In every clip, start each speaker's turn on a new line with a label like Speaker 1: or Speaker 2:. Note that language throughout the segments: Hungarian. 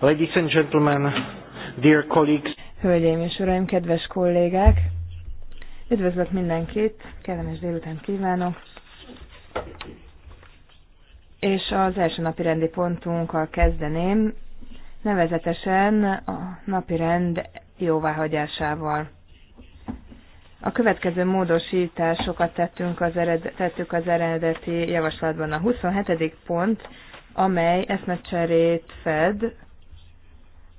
Speaker 1: Ladies and gentlemen, dear colleagues.
Speaker 2: Hölgyeim és uraim, kedves kollégák! Üdvözlök mindenkit, kellemes délután kívánok! És az első napi rendi pontunkkal kezdeném, nevezetesen a napi rend jóváhagyásával. A következő módosításokat tettünk az eredet, tettük az eredeti javaslatban. A 27. pont, amely eszmecserét fed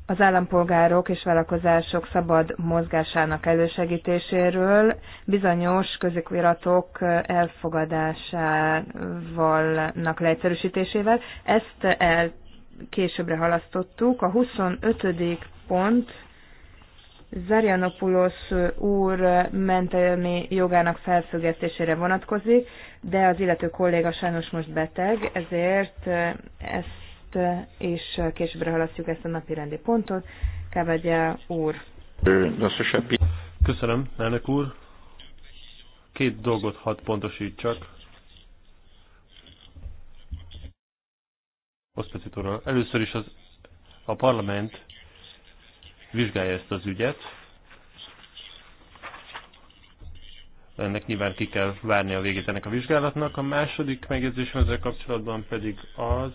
Speaker 2: az állampolgárok és vállalkozások szabad mozgásának elősegítéséről bizonyos közikviratok elfogadásávalnak leegyszerűsítésével. Ezt el későbbre halasztottuk. A 25. pont Zarianopoulos úr mentelmi jogának felfüggesztésére vonatkozik, de az illető kolléga sajnos most beteg, ezért ezt előtt, és későbbre halasztjuk ezt a napi rendi pontot. Kávadja úr.
Speaker 3: Köszönöm, elnök úr. Két dolgot hadd pontosítsak. Oszpecitóra. Először is az, a parlament vizsgálja ezt az ügyet. Ennek nyilván ki kell várni a végét ennek a vizsgálatnak. A második megjegyzésem ezzel kapcsolatban pedig az,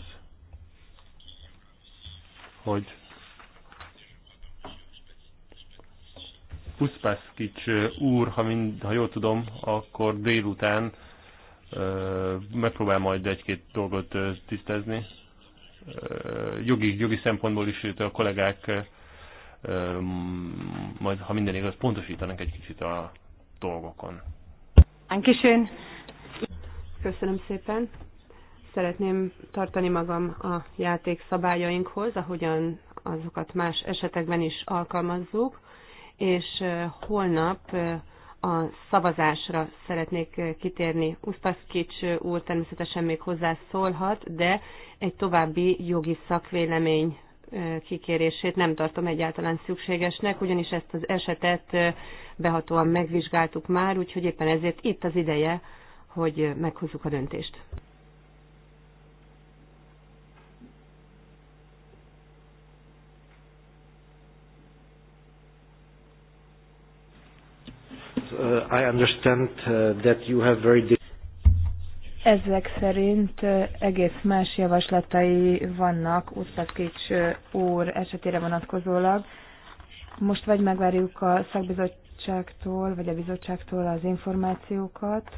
Speaker 3: hogy Uszpászkics úr, ha, mind, ha jól tudom, akkor délután ö, megpróbál majd egy-két dolgot ö, Ö, jogi, jogi szempontból is a kollégák ö, majd, ha minden igaz, pontosítanak egy kicsit a dolgokon.
Speaker 4: Köszönöm szépen szeretném tartani magam a játék szabályainkhoz, ahogyan azokat más esetekben is alkalmazzuk, és holnap a szavazásra szeretnék kitérni. Uszpaszkics úr természetesen még hozzászólhat, de egy további jogi szakvélemény kikérését nem tartom egyáltalán szükségesnek, ugyanis ezt az esetet behatóan megvizsgáltuk már, úgyhogy éppen ezért itt az ideje, hogy meghozzuk a döntést.
Speaker 1: Uh, I understand uh, that you have very
Speaker 2: ezek szerint uh, egész más javaslatai vannak Usztakics úr esetére vonatkozólag. Most vagy megvárjuk a szakbizottságtól, vagy a bizottságtól az információkat.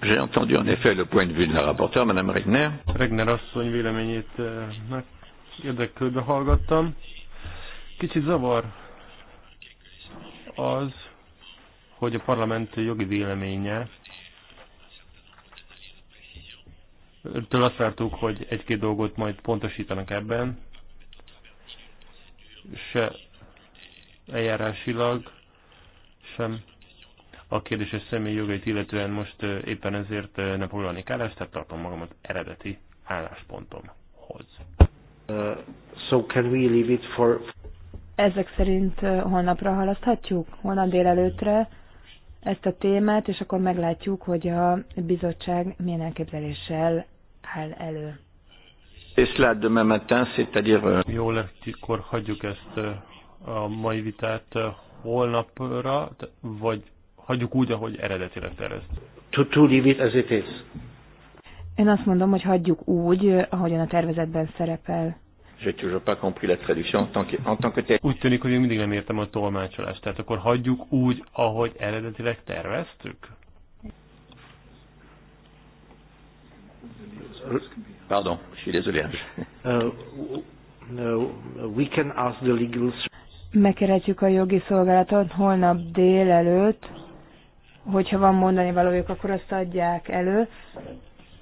Speaker 3: J'ai entendu en effet le point de vue de la rapporteure, Madame Regner. Regner asszony véleményét eh, érdeklődve hallgattam. Kicsit zavar az, hogy a parlament jogi véleménye től azt vártuk, hogy egy-két dolgot majd pontosítanak ebben, se eljárásilag, sem a kérdéses személy jogait illetően most éppen ezért nem foglalnék állást, tehát tartom magamat eredeti álláspontomhoz. Uh, so can we leave it for...
Speaker 2: Ezek szerint holnapra halaszthatjuk? Holnap délelőtre? ezt a témát, és akkor meglátjuk, hogy a bizottság milyen elképzeléssel áll elő.
Speaker 3: Jó lett, akkor hagyjuk ezt a mai vitát holnapra, vagy hagyjuk úgy, ahogy eredetileg tervezt. To, to leave it as it is.
Speaker 2: Én azt mondom, hogy hagyjuk úgy, ahogyan a tervezetben szerepel.
Speaker 3: Úgy tűnik, hogy még mindig nem értem a tolmácsolást. Tehát akkor hagyjuk úgy, ahogy eredetileg terveztük? Pardon, uh,
Speaker 1: uh,
Speaker 2: Megkérhetjük a jogi szolgálatot holnap délelőtt, hogyha van mondani valójuk, akkor azt adják elő.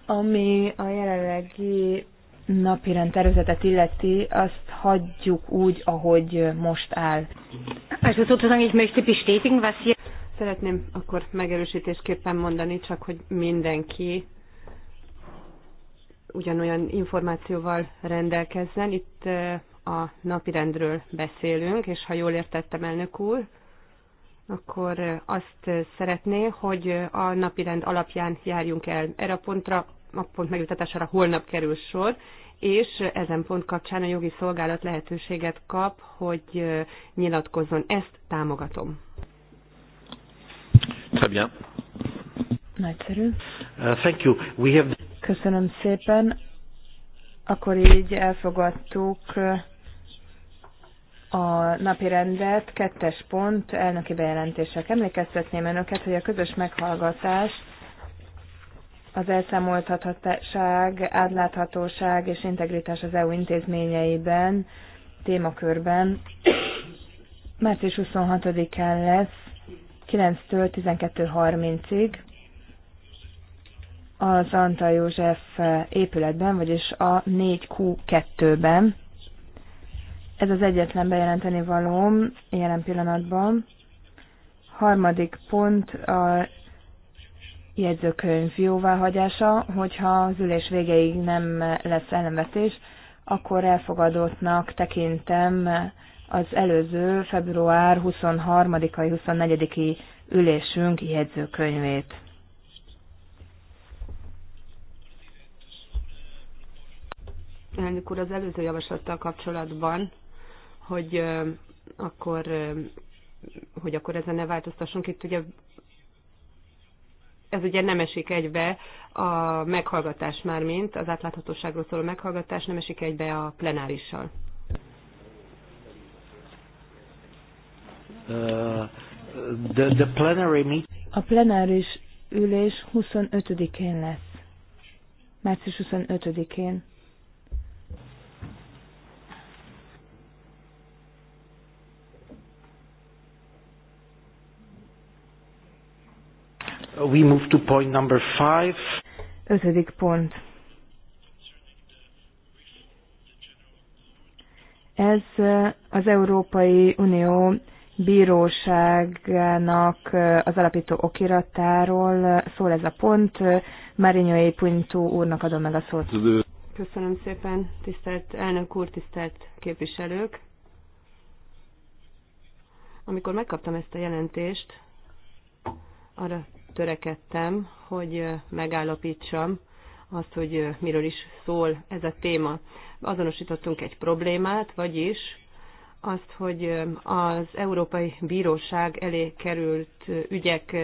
Speaker 2: Ami a jelenlegi napirend tervezetet
Speaker 4: illeti, azt hagyjuk úgy, ahogy most áll. Also sozusagen ich möchte bestätigen, was hier... Szeretném akkor megerősítésképpen mondani, csak hogy mindenki ugyanolyan információval rendelkezzen. Itt a napirendről beszélünk, és ha jól értettem, elnök úr, akkor azt szeretné, hogy a napirend alapján járjunk el. Erre a pontra a pont megültetésára holnap kerül sor, és ezen pont kapcsán a jogi szolgálat lehetőséget kap, hogy nyilatkozzon. Ezt támogatom. Très Nagyszerű.
Speaker 1: Uh, thank you. We have...
Speaker 2: Köszönöm szépen. Akkor így elfogadtuk a napi rendet, kettes pont, elnöki bejelentések. Emlékeztetném önöket, hogy a közös meghallgatás az elszámoltathatóság, átláthatóság és integritás az EU intézményeiben, témakörben. Március 26-án lesz, 9-től 12.30-ig az Antal József épületben, vagyis a 4Q2-ben. Ez az egyetlen bejelenteni valóm jelen pillanatban. Harmadik pont a jegyzőkönyv jóváhagyása, hogyha az ülés végéig nem lesz ellenvetés, akkor elfogadottnak tekintem az előző február 23-ai 24-i ülésünk jegyzőkönyvét.
Speaker 4: Elnök úr, az előző javaslattal kapcsolatban, hogy akkor hogy akkor ezen ne változtassunk. Itt ugye ez ugye nem esik egybe a meghallgatás már, mint az átláthatóságról szóló meghallgatás nem esik egybe a plenárissal.
Speaker 1: Uh, the, the plenary meet...
Speaker 2: A plenáris ülés 25-én lesz. Március 25-én.
Speaker 1: We move to point number five.
Speaker 2: Ötödik pont. Ez az Európai Unió bíróságának az alapító okiratáról szól ez a pont. Marinyói Pintó úrnak adom meg a szót.
Speaker 4: Köszönöm szépen, tisztelt elnök úr, tisztelt képviselők. Amikor megkaptam ezt a jelentést, arra törekedtem, hogy megállapítsam azt, hogy miről is szól ez a téma. Azonosítottunk egy problémát, vagyis azt, hogy az Európai Bíróság elé került ügyek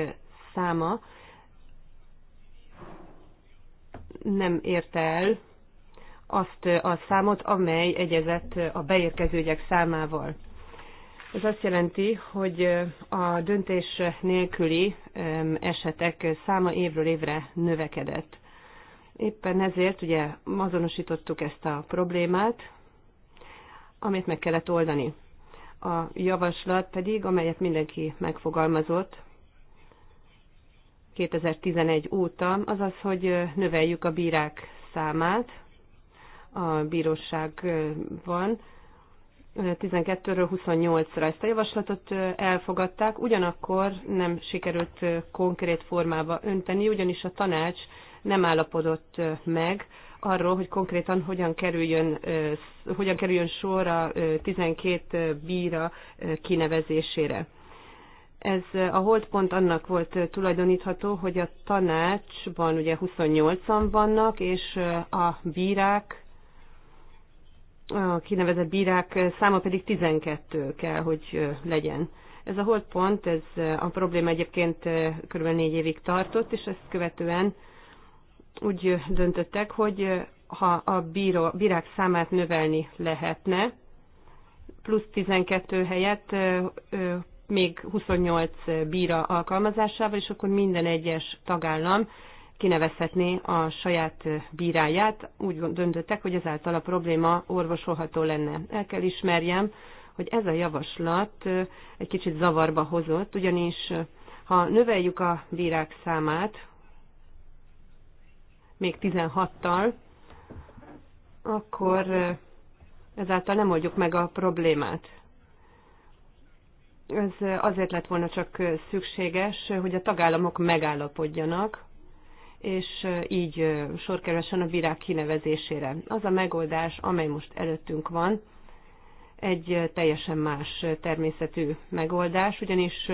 Speaker 4: száma nem érte el azt a számot, amely egyezett a beérkező ügyek számával. Ez azt jelenti, hogy a döntés nélküli esetek száma évről évre növekedett. Éppen ezért ugye azonosítottuk ezt a problémát, amit meg kellett oldani. A javaslat pedig, amelyet mindenki megfogalmazott 2011 óta, az az, hogy növeljük a bírák számát a bíróságban, 12-ről 28-ra ezt a javaslatot elfogadták, ugyanakkor nem sikerült konkrét formába önteni, ugyanis a tanács nem állapodott meg arról, hogy konkrétan hogyan kerüljön, hogyan kerüljön sor a 12 bíra kinevezésére. Ez a holdpont annak volt tulajdonítható, hogy a tanácsban ugye 28-an vannak, és a bírák a kinevezett bírák száma pedig 12 kell, hogy legyen. Ez a holdpont, ez a probléma egyébként kb. négy évig tartott, és ezt követően úgy döntöttek, hogy ha a bíró, bírák számát növelni lehetne, plusz 12 helyett még 28 bíra alkalmazásával, és akkor minden egyes tagállam kinevezhetné a saját bíráját. Úgy döntöttek, hogy ezáltal a probléma orvosolható lenne. El kell ismerjem, hogy ez a javaslat egy kicsit zavarba hozott, ugyanis ha növeljük a bírák számát, még 16-tal, akkor ezáltal nem oldjuk meg a problémát. Ez azért lett volna csak szükséges, hogy a tagállamok megállapodjanak és így sor kerülhessen a bírák kinevezésére. Az a megoldás, amely most előttünk van, egy teljesen más természetű megoldás, ugyanis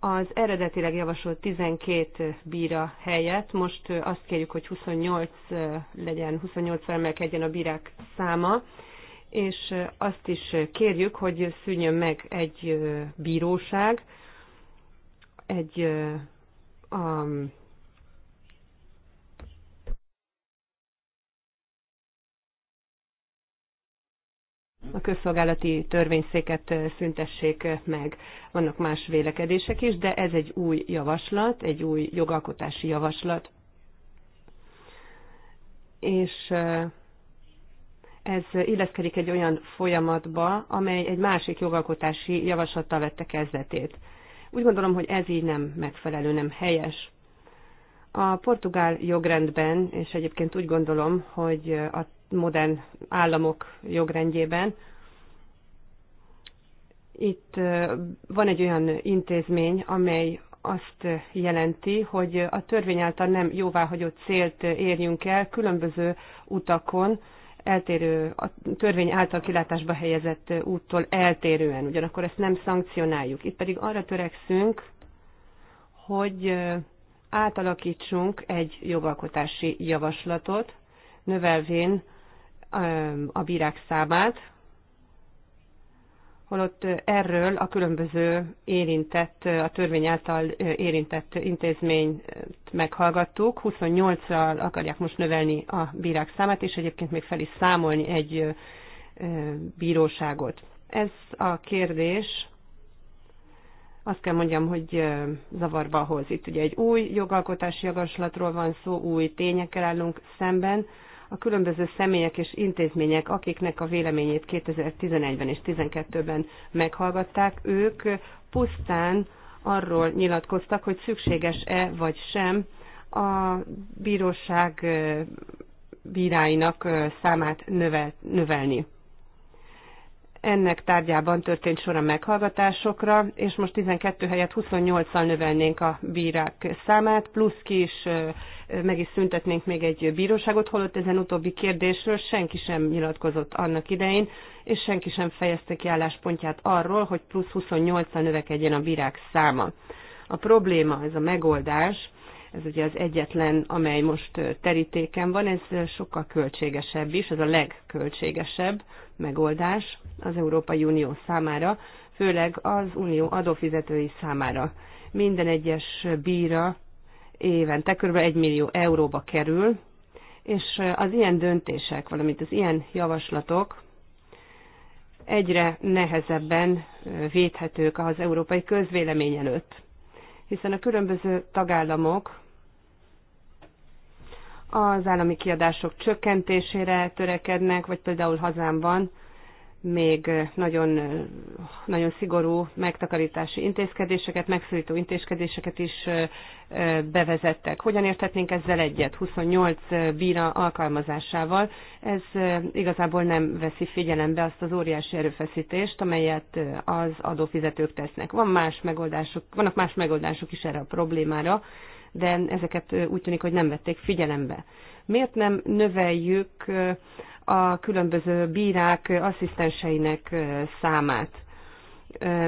Speaker 4: az eredetileg javasolt 12 bíra helyett most azt kérjük, hogy 28 legyen, 28 emelkedjen a bírák száma, és azt is kérjük, hogy szűnjön meg egy bíróság, egy a a közszolgálati törvényszéket szüntessék meg. Vannak más vélekedések is, de ez egy új javaslat, egy új jogalkotási javaslat. És ez illeszkedik egy olyan folyamatba, amely egy másik jogalkotási javaslattal vette kezdetét. Úgy gondolom, hogy ez így nem megfelelő, nem helyes. A portugál jogrendben, és egyébként úgy gondolom, hogy a modern államok jogrendjében. Itt van egy olyan intézmény, amely azt jelenti, hogy a törvény által nem jóváhagyott célt érjünk el különböző utakon, eltérő, a törvény által kilátásba helyezett úttól eltérően, ugyanakkor ezt nem szankcionáljuk. Itt pedig arra törekszünk, hogy átalakítsunk egy jogalkotási javaslatot, növelvén a bírák számát, holott erről a különböző érintett, a törvény által érintett intézményt meghallgattuk. 28 ra akarják most növelni a bírák számát, és egyébként még fel is számolni egy bíróságot. Ez a kérdés, azt kell mondjam, hogy zavarba hoz. Itt ugye egy új jogalkotási javaslatról van szó, új tényekkel állunk szemben, a különböző személyek és intézmények, akiknek a véleményét 2011-ben és 2012-ben meghallgatták, ők pusztán arról nyilatkoztak, hogy szükséges-e vagy sem a bíróság eh, bíráinak eh, számát növelni ennek tárgyában történt sor a meghallgatásokra, és most 12 helyett 28-al növelnénk a bírák számát, plusz ki is meg is szüntetnénk még egy bíróságot, holott ezen utóbbi kérdésről senki sem nyilatkozott annak idején, és senki sem fejezte ki álláspontját arról, hogy plusz 28-al növekedjen a bírák száma. A probléma, ez a megoldás, ez ugye az egyetlen, amely most terítéken van, ez sokkal költségesebb is, ez a legköltségesebb megoldás az Európai Unió számára, főleg az unió adófizetői számára. Minden egyes bíra évente kb. 1 millió euróba kerül, és az ilyen döntések, valamint az ilyen javaslatok egyre nehezebben védhetők az európai közvélemény előtt, hiszen a különböző tagállamok az állami kiadások csökkentésére törekednek, vagy például hazámban még nagyon, nagyon szigorú megtakarítási intézkedéseket, megszorító intézkedéseket is bevezettek. Hogyan értetnénk ezzel egyet? 28 bíra alkalmazásával. Ez igazából nem veszi figyelembe azt az óriási erőfeszítést, amelyet az adófizetők tesznek. Van más megoldások, vannak más megoldások is erre a problémára de ezeket úgy tűnik, hogy nem vették figyelembe. Miért nem növeljük a különböző bírák asszisztenseinek számát?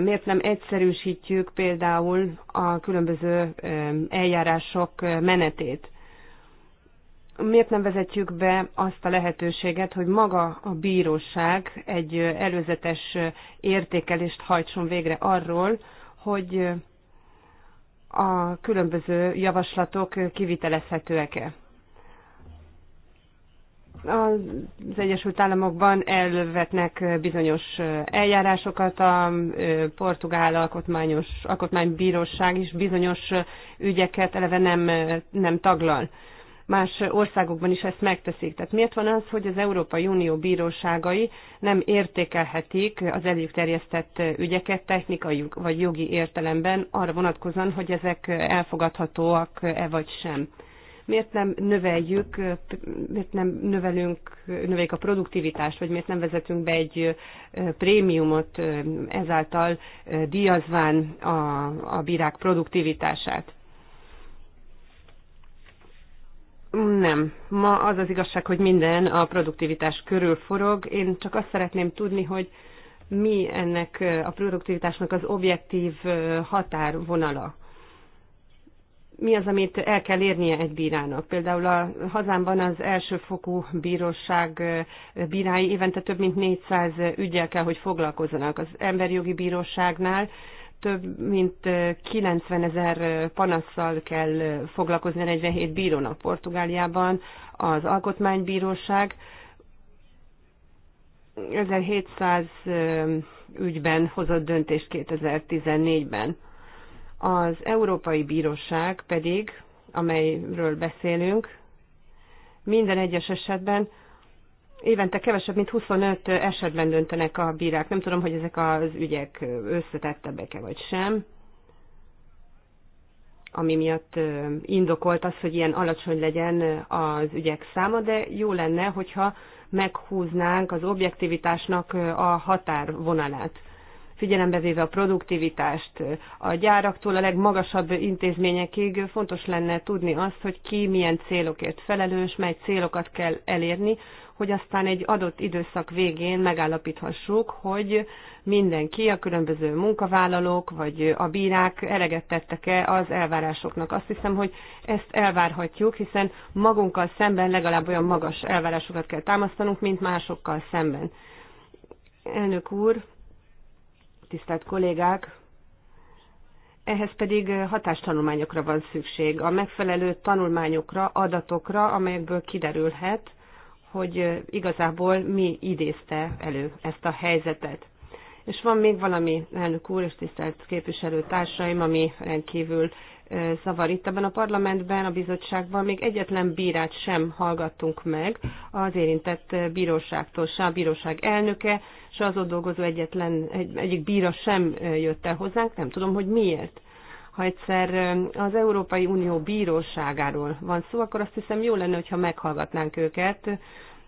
Speaker 4: miért nem egyszerűsítjük például a különböző eljárások menetét? Miért nem vezetjük be azt a lehetőséget, hogy maga a bíróság egy előzetes értékelést hajtson végre arról, hogy a különböző javaslatok kivitelezhetőek-e? Az Egyesült Államokban elvetnek bizonyos eljárásokat, a portugál alkotmányos, alkotmánybíróság is bizonyos ügyeket eleve nem, nem taglal más országokban is ezt megteszik. Tehát miért van az, hogy az Európai Unió bíróságai nem értékelhetik az eléjük terjesztett ügyeket technikai vagy jogi értelemben arra vonatkozóan, hogy ezek elfogadhatóak-e vagy sem? Miért nem növeljük, miért nem növelünk, növeljük a produktivitást, vagy miért nem vezetünk be egy prémiumot ezáltal díjazván a, a bírák produktivitását? Nem. Ma az az igazság, hogy minden a produktivitás körül forog. Én csak azt szeretném tudni, hogy mi ennek a produktivitásnak az objektív határvonala. Mi az, amit el kell érnie egy bírának? Például a hazámban az elsőfokú bíróság bírái évente több mint 400 ügyel kell, hogy foglalkozzanak. Az emberjogi bíróságnál több mint 90 ezer panasszal kell foglalkozni 47 bírónak Portugáliában, az Alkotmánybíróság 1700 ügyben hozott döntést 2014-ben. Az Európai Bíróság pedig, amelyről beszélünk, minden egyes esetben évente kevesebb, mint 25 esetben döntenek a bírák. Nem tudom, hogy ezek az ügyek összetettebbek-e vagy sem, ami miatt indokolt az, hogy ilyen alacsony legyen az ügyek száma, de jó lenne, hogyha meghúznánk az objektivitásnak a határvonalát figyelembe véve a produktivitást a gyáraktól a legmagasabb intézményekig fontos lenne tudni azt, hogy ki milyen célokért felelős, mely célokat kell elérni, hogy aztán egy adott időszak végén megállapíthassuk, hogy mindenki, a különböző munkavállalók vagy a bírák eleget tettek-e az elvárásoknak. Azt hiszem, hogy ezt elvárhatjuk, hiszen magunkkal szemben legalább olyan magas elvárásokat kell támasztanunk, mint másokkal szemben. Elnök úr, tisztelt kollégák, ehhez pedig hatástanulmányokra van szükség, a megfelelő tanulmányokra, adatokra, amelyekből kiderülhet, hogy igazából mi idézte elő ezt a helyzetet. És van még valami, elnök úr és tisztelt társaim, ami rendkívül zavar. Itt ebben a parlamentben, a bizottságban még egyetlen bírát sem hallgattunk meg az érintett bíróságtól, se a bíróság elnöke, se az ott dolgozó egyetlen, egy, egyik bíra sem jött el hozzánk, nem tudom, hogy miért ha egyszer az Európai Unió bíróságáról van szó, akkor azt hiszem jó lenne, hogyha meghallgatnánk őket,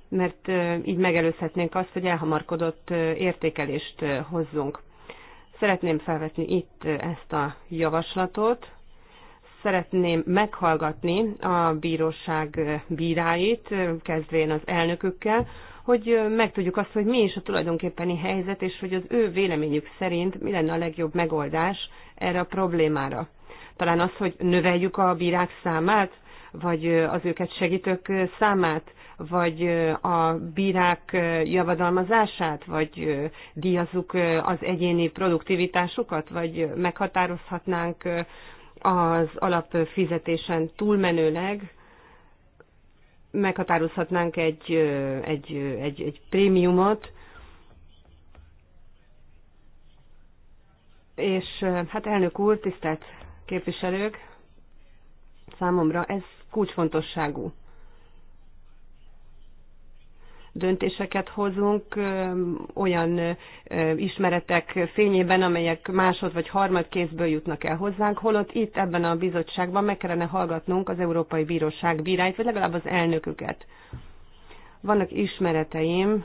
Speaker 4: mert így megelőzhetnénk azt, hogy elhamarkodott értékelést hozzunk. Szeretném felvetni itt ezt a javaslatot. Szeretném meghallgatni a bíróság bíráit, kezdvén az elnökökkel, hogy megtudjuk azt, hogy mi is a tulajdonképpeni helyzet, és hogy az ő véleményük szerint mi lenne a legjobb megoldás erre a problémára? Talán az, hogy növeljük a bírák számát, vagy az őket segítők számát, vagy a bírák javadalmazását, vagy díjazzuk az egyéni produktivitásukat, vagy meghatározhatnánk az alapfizetésen túlmenőleg, meghatározhatnánk egy, egy, egy, egy prémiumot, És hát elnök úr, tisztelt képviselők, számomra ez kulcsfontosságú. Döntéseket hozunk olyan ismeretek fényében, amelyek másod vagy harmad kézből jutnak el hozzánk, holott itt ebben a bizottságban meg kellene hallgatnunk az Európai Bíróság bíráit, vagy legalább az elnöküket. Vannak ismereteim,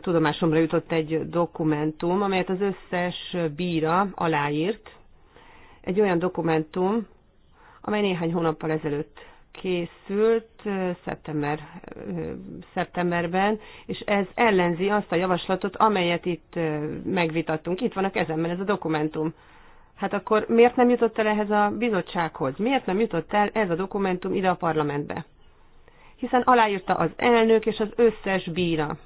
Speaker 4: tudomásomra jutott egy dokumentum, amelyet az összes bíra aláírt. Egy olyan dokumentum, amely néhány hónappal ezelőtt készült szeptember, szeptemberben, és ez ellenzi azt a javaslatot, amelyet itt megvitattunk. Itt van a kezemben ez a dokumentum. Hát akkor miért nem jutott el ehhez a bizottsághoz? Miért nem jutott el ez a dokumentum ide a parlamentbe? Hiszen aláírta az elnök és az összes bíra.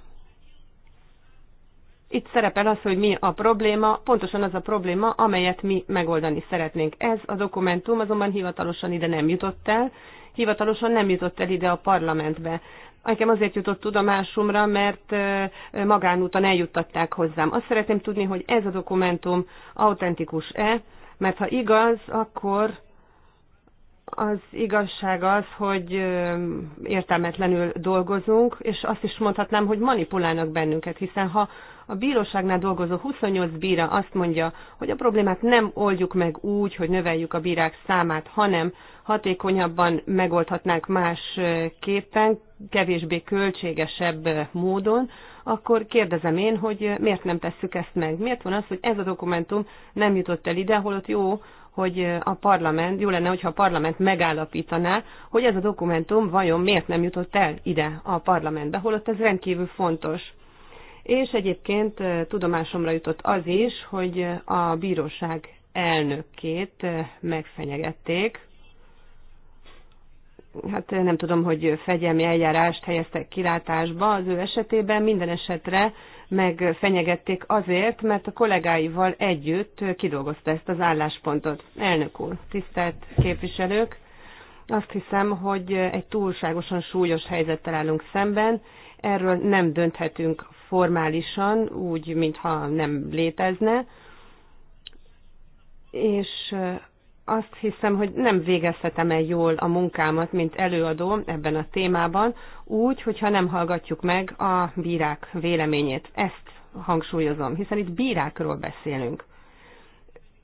Speaker 4: Itt szerepel az, hogy mi a probléma, pontosan az a probléma, amelyet mi megoldani szeretnénk. Ez a dokumentum azonban hivatalosan ide nem jutott el, hivatalosan nem jutott el ide a parlamentbe. Nekem azért jutott tudomásomra, mert magánúton eljuttatták hozzám. Azt szeretném tudni, hogy ez a dokumentum autentikus-e, mert ha igaz, akkor az igazság az, hogy értelmetlenül dolgozunk, és azt is mondhatnám, hogy manipulálnak bennünket, hiszen ha a bíróságnál dolgozó 28 bíra azt mondja, hogy a problémát nem oldjuk meg úgy, hogy növeljük a bírák számát, hanem hatékonyabban megoldhatnánk másképpen, kevésbé költségesebb módon, akkor kérdezem én, hogy miért nem tesszük ezt meg? Miért van az, hogy ez a dokumentum nem jutott el ide, holott jó, hogy a parlament, jó lenne, hogyha a parlament megállapítaná, hogy ez a dokumentum vajon miért nem jutott el ide a parlamentbe, holott ez rendkívül fontos és egyébként tudomásomra jutott az is, hogy a bíróság elnökét megfenyegették. Hát nem tudom, hogy fegyelmi eljárást helyeztek kilátásba az ő esetében, minden esetre megfenyegették azért, mert a kollégáival együtt kidolgozta ezt az álláspontot. Elnök úr, tisztelt képviselők! Azt hiszem, hogy egy túlságosan súlyos helyzettel állunk szemben, Erről nem dönthetünk formálisan, úgy, mintha nem létezne. És azt hiszem, hogy nem végezhetem el jól a munkámat, mint előadó ebben a témában, úgy, hogyha nem hallgatjuk meg a bírák véleményét. Ezt hangsúlyozom, hiszen itt bírákról beszélünk.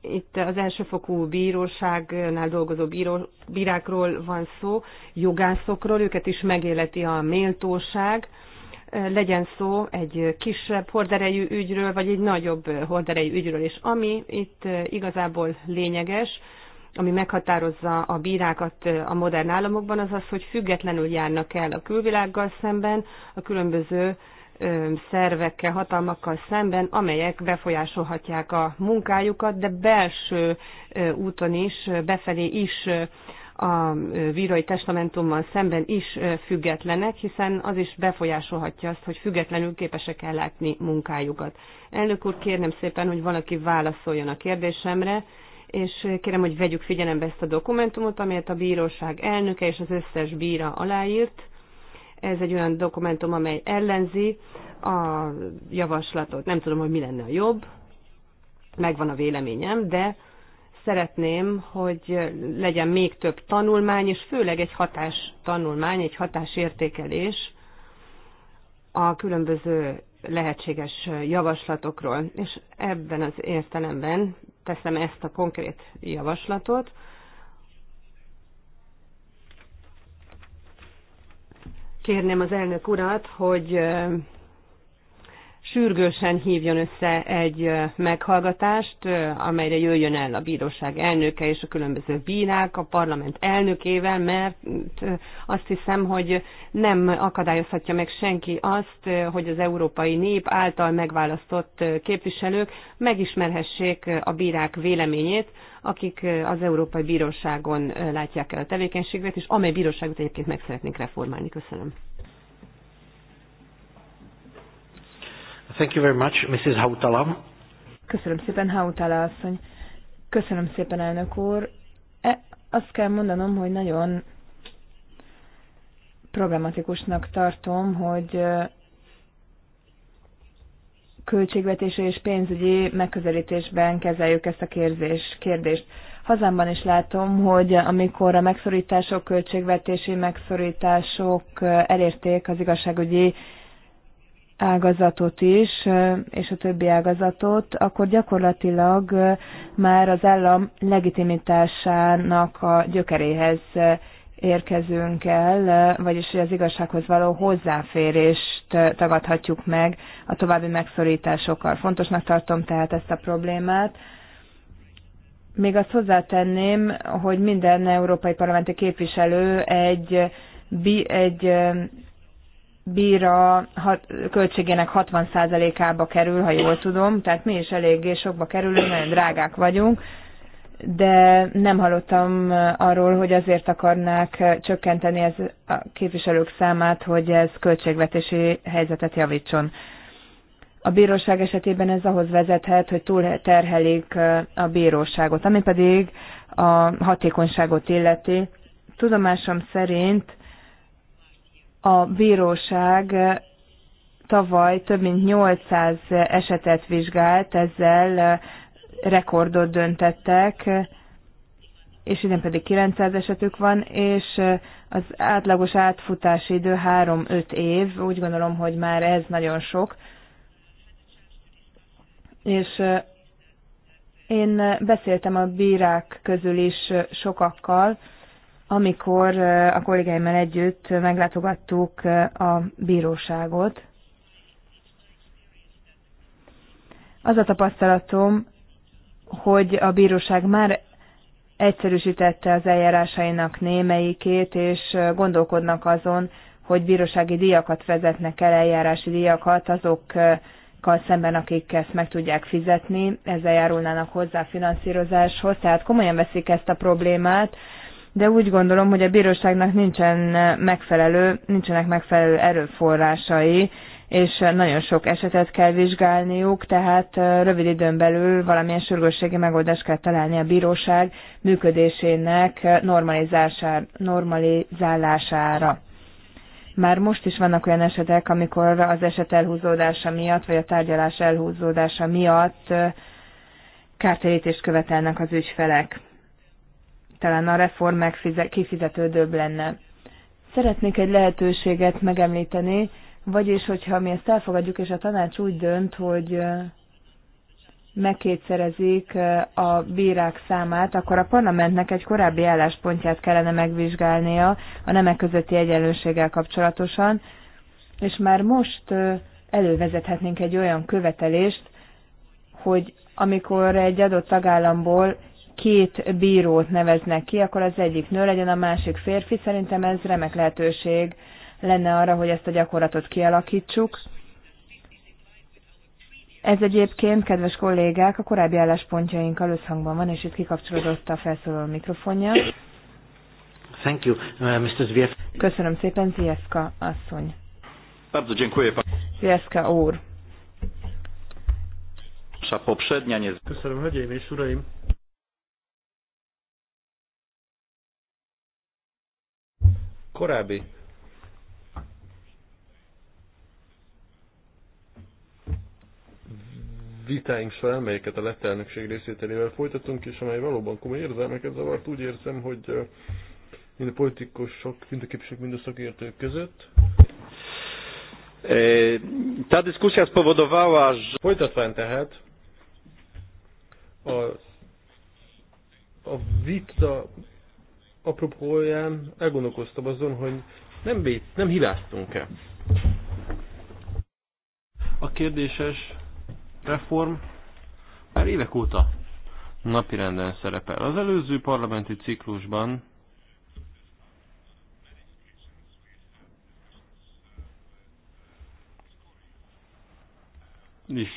Speaker 4: Itt az elsőfokú bíróságnál dolgozó bíró, bírákról van szó, jogászokról, őket is megéleti a méltóság, legyen szó egy kisebb horderejű ügyről, vagy egy nagyobb horderejű ügyről. És ami itt eh, igazából lényeges, ami meghatározza a bírákat eh, a modern államokban, az az, hogy függetlenül járnak el a külvilággal szemben, a különböző eh, szervekkel, hatalmakkal szemben, amelyek befolyásolhatják a munkájukat, de belső úton is, befelé is a vírai testamentummal szemben is függetlenek, hiszen az is befolyásolhatja azt, hogy függetlenül képesek ellátni munkájukat. Elnök úr, kérnem szépen, hogy valaki válaszoljon a kérdésemre, és kérem, hogy vegyük figyelembe ezt a dokumentumot, amelyet a bíróság elnöke és az összes bíra aláírt. Ez egy olyan dokumentum, amely ellenzi a javaslatot. Nem tudom, hogy mi lenne a jobb, megvan a véleményem, de szeretném, hogy legyen még több tanulmány, és főleg egy hatás tanulmány, egy hatásértékelés a különböző lehetséges javaslatokról. És ebben az értelemben teszem ezt a konkrét javaslatot. Kérném az elnök urat, hogy sürgősen hívjon össze egy meghallgatást, amelyre jöjjön el a bíróság elnöke és a különböző bírák a parlament elnökével, mert azt hiszem, hogy nem akadályozhatja meg senki azt, hogy az európai nép által megválasztott képviselők megismerhessék a bírák véleményét, akik az Európai Bíróságon látják el a tevékenységet, és amely bíróságot egyébként meg szeretnénk reformálni. Köszönöm.
Speaker 1: Thank you very much, Mrs. Hautala.
Speaker 4: Köszönöm szépen, Hautala
Speaker 2: asszony. Köszönöm szépen, elnök úr. E, azt kell mondanom, hogy nagyon problematikusnak tartom, hogy költségvetési és pénzügyi megközelítésben kezeljük ezt a kérdés, kérdést. Hazámban is látom, hogy amikor a megszorítások, költségvetési megszorítások elérték az igazságügyi ágazatot is, és a többi ágazatot, akkor gyakorlatilag már az állam legitimitásának a gyökeréhez érkezünk el, vagyis hogy az igazsághoz való hozzáférést tagadhatjuk meg a további megszorításokkal. Fontosnak tartom tehát ezt a problémát. Még azt hozzátenném, hogy minden európai parlamenti képviselő egy, egy bíra hat, költségének 60%-ába kerül, ha jól tudom, tehát mi is eléggé sokba kerülünk, nagyon drágák vagyunk, de nem hallottam arról, hogy azért akarnák csökkenteni ez a képviselők számát, hogy ez költségvetési helyzetet javítson. A bíróság esetében ez ahhoz vezethet, hogy túl terhelik a bíróságot, ami pedig a hatékonyságot illeti. Tudomásom szerint a bíróság tavaly több mint 800 esetet vizsgált, ezzel rekordot döntettek, és idén pedig 900 esetük van, és az átlagos átfutási idő 3-5 év, úgy gondolom, hogy már ez nagyon sok. És eh, én beszéltem a bírák közül is sokakkal, amikor a kollégáimmal együtt meglátogattuk a bíróságot. Az a tapasztalatom, hogy a bíróság már egyszerűsítette az eljárásainak némelyikét, és gondolkodnak azon, hogy bírósági díjakat vezetnek el, eljárási díjakat azokkal szemben, akik ezt meg tudják fizetni, ezzel járulnának hozzá a finanszírozáshoz, tehát komolyan veszik ezt a problémát, de úgy gondolom, hogy a bíróságnak nincsen megfelelő, nincsenek megfelelő erőforrásai, és nagyon sok esetet kell vizsgálniuk, tehát rövid időn belül valamilyen sürgősségi megoldást kell találni a bíróság működésének normalizálására. Már most is vannak olyan esetek, amikor az eset elhúzódása miatt, vagy a tárgyalás elhúzódása miatt kártérítést követelnek az ügyfelek talán a reform kifizetődőbb lenne. Szeretnék egy lehetőséget megemlíteni, vagyis, hogyha mi ezt elfogadjuk, és a tanács úgy dönt, hogy megkétszerezik a bírák számát, akkor a parlamentnek egy korábbi álláspontját kellene megvizsgálnia a nemek közötti egyenlőséggel kapcsolatosan, és már most elővezethetnénk egy olyan követelést, hogy amikor egy adott tagállamból két bírót neveznek ki, akkor az egyik nő legyen, a másik férfi. Szerintem ez remek lehetőség lenne arra, hogy ezt a gyakorlatot kialakítsuk. Ez egyébként, kedves kollégák, a korábbi álláspontjainkkal összhangban van, és itt kikapcsolódott a felszóló mikrofonja.
Speaker 1: Thank you, uh, Mr. Zvief.
Speaker 2: Köszönöm szépen, Zieszka asszony. Zieszka dziękuję. úr. Köszönöm, hölgyeim és
Speaker 3: uraim. korábbi vitáink során, melyeket a lett elnökség részvételével folytatunk, és amely valóban komoly érzelmeket zavart, úgy érzem, hogy mind a politikusok, mind a képviselők, mind a szakértők között. E, ta dyskusja spowodowała, że... Folytatván tehát a, a vita apropóján elgondolkoztam azon, hogy nem, bét, nem hibáztunk-e. A kérdéses reform már évek óta napirenden szerepel. Az előző parlamenti ciklusban is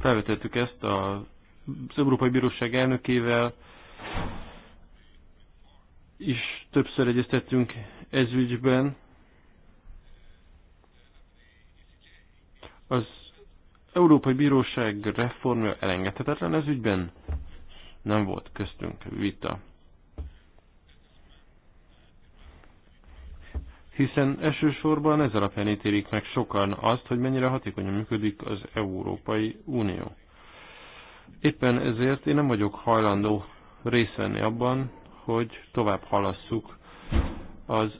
Speaker 3: felvetettük ezt az Európai Bíróság elnökével, is többször egyeztettünk ez ügyben. Az Európai Bíróság reformja elengedhetetlen ez ügyben? Nem volt köztünk vita. Hiszen elsősorban ez alapján ítélik meg sokan azt, hogy mennyire hatékonyan működik az Európai Unió. Éppen ezért én nem vagyok hajlandó részt venni abban, hogy tovább halasszuk az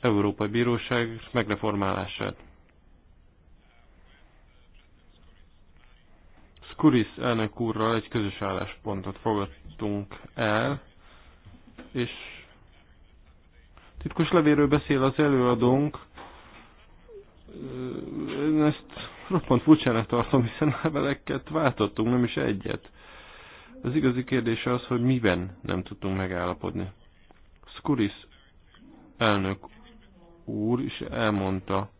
Speaker 3: Európai Bíróság megreformálását. Skuris elnök úrral egy közös álláspontot fogadtunk el, és titkos levéről beszél az előadónk. Én ezt roppant furcsának tartom, hiszen leveleket váltottunk, nem is egyet. Az igazi kérdés az, hogy miben nem tudtunk megállapodni. Skuris elnök úr is elmondta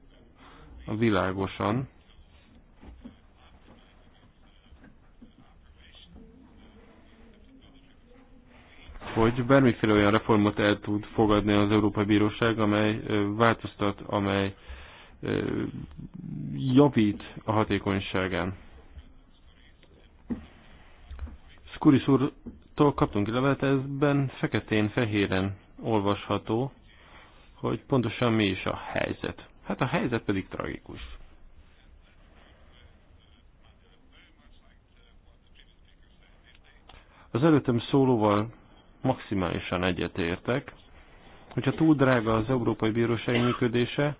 Speaker 3: világosan, hogy bármiféle olyan reformot el tud fogadni az Európai Bíróság, amely változtat, amely javít a hatékonyságán. Kuris úrtól kaptunk egy levelet, ezben feketén-fehéren olvasható, hogy pontosan mi is a helyzet. Hát a helyzet pedig tragikus. Az előttem szólóval maximálisan egyetértek, hogyha túl drága az Európai Bíróság működése,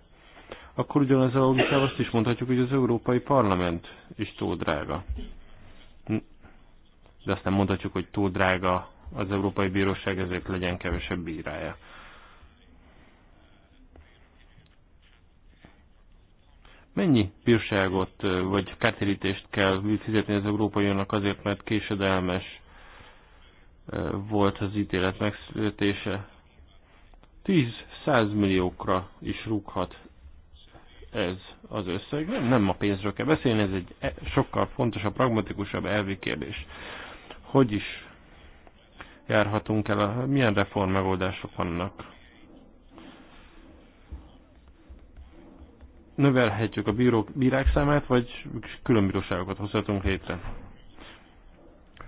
Speaker 3: akkor ugyanaz a logikával azt is mondhatjuk, hogy az Európai Parlament is túl drága de aztán mondhatjuk, hogy túl drága az Európai Bíróság, ezért legyen kevesebb bírája. Mennyi bírságot vagy kártérítést kell fizetni az Európai Uniónak azért, mert késedelmes volt az ítélet megszületése? 10-100 milliókra is rúghat ez az összeg. Nem, nem a pénzről kell beszélni, ez egy e- sokkal fontosabb, pragmatikusabb elvi kérdés. Hogy is járhatunk el, milyen reform megoldások vannak? Növelhetjük a bírók, bírák számát, vagy külön bíróságokat hozhatunk létre?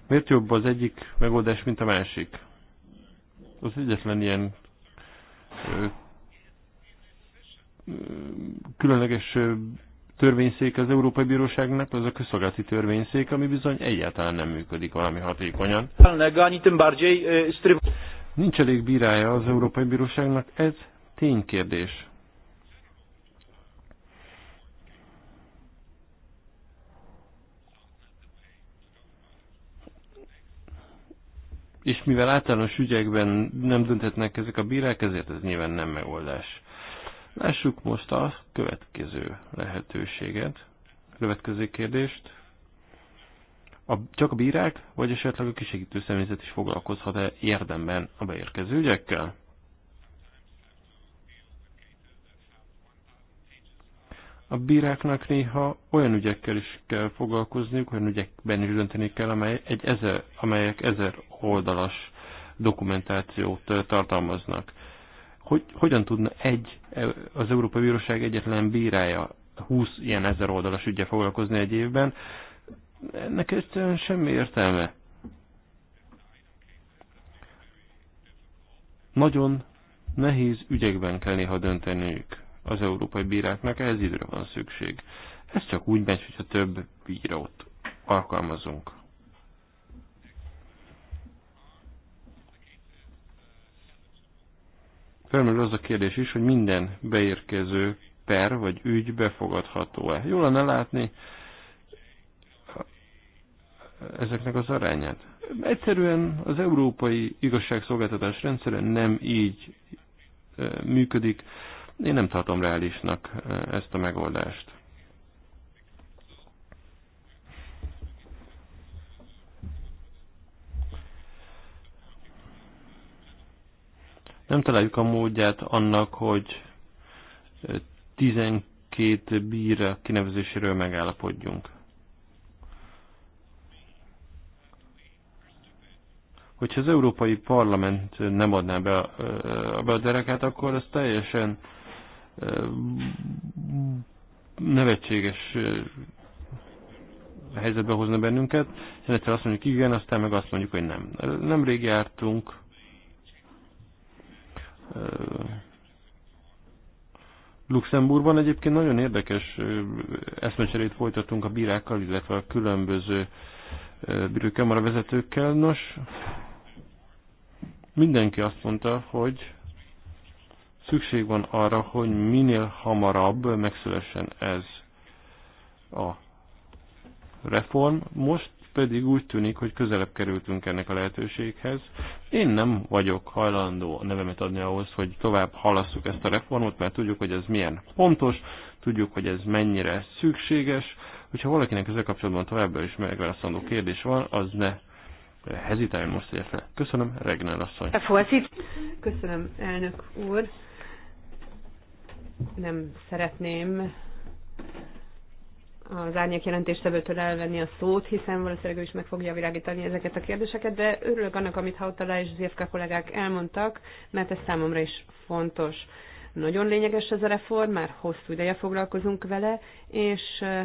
Speaker 3: Miért jobb az egyik megoldás, mint a másik? Az egyetlen ilyen különleges törvényszék az Európai Bíróságnak, az a közszolgálati törvényszék, ami bizony egyáltalán nem működik valami hatékonyan. Nincs elég bírája az Európai Bíróságnak, ez ténykérdés. És mivel általános ügyekben nem dönthetnek ezek a bírák, ezért ez nyilván nem megoldás. Lássuk most a következő lehetőséget, következő kérdést. A, csak a bírák, vagy esetleg a kisegítő személyzet is foglalkozhat-e érdemben a beérkező ügyekkel? A bíráknak néha olyan ügyekkel is kell foglalkozniuk, olyan ügyekben is dönteni kell, amely egy ezer, amelyek ezer oldalas dokumentációt tartalmaznak hogy hogyan tudna egy, az Európai Bíróság egyetlen bírája 20 ilyen ezer oldalas ügye foglalkozni egy évben, ennek egyszerűen semmi értelme. Nagyon nehéz ügyekben kell néha dönteniük az európai bíráknak, ehhez időre van szükség. Ez csak úgy megy, hogyha több bírót alkalmazunk. Felmerül az a kérdés is, hogy minden beérkező per vagy ügy befogadható-e. Jól lenne látni ezeknek az arányát. Egyszerűen az európai igazságszolgáltatás rendszere nem így eh, működik. Én nem tartom reálisnak eh, ezt a megoldást. Nem találjuk a módját annak, hogy 12 bír kinevezéséről megállapodjunk. Hogyha az Európai Parlament nem adná be a, be a derekát, akkor ez teljesen nevetséges helyzetbe hozna bennünket, egyszer azt mondjuk igen, aztán meg azt mondjuk, hogy nem. Nemrég jártunk Luxemburgban egyébként nagyon érdekes eszmecserét folytatunk a bírákkal, illetve a különböző bírókamara vezetőkkel. Nos, mindenki azt mondta, hogy szükség van arra, hogy minél hamarabb megszülessen ez a reform. Most pedig úgy tűnik, hogy közelebb kerültünk ennek a lehetőséghez. Én nem vagyok hajlandó a nevemet adni ahhoz, hogy tovább halasszuk ezt a reformot, mert tudjuk, hogy ez milyen pontos, tudjuk, hogy ez mennyire szükséges. Hogyha valakinek ezzel kapcsolatban továbbra is megválaszolandó kérdés van, az ne hezitáljon most érte. Köszönöm, Regnál asszony.
Speaker 4: Köszönöm, elnök úr. Nem szeretném az árnyék jelentéstevőtől elvenni a szót, hiszen valószínűleg ő is meg fogja világítani ezeket a kérdéseket, de örülök annak, amit Hautala és Zirka kollégák elmondtak, mert ez számomra is fontos. Nagyon lényeges ez a reform, már hosszú ideje foglalkozunk vele, és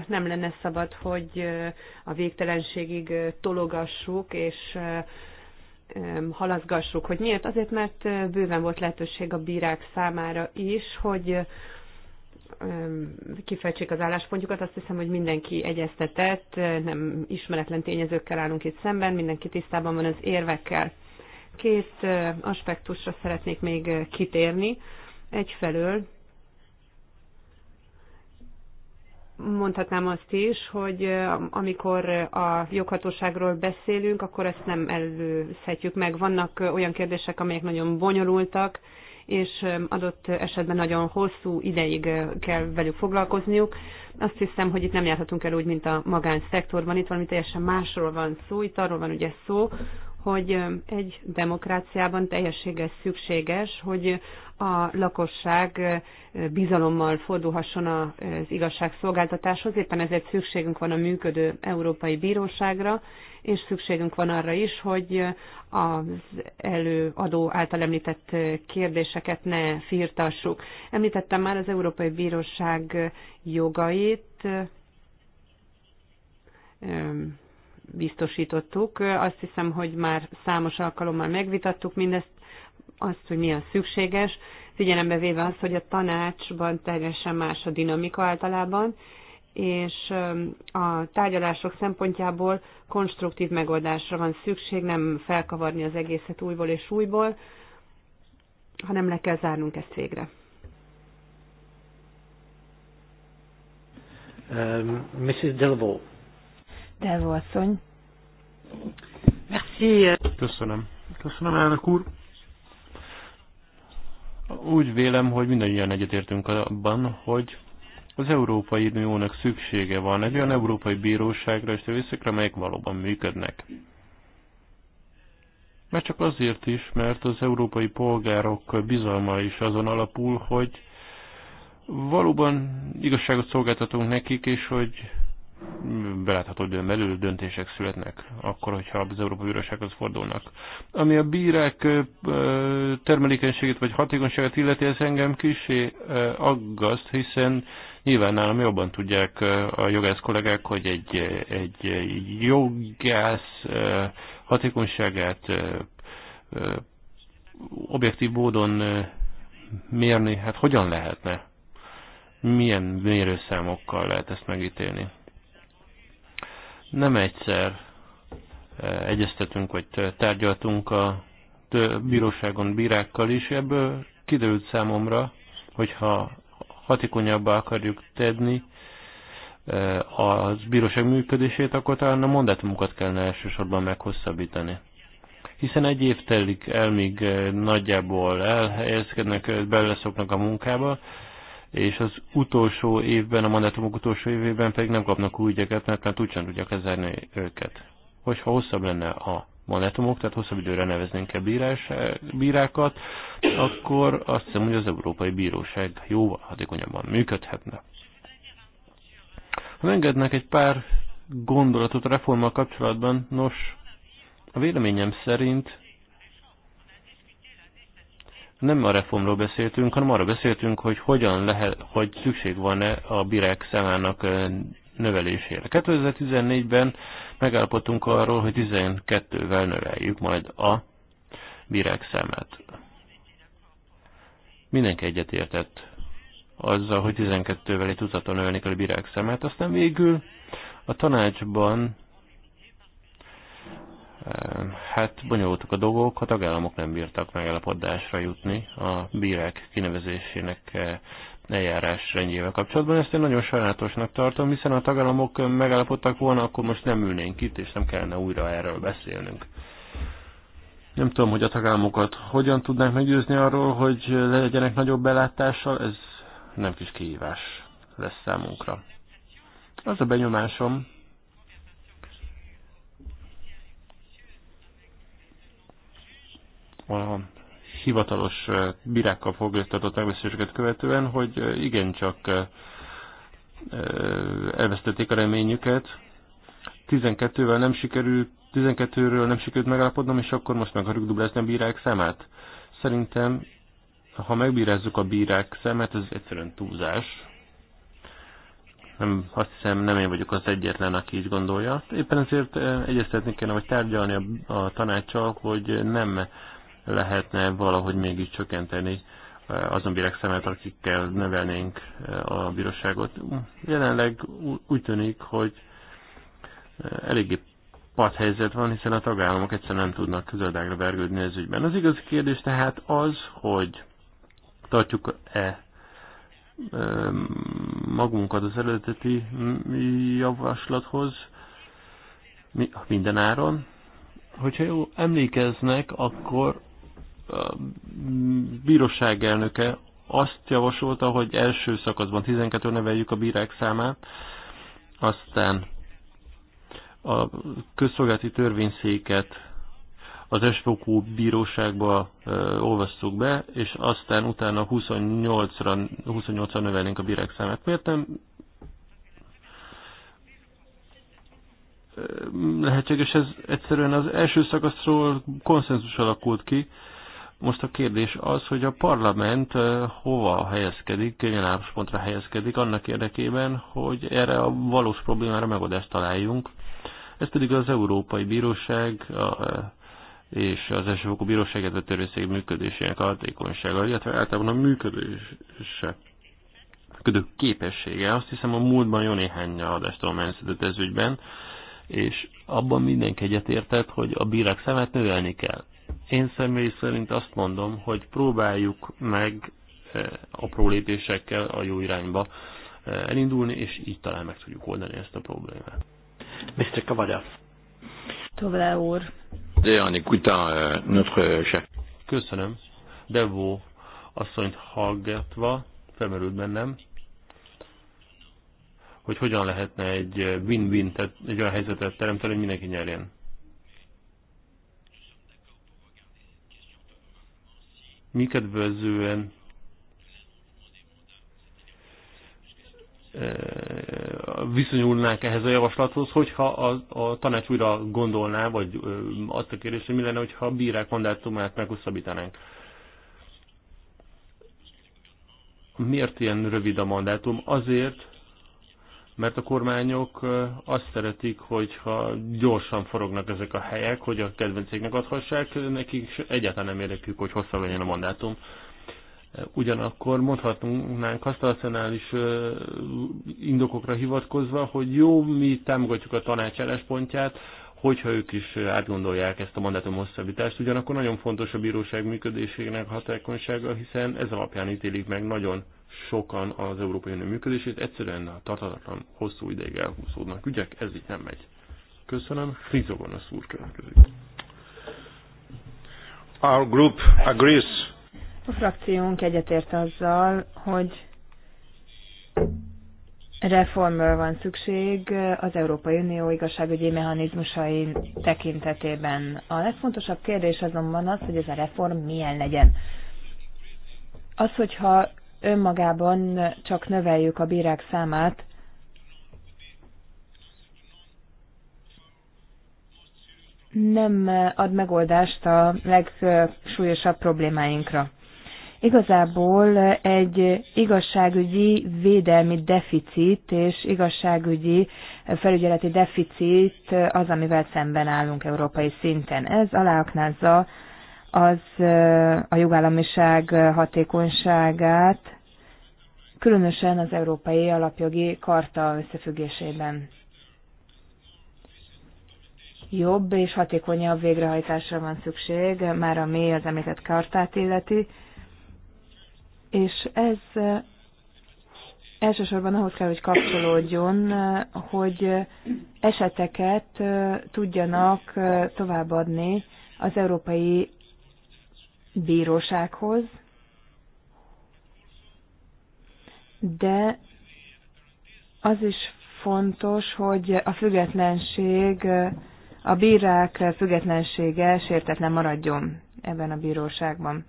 Speaker 4: nem lenne szabad, hogy a végtelenségig tologassuk, és halaszgassuk, hogy miért? Azért, mert bőven volt lehetőség a bírák számára is, hogy kifejtsék az álláspontjukat. Azt hiszem, hogy mindenki egyeztetett, nem ismeretlen tényezőkkel állunk itt szemben, mindenki tisztában van az érvekkel. Két aspektusra szeretnék még kitérni. Egyfelől mondhatnám azt is, hogy amikor a joghatóságról beszélünk, akkor ezt nem előzhetjük meg. Vannak olyan kérdések, amelyek nagyon bonyolultak, és adott esetben nagyon hosszú ideig kell velük foglalkozniuk. Azt hiszem, hogy itt nem járhatunk el úgy, mint a magánszektorban. Itt valami teljesen másról van szó. Itt arról van ugye szó, hogy egy demokráciában teljességes szükséges, hogy a lakosság bizalommal fordulhasson az igazságszolgáltatáshoz. Éppen ezért szükségünk van a működő Európai Bíróságra, és szükségünk van arra is, hogy az előadó által említett kérdéseket ne firtassuk. Említettem már az Európai Bíróság jogait, biztosítottuk. Azt hiszem, hogy már számos alkalommal megvitattuk mindezt, azt, hogy mi a szükséges, figyelembe véve az, hogy a tanácsban teljesen más a dinamika általában, és a tárgyalások szempontjából konstruktív megoldásra van szükség, nem felkavarni az egészet újból és újból, hanem le kell zárnunk ezt végre.
Speaker 1: Um, Mrs. Delvaux.
Speaker 4: Delvo asszony.
Speaker 2: Merci.
Speaker 3: Köszönöm.
Speaker 4: Köszönöm, elnök úr.
Speaker 3: Úgy vélem, hogy mindannyian egyetértünk abban, hogy az Európai Uniónak szüksége van egy olyan Európai Bíróságra és részekre, amelyek valóban működnek. Mert csak azért is, mert az európai polgárok bizalma is azon alapul, hogy valóban igazságot szolgáltatunk nekik, és hogy belátható időn belül döntések születnek, akkor, hogyha az Európai Bírósághoz fordulnak. Ami a bírák termelékenységét vagy hatékonyságát illeti, ez engem kisé aggaszt, hiszen nyilván nálam jobban tudják a jogász kollégák, hogy egy, egy jogász hatékonyságát objektív módon mérni, hát hogyan lehetne? Milyen mérőszámokkal lehet ezt megítélni? Nem egyszer eh, egyeztetünk vagy tárgyaltunk a bíróságon bírákkal is, ebből kiderült számomra, hogyha hatékonyabbá akarjuk tenni eh, az bíróság működését, akkor talán a mandátumunkat kellene elsősorban meghosszabbítani. Hiszen egy év telik el, míg eh, nagyjából elhelyezkednek, beleszoknak a munkába, és az utolsó évben, a mandátumok utolsó évében pedig nem kapnak új ügyeket, mert már úgy sem tudják lezárni őket. Hogyha hosszabb lenne a mandátumok, tehát hosszabb időre neveznénk el bírás, bírákat, akkor azt hiszem, hogy az Európai Bíróság jóval hatékonyabban működhetne. Ha engednek egy pár gondolatot a reformmal kapcsolatban, nos, a véleményem szerint nem a reformról beszéltünk, hanem arra beszéltünk, hogy hogyan lehet, hogy szükség van-e a birek számának növelésére. 2014-ben megállapodtunk arról, hogy 12-vel növeljük majd a birek számát. Mindenki egyetértett azzal, hogy 12-vel egy tucaton kell a birek számát, aztán végül a tanácsban Hát bonyolultak a dolgok, a tagállamok nem bírtak megállapodásra jutni a bírák kinevezésének eh, eljárás rendjével kapcsolatban. Ezt én nagyon sajnálatosnak tartom, hiszen a tagállamok megállapodtak volna, akkor most nem ülnénk itt, és nem kellene újra erről beszélnünk. Nem tudom, hogy a tagállamokat hogyan tudnánk meggyőzni arról, hogy legyenek nagyobb belátással, ez nem kis kihívás lesz számunkra. Az a benyomásom, a hivatalos bírákkal foglaltatott megbeszéléseket követően, hogy igencsak elvesztették a reményüket. 12-vel nem sikerült, 12 nem sikerült megállapodnom, és akkor most meg akarjuk dublázni a bírák szemét. Szerintem, ha megbírázzuk a bírák szemét, ez egyszerűen túlzás. Nem, azt hiszem, nem én vagyok az egyetlen, aki így gondolja. Éppen ezért egyeztetni kéne, vagy tárgyalni a, a tanácsal, hogy nem lehetne valahogy mégis csökkenteni eh, azon bírek szemet, akikkel nevelnénk eh, a bíróságot. Jelenleg úgy tűnik, hogy eh, eléggé helyzet van, hiszen a tagállamok egyszerűen nem tudnak zöldágra vergődni ez ügyben. Az igazi kérdés tehát az, hogy tartjuk-e magunkat az eredeti javaslathoz mindenáron. Hogyha jól emlékeznek, akkor bíróság elnöke azt javasolta, hogy első szakaszban 12 neveljük a bírák számát, aztán a közszolgálati törvényszéket az esfokú bíróságba ö, olvasszuk be, és aztán utána 28-ra, 28 növelnénk a bírák számát. Miért nem lehetséges ez egyszerűen az első szakaszról konszenzus alakult ki, most a kérdés az, hogy a parlament hova helyezkedik, könnyen álláspontra helyezkedik annak érdekében, hogy erre a valós problémára megoldást találjunk. Ez pedig az Európai Bíróság és az elsőfokú bíróság, illetve törvényszék működésének hatékonysága, illetve általában a működése működő képessége. Azt hiszem a múltban jó néhány adást tolmányzatett ez ügyben, és abban mindenki egyetértett, hogy a bírák szemet növelni kell. Én személy szerint azt mondom, hogy próbáljuk meg eh, apró lépésekkel a jó irányba eh, elindulni, és így talán meg tudjuk oldani ezt a problémát. Mr. Kavada.
Speaker 2: Tovább úr.
Speaker 3: De en écoutant euh, notre chef. Köszönöm. Devo asszonyt hallgatva felmerült bennem, hogy hogyan lehetne egy win-win, tehát egy olyan helyzetet teremteni, hogy mindenki nyerjen. minket bőzően eh, viszonyulnánk ehhez a javaslathoz, hogyha a, a tanács újra gondolná, vagy azt a kérdést, hogy mi lenne, hogyha a bírák mandátumát meghosszabbítanánk. Miért ilyen rövid a mandátum? Azért, mert a kormányok azt szeretik, hogyha gyorsan forognak ezek a helyek, hogy a kedvencéknek adhassák, nekik egyáltalán nem érdekük, hogy hosszabb legyen a mandátum. Ugyanakkor mondhatnánk azt a szenális indokokra hivatkozva, hogy jó, mi támogatjuk a tanács pontját, hogyha ők is átgondolják ezt a mandátum hosszabbítást. Ugyanakkor nagyon fontos a bíróság működésének hatékonysága, hiszen ez alapján ítélik meg nagyon sokan az Európai Unió működését, egyszerűen a tartalatlan hosszú ideig elhúzódnak ügyek, ez így nem megy. Köszönöm, a szúr következik. Our group agrees.
Speaker 2: A frakciónk egyetért azzal, hogy reformra van szükség az Európai Unió igazságügyi mechanizmusai tekintetében. A legfontosabb kérdés azonban az, hogy ez a reform milyen legyen. Az, hogyha önmagában csak növeljük a bírák számát, nem ad megoldást a legsúlyosabb problémáinkra. Igazából egy igazságügyi védelmi deficit és igazságügyi felügyeleti deficit az, amivel szemben állunk európai szinten. Ez aláaknázza az a jogállamiság hatékonyságát, különösen az Európai Alapjogi Karta összefüggésében. Jobb és hatékonyabb végrehajtásra van szükség, már ami az említett kartát illeti, és ez elsősorban ahhoz kell, hogy kapcsolódjon, hogy eseteket tudjanak továbbadni az Európai bírósághoz, de az is fontos, hogy a függetlenség, a bírák függetlensége sértetlen maradjon ebben a bíróságban,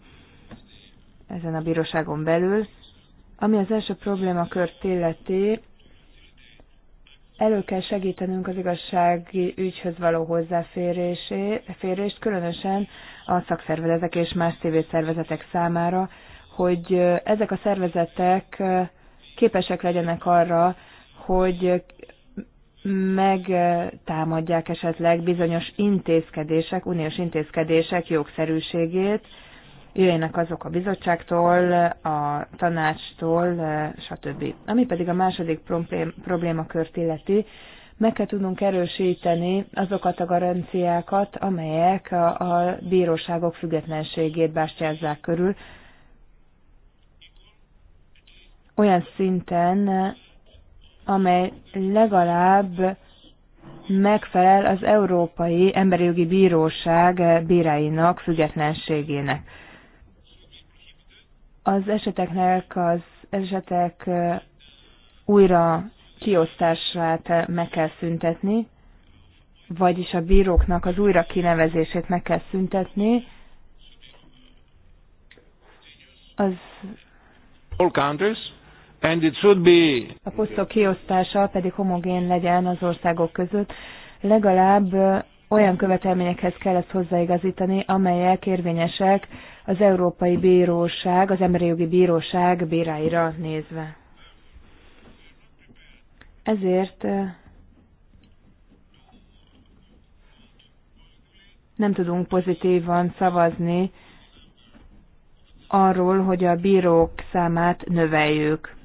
Speaker 2: ezen a bíróságon belül. Ami az első problémakört illeti, elő kell segítenünk az igazsági ügyhöz való hozzáférését, különösen a szakszervezetek és más civil szervezetek számára, hogy ezek a szervezetek képesek legyenek arra, hogy megtámadják esetleg bizonyos intézkedések, uniós intézkedések jogszerűségét, jöjjenek azok a bizottságtól, a tanácstól, stb. Ami pedig a második problémakört illeti, meg kell tudnunk erősíteni azokat a garanciákat, amelyek a, a bíróságok függetlenségét bástyázzák körül, olyan szinten, amely legalább megfelel az Európai Emberi Jogi Bíróság bíráinak függetlenségének. Az eseteknek az esetek újra kiosztását meg kell szüntetni, vagyis a bíróknak az újra kinevezését meg kell szüntetni, az
Speaker 3: all countries, and it should be
Speaker 2: a posztok kiosztása pedig homogén legyen az országok között, legalább olyan követelményekhez kell ezt hozzáigazítani, amelyek érvényesek az Európai Bíróság, az Emberi Jogi Bíróság bíráira nézve. Ezért nem tudunk pozitívan szavazni arról, hogy a bírók számát növeljük.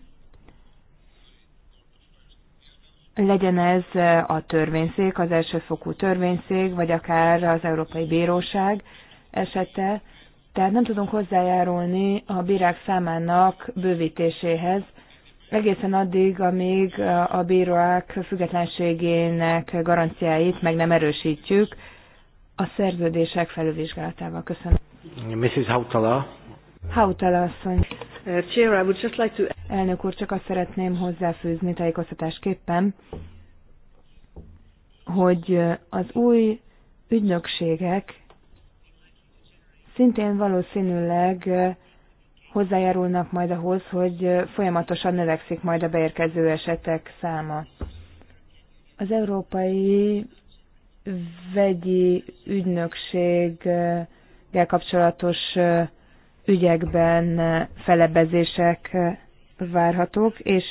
Speaker 2: Legyen ez a törvényszék, az elsőfokú törvényszék, vagy akár az Európai Bíróság esete. Tehát nem tudunk hozzájárulni a bírák számának bővítéséhez, egészen addig, amíg a bíróák függetlenségének garanciáit meg nem erősítjük a szerződések felülvizsgálatával. Köszönöm.
Speaker 1: Mrs. Hautala.
Speaker 2: Hautala asszony. Uh, Chair, I would just like to... Elnök úr, csak azt szeretném hozzáfűzni tájékoztatásképpen, hogy az új ügynökségek szintén valószínűleg hozzájárulnak majd ahhoz, hogy folyamatosan növekszik majd a beérkező esetek száma. Az Európai Vegyi Ügynökséggel kapcsolatos ügyekben felebezések várhatók, és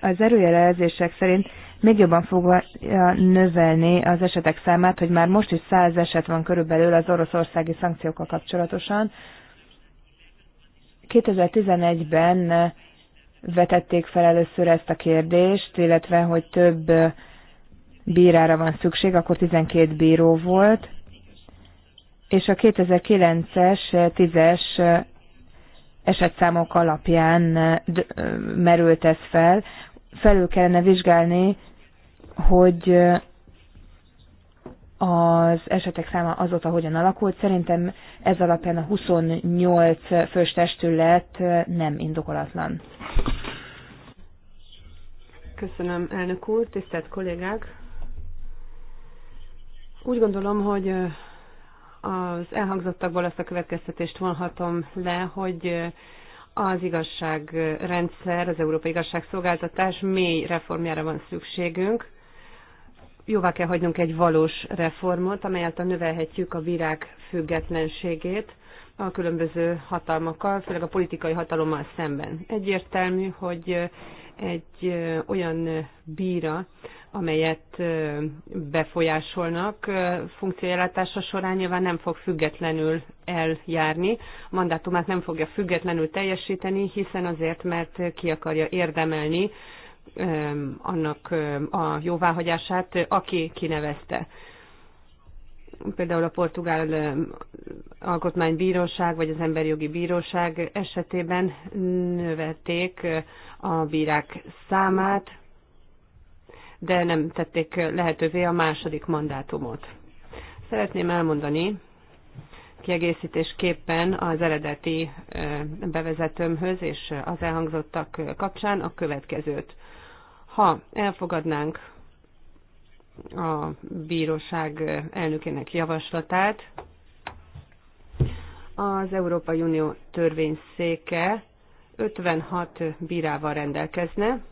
Speaker 2: az erőjelezések szerint még jobban fogja növelni az esetek számát, hogy már most is száz eset van körülbelül az oroszországi szankciókkal kapcsolatosan, 2011-ben vetették fel először ezt a kérdést, illetve hogy több bírára van szükség, akkor 12 bíró volt, és a 2009-es, 10-es esetszámok alapján merült ez fel. Felül kellene vizsgálni, hogy az esetek száma azóta hogyan alakult. Szerintem ez alapján a 28 fős testület nem indokolatlan.
Speaker 4: Köszönöm, elnök úr, tisztelt kollégák! Úgy gondolom, hogy az elhangzottakból azt a következtetést vonhatom le, hogy az igazságrendszer, az Európai Igazságszolgáltatás mély reformjára van szükségünk, jóvá kell hagynunk egy valós reformot, amelyet a növelhetjük a virág függetlenségét a különböző hatalmakkal, főleg a politikai hatalommal szemben. Egyértelmű, hogy egy olyan bíra, amelyet befolyásolnak, funkciójelátása során nyilván nem fog függetlenül eljárni, a mandátumát nem fogja függetlenül teljesíteni, hiszen azért, mert ki akarja érdemelni annak a jóváhagyását, aki kinevezte. Például a Portugál Alkotmánybíróság vagy az Emberi Jogi Bíróság esetében növették eh, a bírák számát, de nem tették lehetővé a második mandátumot. Szeretném elmondani, kiegészítésképpen az eredeti bevezetőmhöz és az elhangzottak kapcsán a következőt. Ha elfogadnánk a bíróság elnökének javaslatát, az Európai Unió törvényszéke 56 bírával rendelkezne,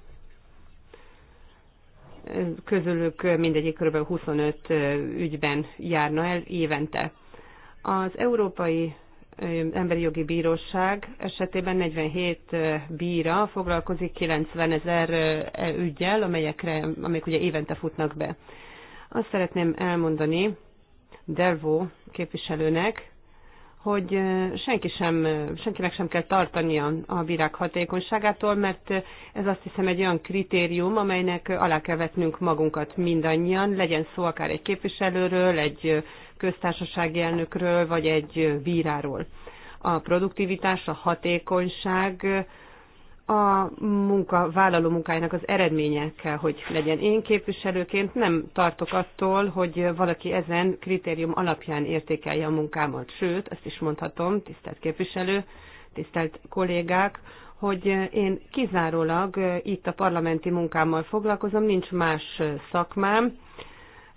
Speaker 4: közülük mindegyik kb. 25 ügyben járna el évente. Az Európai Emberi Jogi Bíróság esetében 47 bíra foglalkozik 90 ezer e, ügyel, amelyekre, amelyek ugye évente futnak be. Azt szeretném elmondani Delvo képviselőnek, hogy senki sem, senkinek sem kell tartania a bírák hatékonyságától, mert ez azt hiszem egy olyan kritérium, amelynek alá kell vetnünk magunkat mindannyian, legyen szó akár egy képviselőről, egy köztársasági elnökről vagy egy bíráról. A produktivitás, a hatékonyság, a munka, vállaló munkájának az eredménye kell, hogy legyen. Én képviselőként nem tartok attól, hogy valaki ezen kritérium alapján értékelje a munkámat. Sőt, azt is mondhatom, tisztelt képviselő, tisztelt kollégák, hogy én kizárólag itt a parlamenti munkámmal foglalkozom, nincs más szakmám,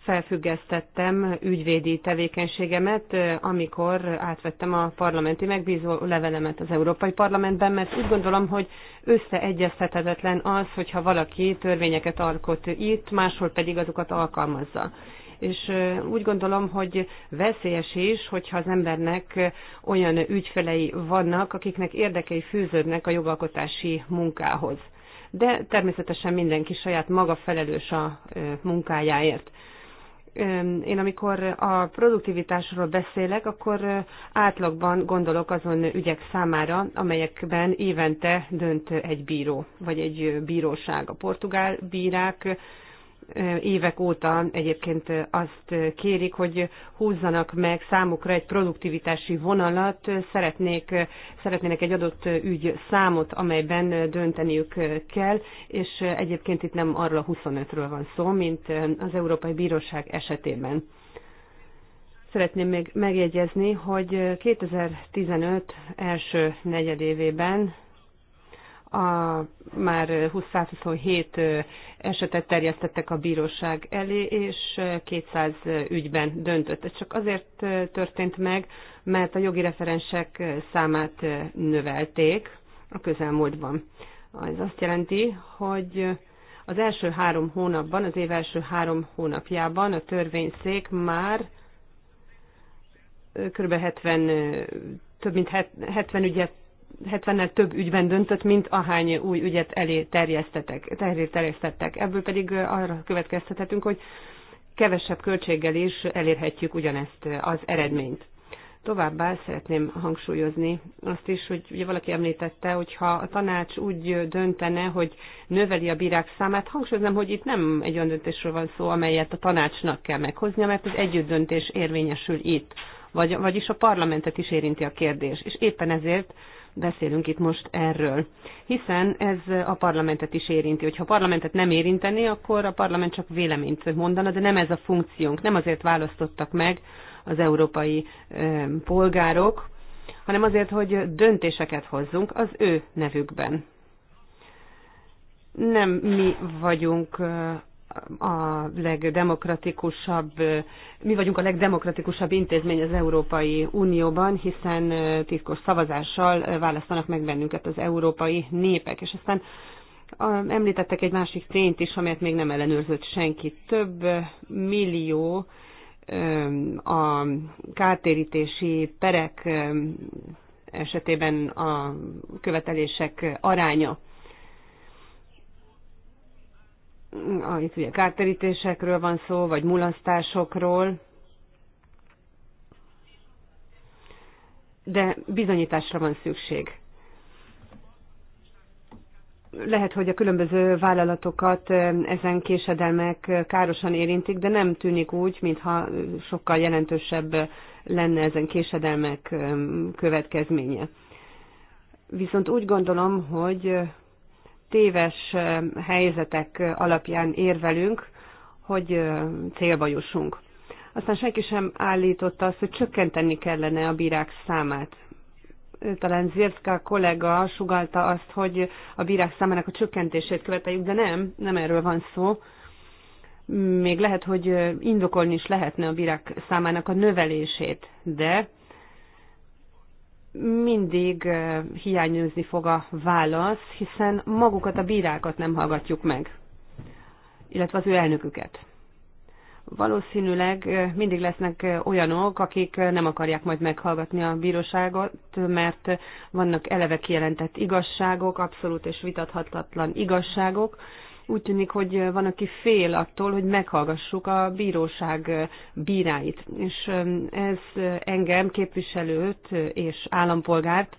Speaker 4: felfüggesztettem ügyvédi tevékenységemet, amikor átvettem a parlamenti megbízó levelemet az Európai Parlamentben, mert úgy gondolom, hogy összeegyeztethetetlen az, hogyha valaki törvényeket alkot itt, máshol pedig azokat alkalmazza és úgy gondolom, hogy veszélyes is, hogyha az embernek olyan ügyfelei vannak, akiknek érdekei fűződnek a jogalkotási munkához. De természetesen mindenki saját maga felelős a munkájáért én amikor a produktivitásról beszélek, akkor átlagban gondolok azon ügyek számára, amelyekben évente dönt egy bíró, vagy egy bíróság. A portugál bírák évek óta egyébként azt kérik, hogy húzzanak meg számukra egy produktivitási vonalat, szeretnék, szeretnének egy adott ügy számot, amelyben dönteniük kell, és egyébként itt nem arról a 25-ről van szó, mint az Európai Bíróság esetében. Szeretném még megjegyezni, hogy 2015 első negyedévében a, már 227 esetet terjesztettek a bíróság elé, és 200 ügyben döntött. Ez csak azért történt meg, mert a jogi referensek számát növelték a közelmúltban. Ez azt jelenti, hogy az első három hónapban, az év első három hónapjában a törvényszék már kb. 70, több mint 70 ügyet 70-nel több ügyben döntött, mint ahány új ügyet elé terjesztettek. terjesztettek. Ebből pedig arra következtethetünk, hogy kevesebb költséggel is elérhetjük ugyanezt az eredményt. Továbbá szeretném hangsúlyozni azt is, hogy ugye valaki említette, hogy ha a tanács úgy döntene, hogy növeli a bírák számát, hangsúlyoznám, hogy itt nem egy olyan döntésről van szó, amelyet a tanácsnak kell meghoznia, mert az együtt döntés érvényesül itt. Vagy, vagyis a parlamentet is érinti a kérdés. És éppen ezért beszélünk itt most erről. Hiszen ez a parlamentet is érinti. Hogyha a parlamentet nem érinteni, akkor a parlament csak véleményt mondana, de nem ez a funkciónk. Nem azért választottak meg az európai polgárok, hanem azért, hogy döntéseket hozzunk az ő nevükben. Nem mi vagyunk a legdemokratikusabb, mi vagyunk a legdemokratikusabb intézmény az Európai Unióban, hiszen titkos szavazással választanak meg bennünket az európai népek. És aztán említettek egy másik tényt is, amelyet még nem ellenőrzött senki. Több millió a kártérítési perek esetében a követelések aránya itt ugye kárterítésekről van szó, vagy mulasztásokról, de bizonyításra van szükség. Lehet, hogy a különböző vállalatokat ezen késedelmek károsan érintik, de nem tűnik úgy, mintha sokkal jelentősebb lenne ezen késedelmek következménye. Viszont úgy gondolom, hogy téves helyzetek alapján érvelünk, hogy célba jussunk. Aztán senki sem állította azt, hogy csökkenteni kellene a bírák számát. Talán Zirka kollega sugalta azt, hogy a bírák számának a csökkentését követeljük, de nem, nem erről van szó. Még lehet, hogy indokolni is lehetne a bírák számának a növelését, de mindig hiányozni fog a válasz, hiszen magukat a bírákat nem hallgatjuk meg, illetve az ő elnöküket. Valószínűleg mindig lesznek olyanok, akik nem akarják majd meghallgatni a bíróságot, mert vannak eleve kijelentett igazságok, abszolút és vitathatatlan igazságok, úgy tűnik, hogy van, aki fél attól, hogy meghallgassuk a bíróság bíráit. És ez engem, képviselőt és állampolgárt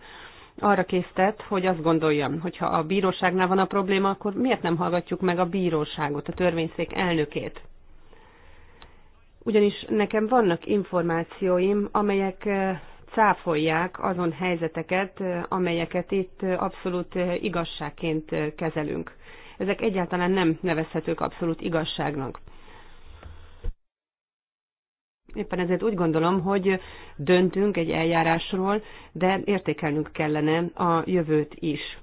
Speaker 4: arra késztett, hogy azt gondoljam, hogy ha a bíróságnál van a probléma, akkor miért nem hallgatjuk meg a bíróságot, a törvényszék elnökét? Ugyanis nekem vannak információim, amelyek cáfolják azon helyzeteket, amelyeket itt abszolút igazságként kezelünk ezek egyáltalán nem nevezhetők abszolút igazságnak. Éppen ezért úgy gondolom, hogy döntünk egy eljárásról, de értékelnünk kellene a jövőt is.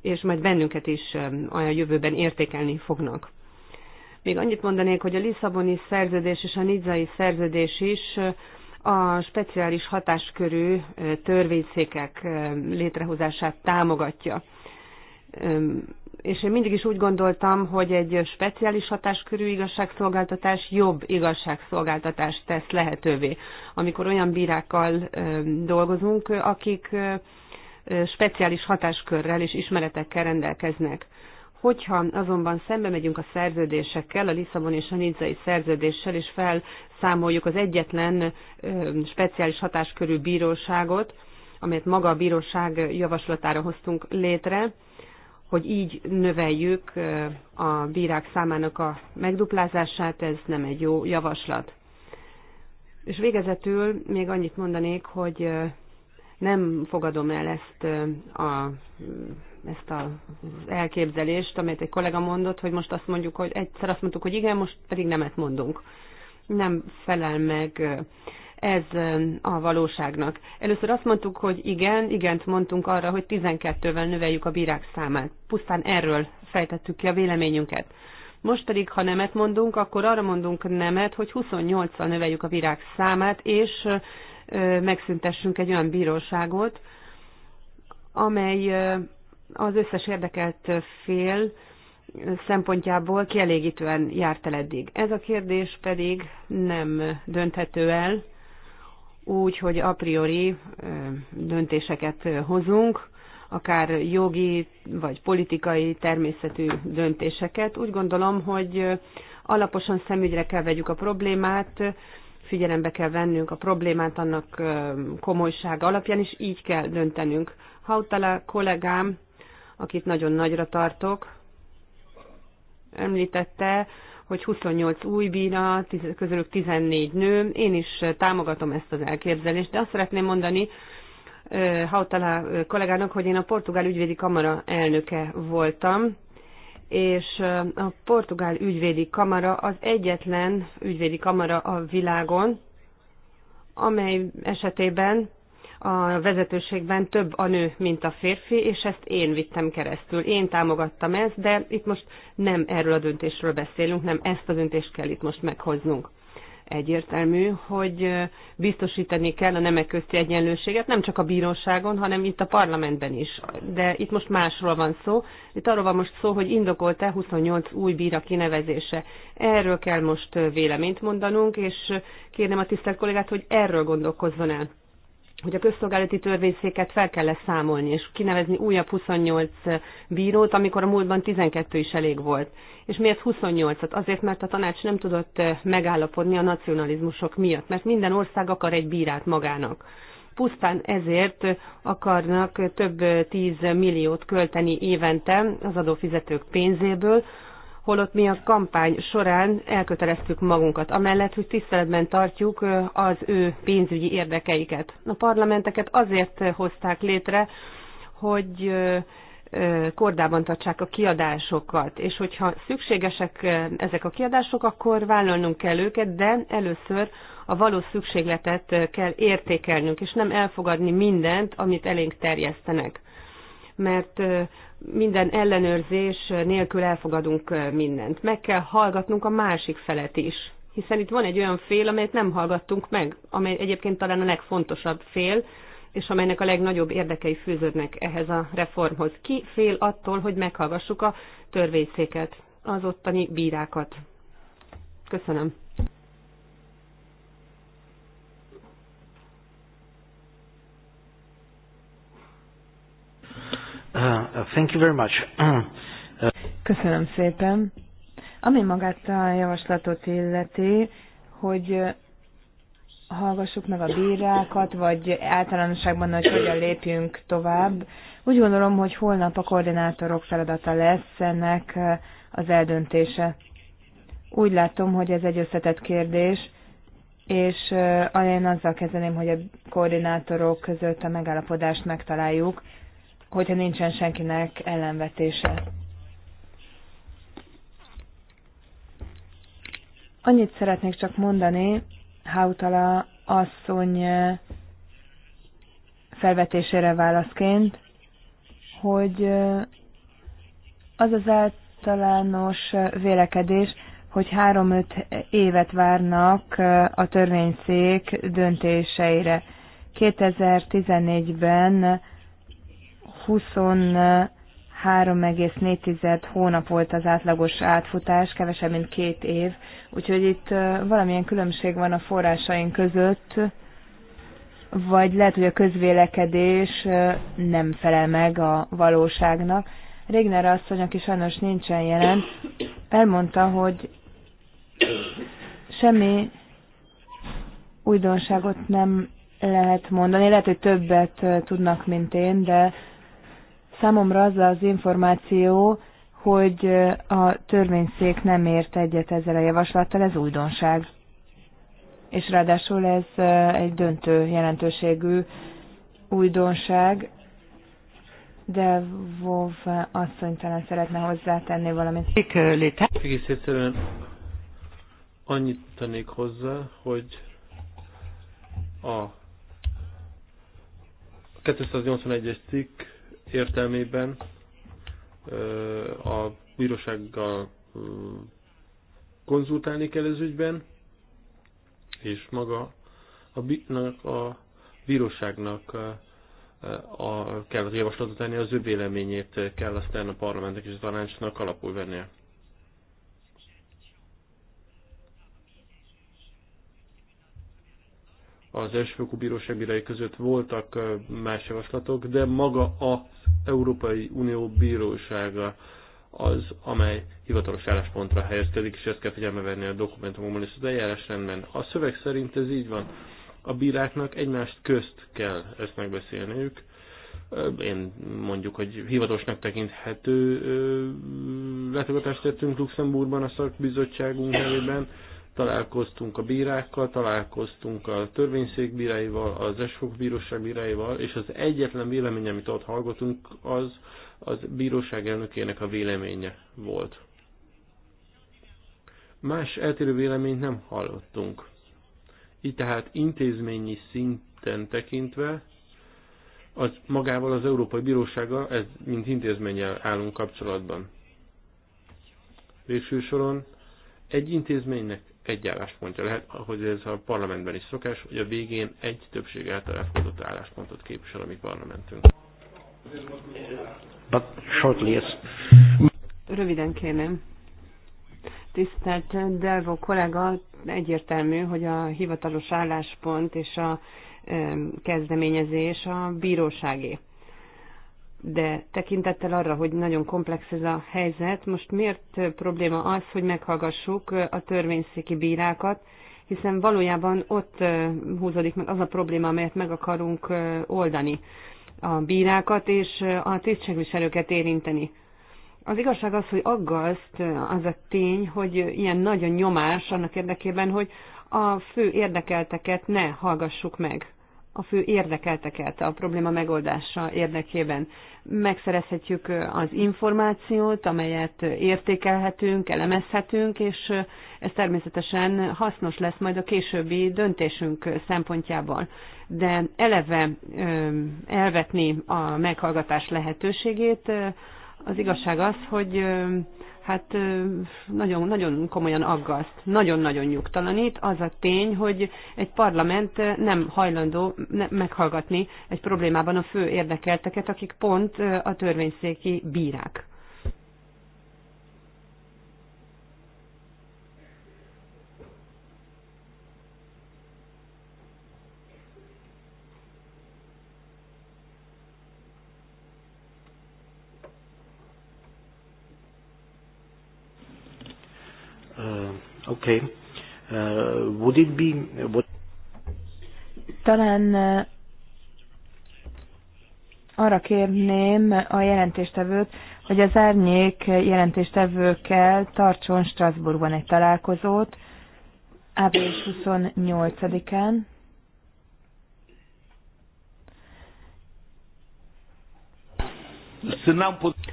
Speaker 4: És majd bennünket is a jövőben értékelni fognak. Még annyit mondanék, hogy a Lisszaboni szerződés és a Nizzai szerződés is a speciális hatáskörű törvényszékek létrehozását támogatja és én mindig is úgy gondoltam, hogy egy speciális hatáskörű igazságszolgáltatás jobb igazságszolgáltatást tesz lehetővé. Amikor olyan bírákkal dolgozunk, akik speciális hatáskörrel és ismeretekkel rendelkeznek. Hogyha azonban szembe megyünk a szerződésekkel, a Lisszabon és a Nidzai szerződéssel, és felszámoljuk az egyetlen speciális hatáskörű bíróságot, amelyet maga a bíróság javaslatára hoztunk létre, hogy így növeljük a bírák számának a megduplázását, ez nem egy jó javaslat. És végezetül még annyit mondanék, hogy nem fogadom el ezt a ezt az elképzelést, amit egy kollega mondott, hogy most azt mondjuk, hogy egyszer azt mondtuk, hogy igen, most pedig nemet mondunk. Nem felel meg ez um, a valóságnak. Először azt mondtuk, hogy igen, igent mondtunk arra, hogy 12-vel növeljük a bírák számát. Pusztán erről fejtettük ki a véleményünket. Most pedig, ha nemet mondunk, akkor arra mondunk nemet, hogy 28-al növeljük a virág számát, és megszüntessünk egy olyan bíróságot, amely az összes érdekelt fél szempontjából kielégítően járt el eddig. Ez a kérdés pedig nem dönthető el úgy, hogy a priori döntéseket hozunk, akár jogi vagy politikai természetű döntéseket. Úgy gondolom, hogy alaposan szemügyre kell vegyük a problémát, figyelembe kell vennünk a problémát annak komolysága alapján, és így kell döntenünk. Hautala kollégám, akit nagyon nagyra tartok, említette, hogy 28 új bíra, közülük 14 nő. Én is eh, támogatom ezt az elképzelést, de azt szeretném mondani, eh, Hautala eh, kollégának, hogy én a Portugál ügyvédi kamara elnöke voltam, és a Portugál ügyvédi kamara az egyetlen ügyvédi kamara a világon, amely esetében a vezetőségben több a nő, mint a férfi, és ezt én vittem keresztül. Én támogattam ezt, de itt most nem erről a döntésről beszélünk, nem ezt a döntést kell itt most meghoznunk. Egyértelmű, hogy biztosítani kell a nemek közti egyenlőséget nem csak a bíróságon, hanem itt a parlamentben is. De itt most másról van szó. Itt arról van most szó, hogy indokolt-e 28 új bíra kinevezése. Erről kell most véleményt mondanunk, és kérném a tisztelt kollégát, hogy erről gondolkozzon el hogy a közszolgálati törvényszéket fel kell számolni, és kinevezni újabb 28 bírót, amikor a múltban 12 is elég volt. És miért 28-at? Azért, mert a tanács nem tudott eh, megállapodni a nacionalizmusok miatt, mert minden ország akar egy bírát magának. Pusztán ezért eh, akarnak több 10 eh, milliót költeni évente az adófizetők pénzéből, holott mi a kampány során elköteleztük magunkat, amellett, hogy tiszteletben tartjuk az ő pénzügyi érdekeiket. A parlamenteket azért hozták létre, hogy kordában tartsák a kiadásokat, és hogyha szükségesek ezek a kiadások, akkor vállalnunk kell őket, de először a valós szükségletet kell értékelnünk, és nem elfogadni mindent, amit elénk terjesztenek mert minden ellenőrzés nélkül elfogadunk mindent. Meg kell hallgatnunk a másik felet is, hiszen itt van egy olyan fél, amelyet nem hallgattunk meg, amely egyébként talán a legfontosabb fél, és amelynek a legnagyobb érdekei fűződnek ehhez a reformhoz. Ki fél attól, hogy meghallgassuk a törvényszéket, az ottani bírákat? Köszönöm.
Speaker 1: Uh, thank you very much.
Speaker 2: Köszönöm szépen. Ami magát a javaslatot illeti, hogy uh, hallgassuk meg a bírákat, vagy általánosságban, hogy hogyan lépjünk tovább. Úgy gondolom, hogy holnap a koordinátorok feladata lesz ennek uh, az eldöntése. Úgy látom, hogy ez egy összetett kérdés, és én azzal kezdeném, hogy a koordinátorok között a megállapodást megtaláljuk, hogyha nincsen senkinek ellenvetése. Annyit szeretnék csak mondani, Hautala asszony felvetésére válaszként, hogy az az általános vélekedés, hogy három-öt évet várnak a törvényszék döntéseire. 2014-ben 23,4 hónap volt az átlagos átfutás, kevesebb, mint két év. Úgyhogy itt valamilyen különbség van a forrásaink között, vagy lehet, hogy a közvélekedés nem felel meg a valóságnak. Régner asszony, aki sajnos nincsen jelen, elmondta, hogy semmi újdonságot nem lehet mondani. Lehet, hogy többet tudnak, mint én, de Számomra az az információ, hogy a törvényszék nem ért egyet ezzel a javaslattal, ez újdonság. És ráadásul ez egy döntő jelentőségű újdonság, de Vov asszony talán szeretne hozzátenni valamit.
Speaker 3: Egész egyszerűen annyit tennék hozzá, hogy a 281-es cikk értelmében a bírósággal konzultálni kell ez ügyben, és maga a, a bíróságnak a, kell javaslatot tenni, az ő véleményét kell aztán a parlamentnek és a tanácsnak alapul vennie. az elsőfokú bíróság bírái között voltak más javaslatok, de maga az Európai Unió bírósága az, amely hivatalos álláspontra helyezkedik, és ezt kell figyelme venni a dokumentumokban és az eljárásrendben. A szöveg szerint ez így van. A bíráknak egymást közt kell ezt megbeszélniük. Én mondjuk, hogy hivatalosnak tekinthető látogatást tettünk Luxemburgban a szakbizottságunk nevében találkoztunk a bírákkal, találkoztunk a törvényszék bíráival, az esfok bíróság bíráival, és az egyetlen vélemény, amit ott hallgatunk, az az bíróság elnökének a véleménye volt. Más eltérő véleményt nem hallottunk. Így tehát intézményi szinten tekintve az magával az Európai Bírósággal, ez mint intézménnyel állunk kapcsolatban. Végső soron egy intézménynek egy álláspontja lehet, ahogy ez a parlamentben is szokás, hogy a végén egy többség által elfogadott álláspontot képvisel a mi parlamentünk. But shortly, yes.
Speaker 4: Röviden kérném. Tisztelt Delvo kollega, egyértelmű, hogy a hivatalos álláspont és a kezdeményezés a bíróságé de tekintettel arra, hogy nagyon komplex ez a helyzet, most miért probléma az, hogy meghallgassuk a törvényszéki bírákat, hiszen valójában ott húzódik meg az a probléma, amelyet meg akarunk oldani a bírákat és a tisztségviselőket érinteni. Az igazság az, hogy aggaszt az a tény, hogy ilyen nagyon nyomás annak érdekében, hogy a fő érdekelteket ne hallgassuk meg a fő érdekelteket a probléma megoldása érdekében. Megszerezhetjük az információt, amelyet értékelhetünk, elemezhetünk, és ez természetesen hasznos lesz majd a későbbi döntésünk szempontjából. De eleve elvetni a meghallgatás lehetőségét az igazság az, hogy hát nagyon, nagyon komolyan aggaszt, nagyon-nagyon nyugtalanít az a tény, hogy egy parlament nem hajlandó meghallgatni egy problémában a fő érdekelteket, akik pont a törvényszéki bírák.
Speaker 1: Okay. Uh, would it be... what?
Speaker 2: Talán uh, arra kérném a jelentéstevőt, hogy az árnyék jelentéstevőkkel tartson Strasbourgban egy találkozót április 28-án.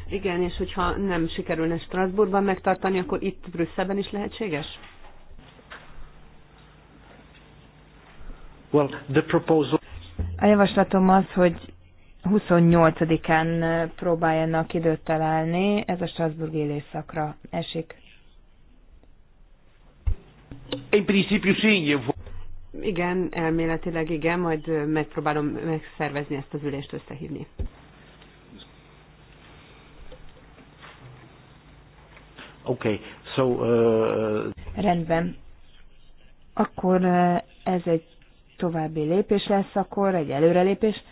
Speaker 4: Igen, és hogyha nem sikerülne Strasbourgban megtartani, akkor itt Brüsszelben is lehetséges?
Speaker 1: Well, the proposal...
Speaker 2: A javaslatom az, hogy 28-án próbáljanak időt
Speaker 4: találni, ez a Strasbourg élészakra esik.
Speaker 1: In principio
Speaker 4: igen, elméletileg igen, majd megpróbálom megszervezni ezt az ülést, összehívni.
Speaker 1: Okay, so... Uh...
Speaker 4: Rendben.
Speaker 2: Akkor uh, ez egy további lépés lesz, akkor egy előrelépés,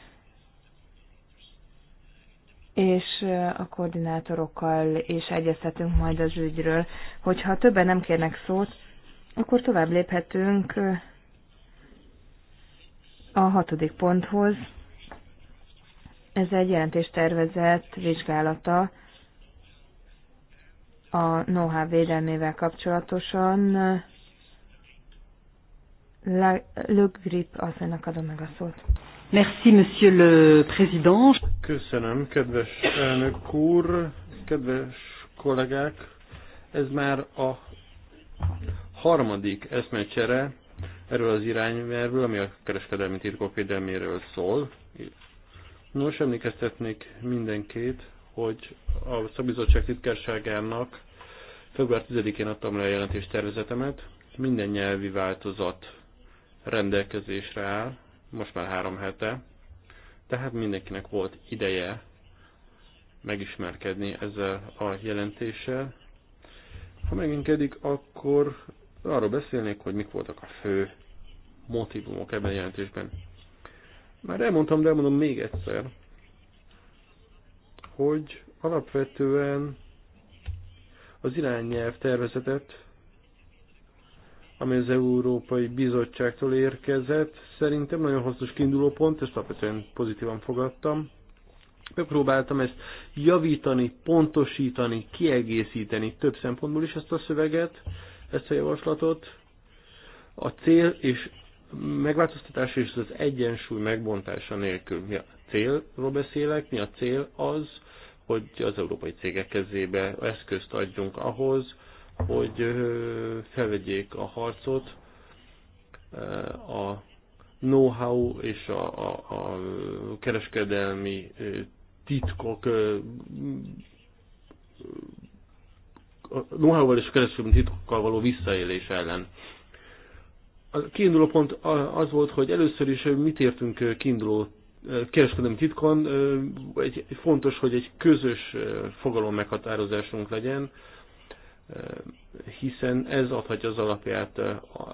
Speaker 2: és uh, a koordinátorokkal is egyeztetünk majd az ügyről. Hogyha többen nem kérnek szót, akkor tovább léphetünk uh, a hatodik ponthoz. Ez egy jelentéstervezet vizsgálata a NOHA védelmével kapcsolatosan. Le Grip asszonynak adom meg a szót.
Speaker 3: Merci, monsieur le président. Köszönöm, kedves elnök úr, kedves kollégák. Ez már a harmadik eszmecsere erről az irányverről, ami a kereskedelmi titkok védelméről szól. Nos, emlékeztetnék mindenkit hogy a szakbizottság titkárságának február 10-én adtam le a jelentés tervezetemet. Minden nyelvi változat rendelkezésre áll, most már három hete, tehát mindenkinek volt ideje megismerkedni ezzel a jelentéssel. Ha megengedik, akkor arról beszélnék, hogy mik voltak a fő motivumok ebben a jelentésben. Már elmondtam, de elmondom még egyszer, hogy alapvetően az irányelv tervezetet, ami az Európai Bizottságtól érkezett, szerintem nagyon hasznos kiinduló pont, ezt alapvetően pozitívan fogadtam. Megpróbáltam ezt javítani, pontosítani, kiegészíteni több szempontból is ezt a szöveget, ezt a javaslatot. A cél és megváltoztatás és az egyensúly megbontása nélkül. Ja, célról beszélek, mi a cél az, hogy az európai cégek kezébe eszközt adjunk ahhoz, hogy felvegyék a harcot a know-how és a, a, a kereskedelmi titkok know-how-val és kereskedelmi titkokkal való visszaélés ellen. A kiinduló pont az volt, hogy először is mit értünk kiinduló kereskedelmi titkon egy, fontos, hogy egy közös fogalom meghatározásunk legyen, hiszen ez adhatja az alapját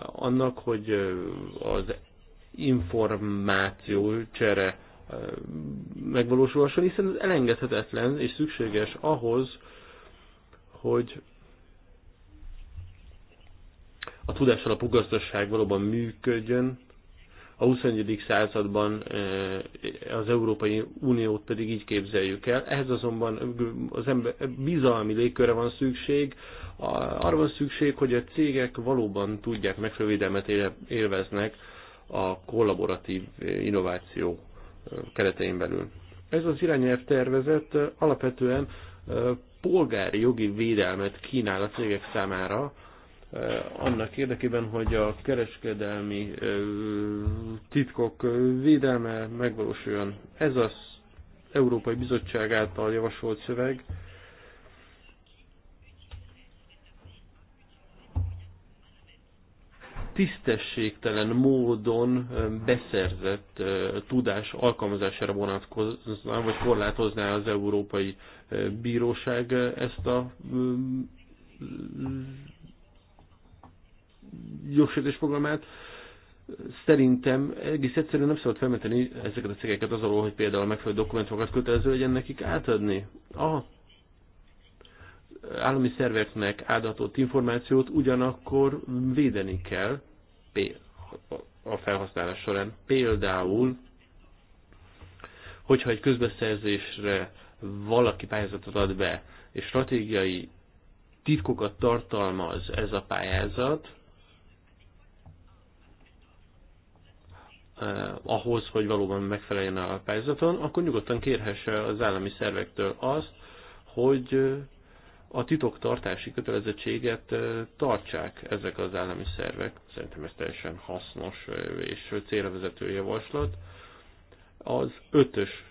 Speaker 3: annak, hogy az információ csere megvalósulhasson, hiszen ez elengedhetetlen és szükséges ahhoz, hogy a alapú gazdaság valóban működjön, a XXI. században eh, az Európai Uniót pedig így képzeljük el. Ehhez azonban az ember bizalmi légkörre van szükség, arra van szükség, hogy a cégek valóban tudják megfelelő védelmet élveznek a kollaboratív eh, innováció eh, keretein belül. Ez az irányelv tervezet alapvetően polgári jogi védelmet kínál a cégek számára, Eh, annak érdekében, hogy a kereskedelmi eh, titkok eh, védelme megvalósuljon. Ez az Európai Bizottság által javasolt szöveg. tisztességtelen módon beszerzett tudás alkalmazására vonatkozna, vagy korlátozná az Európai Bíróság ezt a mm, jogsértés programát, szerintem egész egyszerűen nem szabad felmenteni ezeket a cégeket az alól, hogy például megfelelő dokumentumokat kötelező legyen nekik átadni. A állami szerveknek átadott információt ugyanakkor védeni kell a felhasználás során. Például, hogyha egy közbeszerzésre valaki pályázatot ad be, és stratégiai titkokat tartalmaz ez a pályázat, eh, ahhoz, hogy valóban megfeleljen a pályázaton, akkor nyugodtan kérhesse az állami szervektől azt, hogy eh, a titoktartási kötelezettséget eh, tartsák ezek az állami szervek. Szerintem ez teljesen hasznos eh, és célvezető javaslat. Az ötös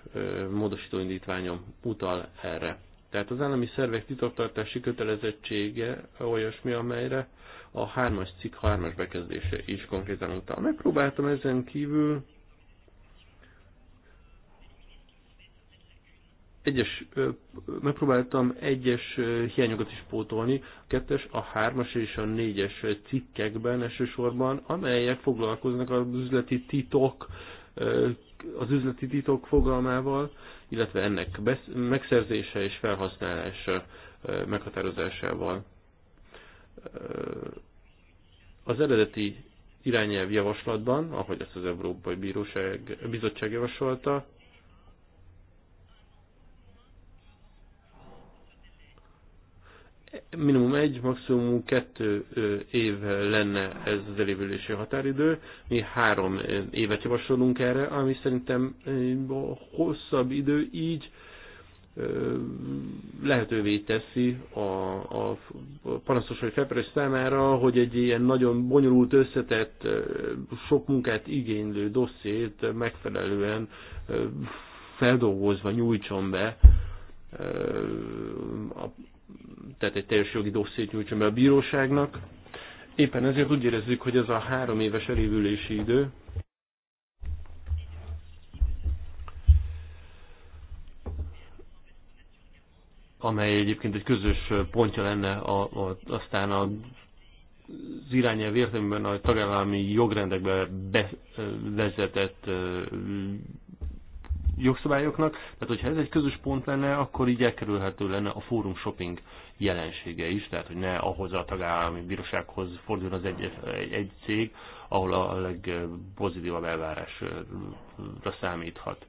Speaker 3: módosítóindítványom utal erre. Tehát az állami szervek titoktartási kötelezettsége olyasmi, amelyre a hármas cikk hármas bekezdése is konkrétan utal. Megpróbáltam ezen kívül egyes, megpróbáltam egyes hiányokat is pótolni, a kettes, a hármas és a négyes cikkekben elsősorban, amelyek foglalkoznak az üzleti titok, az üzleti titok fogalmával, illetve ennek megszerzése és felhasználása meghatározásával. Az eredeti irányelv javaslatban, ahogy ezt az Európai Bíróság Bizottság javasolta, minimum egy, maximum kettő év lenne ez az elévülési határidő. Mi három évet javasolunk erre, ami szerintem hosszabb idő, így lehetővé teszi a, a panaszos vagy felperes számára, hogy egy ilyen nagyon bonyolult, összetett, sok munkát igénylő dossziét megfelelően feldolgozva nyújtson be, tehát egy teljes jogi dossziét nyújtson be a bíróságnak. Éppen ezért úgy érezzük, hogy ez a három éves elévülési idő, amely egyébként egy közös pontja lenne a, a, aztán a, az irányelv értelmében a tagállami jogrendekbe bevezetett jogszabályoknak. Tehát, hogyha ez egy közös pont lenne, akkor így elkerülhető lenne a fórum shopping jelensége is, tehát, hogy ne ahhoz a tagállami bírósághoz forduljon az egy, egy, egy cég, ahol a legpozitívabb elvárásra számíthat.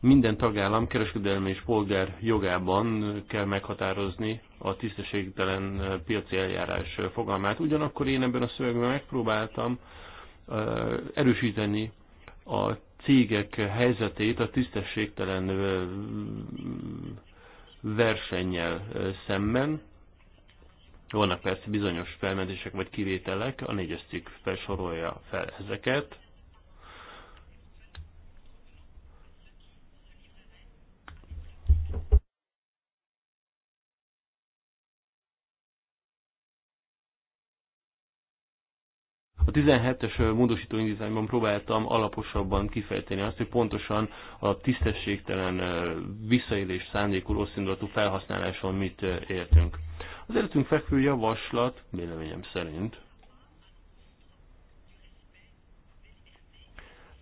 Speaker 3: Minden tagállam kereskedelmi és polgár jogában kell meghatározni a tisztességtelen piaci eljárás fogalmát. Ugyanakkor én ebben a szövegben megpróbáltam erősíteni a cégek helyzetét a tisztességtelen versennyel szemben. Vannak persze bizonyos felmentések vagy kivételek, a négyes cikk felsorolja fel ezeket. A 17-es módosító indítványban próbáltam alaposabban kifejteni azt, hogy pontosan a tisztességtelen visszaélés szándékú rosszindulatú felhasználáson mit értünk. Az életünk fekvő javaslat, véleményem szerint,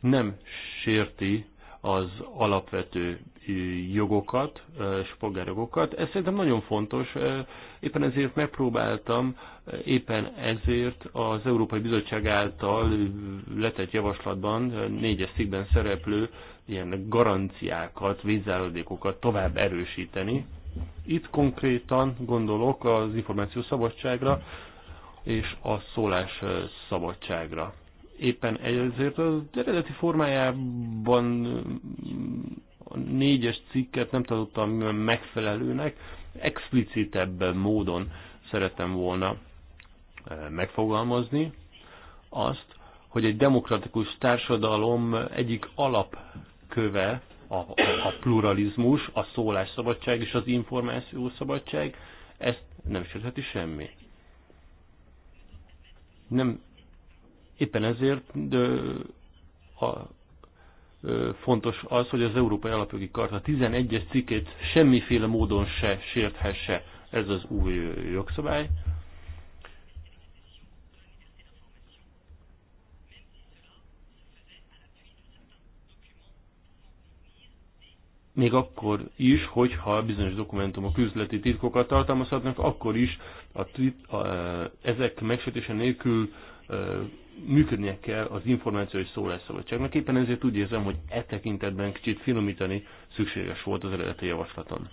Speaker 3: nem sérti az alapvető jogokat és polgárjogokat. Ez szerintem nagyon fontos, éppen ezért megpróbáltam, éppen ezért az Európai Bizottság által letett javaslatban négyes cikkben szereplő ilyen garanciákat, vízzáradékokat tovább erősíteni. Itt konkrétan gondolok az információszabadságra és a szólásszabadságra éppen ezért az eredeti formájában a négyes cikket nem tartottam megfelelőnek, explicitebb módon szerettem volna e, megfogalmazni azt, hogy egy demokratikus társadalom egyik alapköve a, a pluralizmus, a szólásszabadság és az információszabadság, ezt nem sértheti semmi. Nem Éppen ezért de, a, de, fontos az, hogy az Európai Alapjogi Karta 11-es cikkét semmiféle módon se sérthesse ez az új jogszabály. még akkor is, hogyha bizonyos dokumentumok üzleti titkokat tartalmazhatnak, akkor is a, a, ezek megsértése nélkül e, működnie kell az információ és szólásszabadságnak. Éppen ezért úgy érzem, hogy e tekintetben kicsit finomítani szükséges volt az eredeti javaslaton.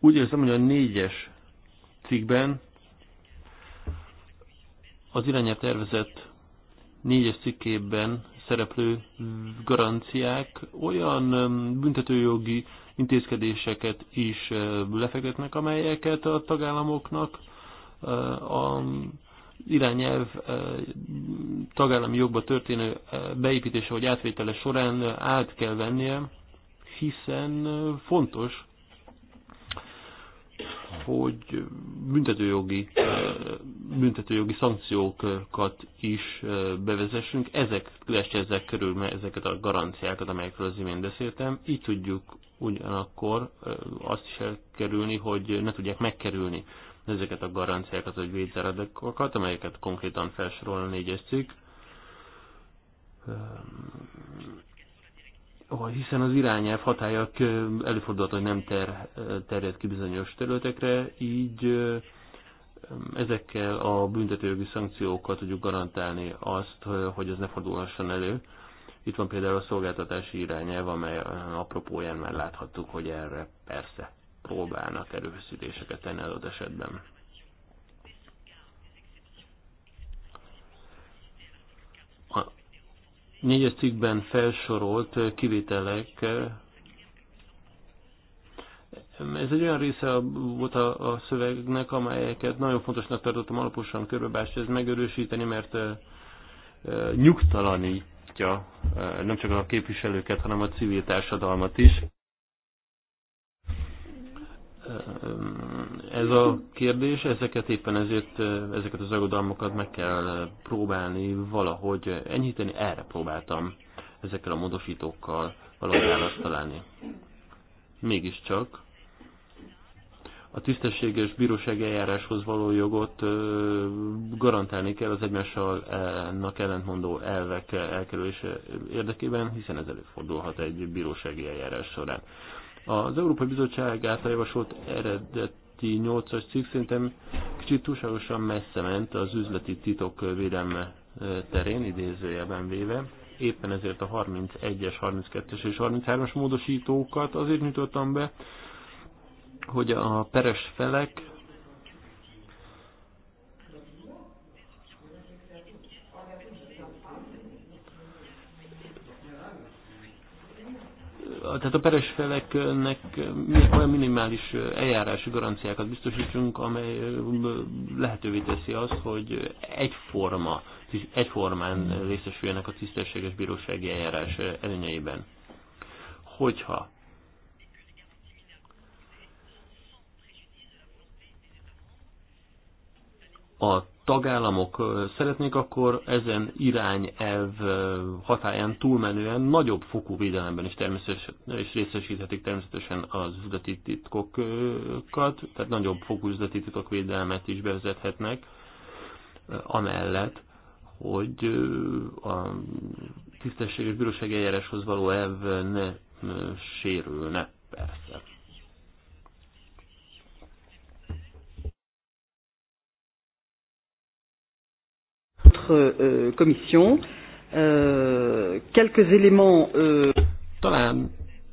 Speaker 3: Úgy érzem, hogy a négyes cikkben az irányel tervezett négyes cikkében szereplő garanciák olyan büntetőjogi intézkedéseket is lefektetnek, amelyeket a tagállamoknak a irányelv tagállami jogba történő beépítése vagy átvétele során át kell vennie, hiszen fontos, hogy büntetőjogi, büntetőjogi szankciókat is bevezessünk. Ezek ezek körül ezeket a garanciákat, amelyekről az imént beszéltem. Így tudjuk ugyanakkor azt is elkerülni, hogy ne tudják megkerülni ezeket a garanciákat vagy védzáradékokat, amelyeket konkrétan felsorol a négyes cikk, hiszen az irányelv hatályak előfordulhat, hogy nem ter, terjed ki bizonyos területekre, így ezekkel a büntetőjogi szankciókkal tudjuk garantálni azt, hogy ez ne fordulhasson elő. Itt van például a szolgáltatási irányelv, amely apropóján már láthattuk, hogy erre persze próbálnak erőfeszítéseket tenni adott esetben. A négyes cikkben felsorolt kivételek ez egy olyan része volt a, a szövegnek, amelyeket nagyon fontosnak tartottam alaposan körbebásni, ez megerősíteni, mert e, e, nyugtalanítja e, nem csak a képviselőket, hanem a civil társadalmat is ez a kérdés, ezeket éppen ezért, ezeket az aggodalmakat meg kell próbálni valahogy enyhíteni, erre próbáltam ezekkel a módosítókkal valahogy választ találni. Mégiscsak a tisztességes bírósági eljáráshoz való jogot garantálni kell az egymással ellentmondó elvek elkerülése érdekében, hiszen ez előfordulhat egy bírósági eljárás során. Az Európai Bizottság által javasolt eredeti 8-as cikk szerintem kicsit túlságosan messze ment az üzleti titok védelme terén, idézőjelben véve. Éppen ezért a 31-es, 32-es és 33-as módosítókat azért nyújtottam be, hogy a peres felek tehát a peres feleknek olyan minimális eljárási garanciákat biztosítsunk, amely lehetővé teszi azt, hogy egyforma, egyformán részesüljenek a tisztességes bírósági eljárás előnyeiben. Hogyha a tagállamok szeretnék, akkor ezen irányelv hatáján túlmenően nagyobb fokú védelemben is, természetesen, és részesíthetik természetesen az üzleti titkokat, tehát nagyobb fokú üzleti titok védelmet is bevezethetnek, amellett, hogy a tisztességes bírósági eljáráshoz való elv ne sérülne, persze.
Speaker 1: notre euh, commission. Euh, quelques éléments. Euh...
Speaker 3: Talán,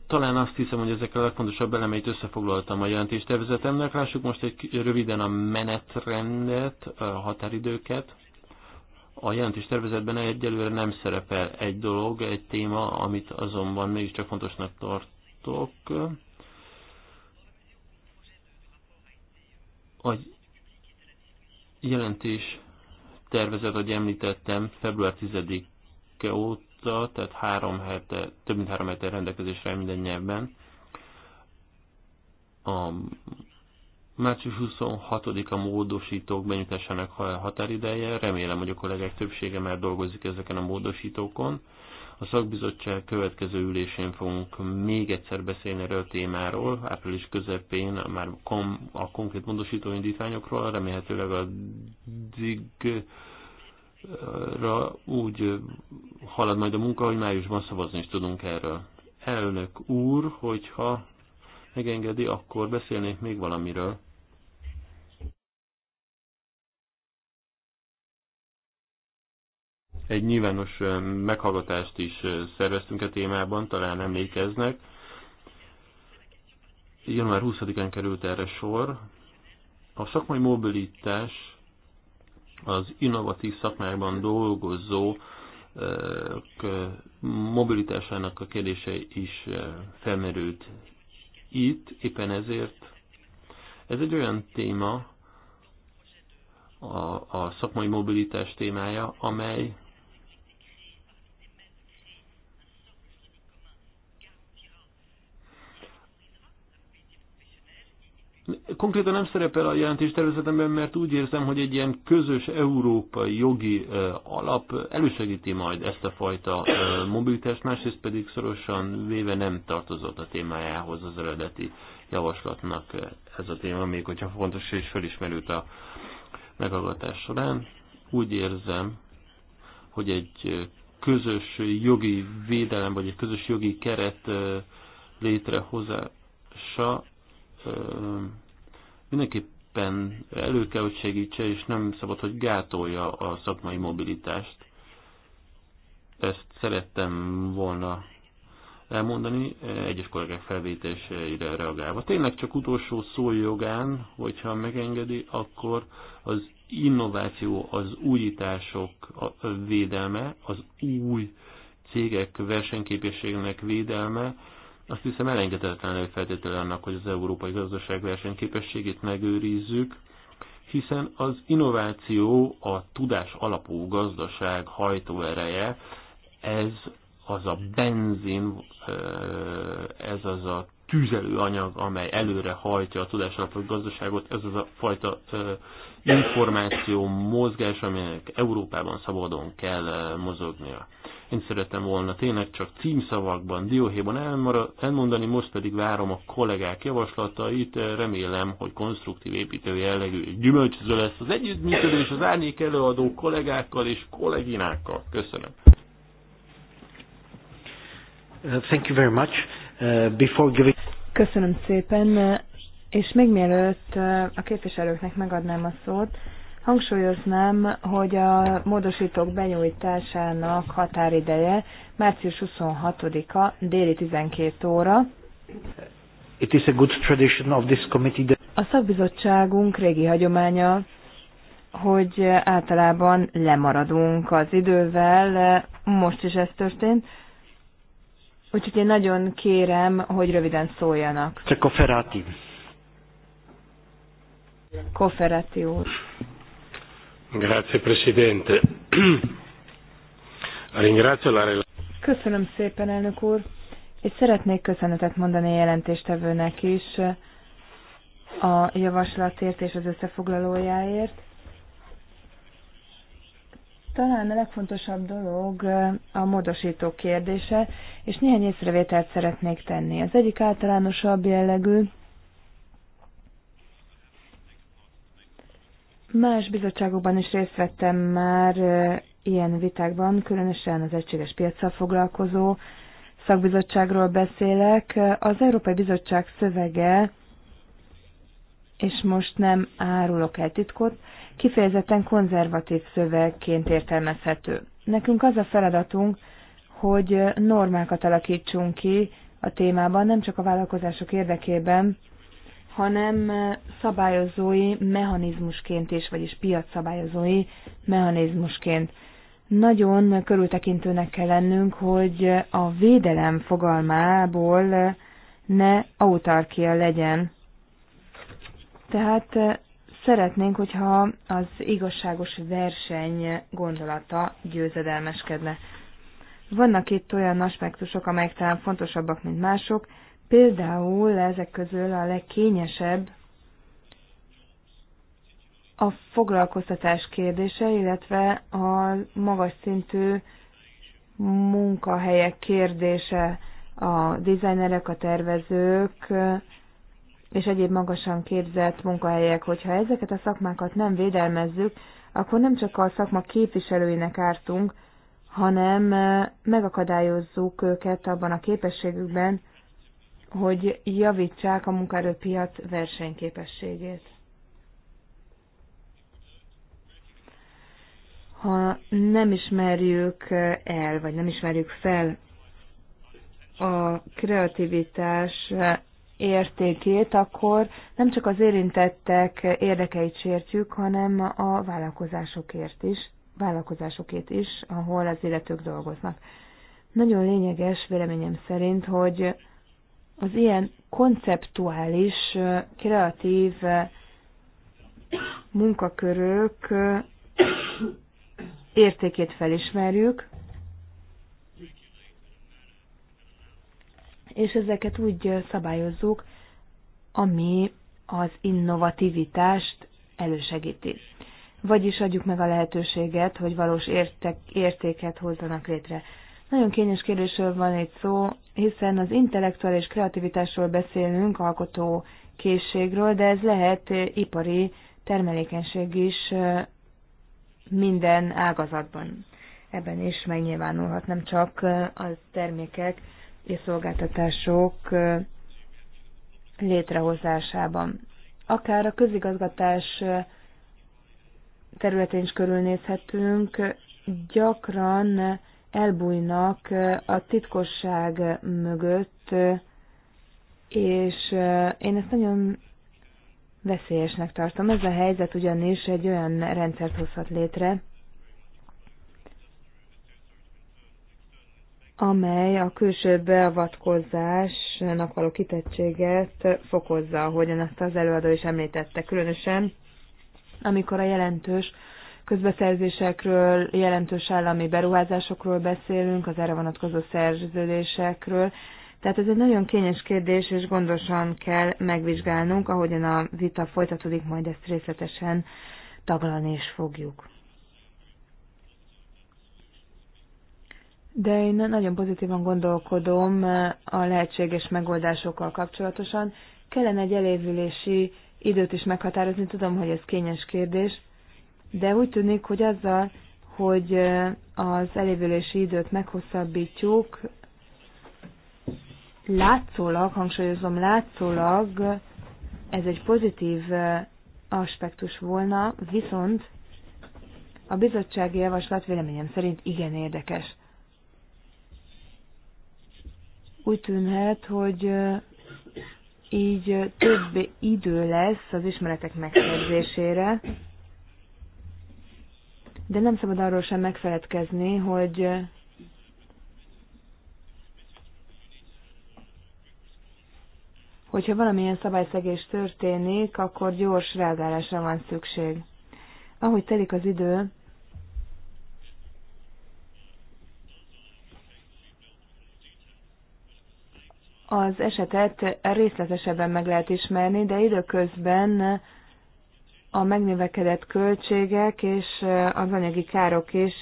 Speaker 3: talán azt hiszem, hogy ezek a legfontosabb elemeit összefoglaltam a jelentéstervezetemnek. Lássuk most egy röviden a menetrendet, a határidőket. A jelentéstervezetben egyelőre nem szerepel egy dolog, egy téma, amit azonban mégiscsak fontosnak tartok. A jelentés tervezet, ahogy említettem, február 10-e óta, tehát három hete, több mint három hete rendelkezésre minden nyelvben. A március 26-a módosítók benyújtásának határideje, remélem, hogy a kollégák többsége már dolgozik ezeken a módosítókon. A szakbizottság következő ülésén fogunk még egyszer beszélni erről a témáról, április közepén már kom, a konkrét módosító indítványokról, remélhetőleg addigra úgy halad majd a munka, hogy májusban szavazni is tudunk erről. Elnök úr, hogyha megengedi, akkor beszélnék még valamiről. Egy nyilvános meghallgatást is szerveztünk a témában, talán emlékeznek. Január 20-án került erre sor. A szakmai mobilitás az innovatív szakmákban dolgozó mobilitásának a kérdése is felmerült itt, éppen ezért ez egy olyan téma, a, a szakmai mobilitás témája, amely Konkrétan nem szerepel a jelentés tervezetemben, mert úgy érzem, hogy egy ilyen közös európai jogi alap elősegíti majd ezt a fajta mobilitást, másrészt pedig szorosan véve nem tartozott a témájához az eredeti javaslatnak ez a téma, még hogyha fontos és felismerült a meghallgatás során. Úgy érzem, hogy egy közös jogi védelem, vagy egy közös jogi keret létrehozása mindenképpen elő kell, hogy segítse, és nem szabad, hogy gátolja a szakmai mobilitást. Ezt szerettem volna elmondani, egyes kollégák felvételére reagálva. Tényleg csak utolsó szó jogán, hogyha megengedi, akkor az innováció, az újítások védelme, az új cégek versenyképességének védelme, azt hiszem elengedhetetlen feltétele annak, hogy az európai gazdaság versenyképességét megőrizzük, hiszen az innováció a tudás alapú gazdaság hajtóereje, ez az a benzin, ez az a tüzelőanyag, amely előre hajtja a tudás alapú gazdaságot, ez az a fajta információ, mozgás, aminek Európában szabadon kell mozognia. Én szeretem volna tényleg csak címszavakban, dióhéjban elmondani, most pedig várom a kollégák javaslatait, remélem, hogy konstruktív építő jellegű gyümölcsöző lesz az együttműködés az árnyék előadó kollégákkal és kolléginákkal. Köszönöm.
Speaker 1: Uh, thank you very much. Uh, before giving...
Speaker 2: Köszönöm szépen, és még mielőtt uh, a képviselőknek megadnám a szót, Hangsúlyoznám, hogy a módosítók benyújtásának határideje március 26-a déli 12 óra.
Speaker 1: It is a good tradition of this committee that...
Speaker 2: A szakbizottságunk régi hagyománya, hogy általában lemaradunk az idővel, most is ez történt. Úgyhogy én nagyon kérem, hogy röviden szóljanak.
Speaker 1: Csak a Ferrati.
Speaker 2: Koferati úr.
Speaker 3: Grazie Presidente. Ringrazio la
Speaker 2: Köszönöm szépen, elnök úr, és szeretnék köszönetet mondani a jelentéstevőnek is a javaslatért és az összefoglalójáért. Talán a legfontosabb dolog a módosító kérdése, és néhány észrevételt szeretnék tenni. Az egyik általánosabb jellegű, Más bizottságokban is részt vettem már ilyen vitákban, különösen az egységes piacsal foglalkozó szakbizottságról beszélek. Az Európai Bizottság szövege, és most nem árulok el titkot, kifejezetten konzervatív szövegként értelmezhető. Nekünk az a feladatunk, hogy normákat alakítsunk ki a témában, nem csak a vállalkozások érdekében, hanem szabályozói mechanizmusként is, vagyis piacszabályozói mechanizmusként. Nagyon körültekintőnek kell lennünk, hogy a védelem fogalmából ne autarkia legyen. Tehát szeretnénk, hogyha az igazságos verseny gondolata győzedelmeskedne. Vannak itt olyan aspektusok, amelyek talán fontosabbak, mint mások, Például ezek közül a legkényesebb a foglalkoztatás kérdése, illetve a magas szintű munkahelyek kérdése, a dizájnerek, a tervezők és egyéb magasan képzett munkahelyek. Hogyha ezeket a szakmákat nem védelmezzük, akkor nem csak a szakma képviselőinek ártunk, hanem megakadályozzuk őket abban a képességükben, hogy javítsák a munkaerőpiac versenyképességét. Ha nem ismerjük el, vagy nem ismerjük fel a kreativitás értékét, akkor nem csak az érintettek érdekeit sértjük, hanem a vállalkozásokért is, vállalkozásokért is, ahol az életük dolgoznak. Nagyon lényeges véleményem szerint, hogy az ilyen konceptuális, kreatív munkakörök értékét felismerjük, és ezeket úgy szabályozzuk, ami az innovativitást elősegíti. Vagyis adjuk meg a lehetőséget, hogy valós értek, értéket hozzanak létre. Nagyon kényes kérdésről van itt szó, hiszen az intellektuális kreativitásról beszélünk, alkotó készségről, de ez lehet eh, ipari termelékenység is eh, minden ágazatban. Ebben is megnyilvánulhat nem csak eh, az termékek és szolgáltatások létrehozásában. Akár a közigazgatás területén is körülnézhetünk, gyakran elbújnak eh, a titkosság eh, mögött, eh, és én ezt nagyon veszélyesnek tartom. Ez a helyzet ugyanis egy olyan rendszert hozhat létre, amely a külső beavatkozásnak való kitettséget fokozza, ahogyan azt az előadó is említette, különösen amikor a jelentős közbeszerzésekről, jelentős állami beruházásokról beszélünk, az erre vonatkozó szerződésekről. Tehát ez egy nagyon kényes kérdés, és gondosan kell megvizsgálnunk, ahogyan a vita folytatódik, majd ezt részletesen taglalni is fogjuk. De én nagyon pozitívan gondolkodom a lehetséges megoldásokkal kapcsolatosan. Kellene egy elévülési időt is meghatározni, tudom, hogy ez kényes kérdés, de úgy tűnik, hogy azzal, hogy az elévülési időt meghosszabbítjuk, látszólag, hangsúlyozom, látszólag ez egy pozitív aspektus volna, viszont a bizottsági javaslat véleményem szerint igen érdekes. Úgy tűnhet, hogy így több idő lesz az ismeretek megszerzésére, de nem szabad arról sem megfeledkezni, hogy hogyha valamilyen szabályszegés történik, akkor gyors reagálásra van szükség. Ahogy telik az idő, az esetet részletesebben meg lehet ismerni, de időközben a megnövekedett költségek és az anyagi károk is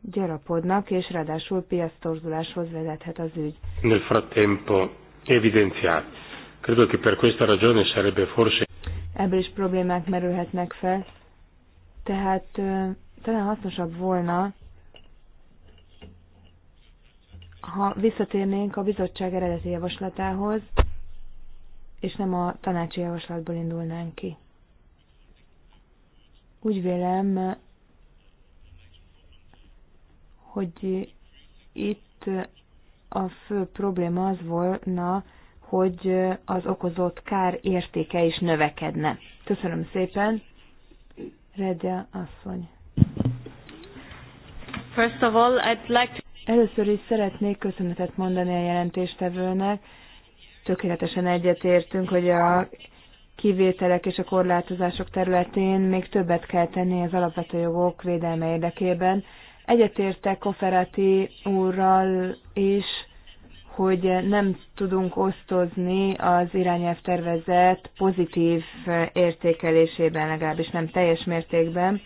Speaker 2: gyarapodnak, és ráadásul piasztorzuláshoz vezethet az ügy.
Speaker 3: Nel frattempo evidenziato. Credo che per questa ragione sarebbe forse...
Speaker 2: Ebből is problémák merülhetnek fel. Tehát talán hasznosabb volna, ha visszatérnénk a bizottság eredeti javaslatához, és nem a tanácsi javaslatból indulnánk ki. Úgy vélem, hogy itt a fő probléma az volna, hogy az okozott kár értéke is növekedne. Köszönöm szépen. Redja asszony.
Speaker 1: First of all, I'd like to...
Speaker 2: Először is szeretnék köszönetet mondani a jelentéstevőnek. Tökéletesen egyetértünk, hogy a kivételek és a korlátozások területén még többet kell tenni az alapvető jogok védelme érdekében. Egyetértek Koferati úrral is, hogy nem tudunk osztozni az irányelv tervezet pozitív értékelésében, legalábbis nem teljes mértékben.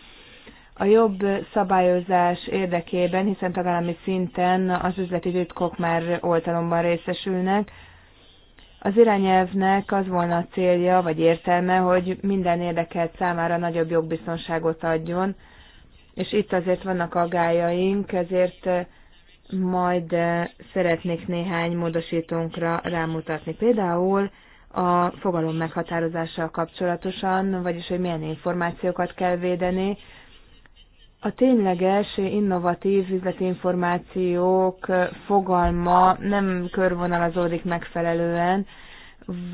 Speaker 2: A jobb szabályozás érdekében, hiszen tagállami szinten az üzleti titkok már oltalomban részesülnek, az irányelvnek az volna a célja, vagy értelme, hogy minden érdekelt számára nagyobb jogbiztonságot adjon, és itt azért vannak aggájaink, ezért eh, majd eh, szeretnék néhány módosítónkra rámutatni. Például a fogalom meghatározással kapcsolatosan, vagyis hogy milyen információkat kell védeni, a tényleges innovatív üzleti információk fogalma nem körvonalazódik megfelelően,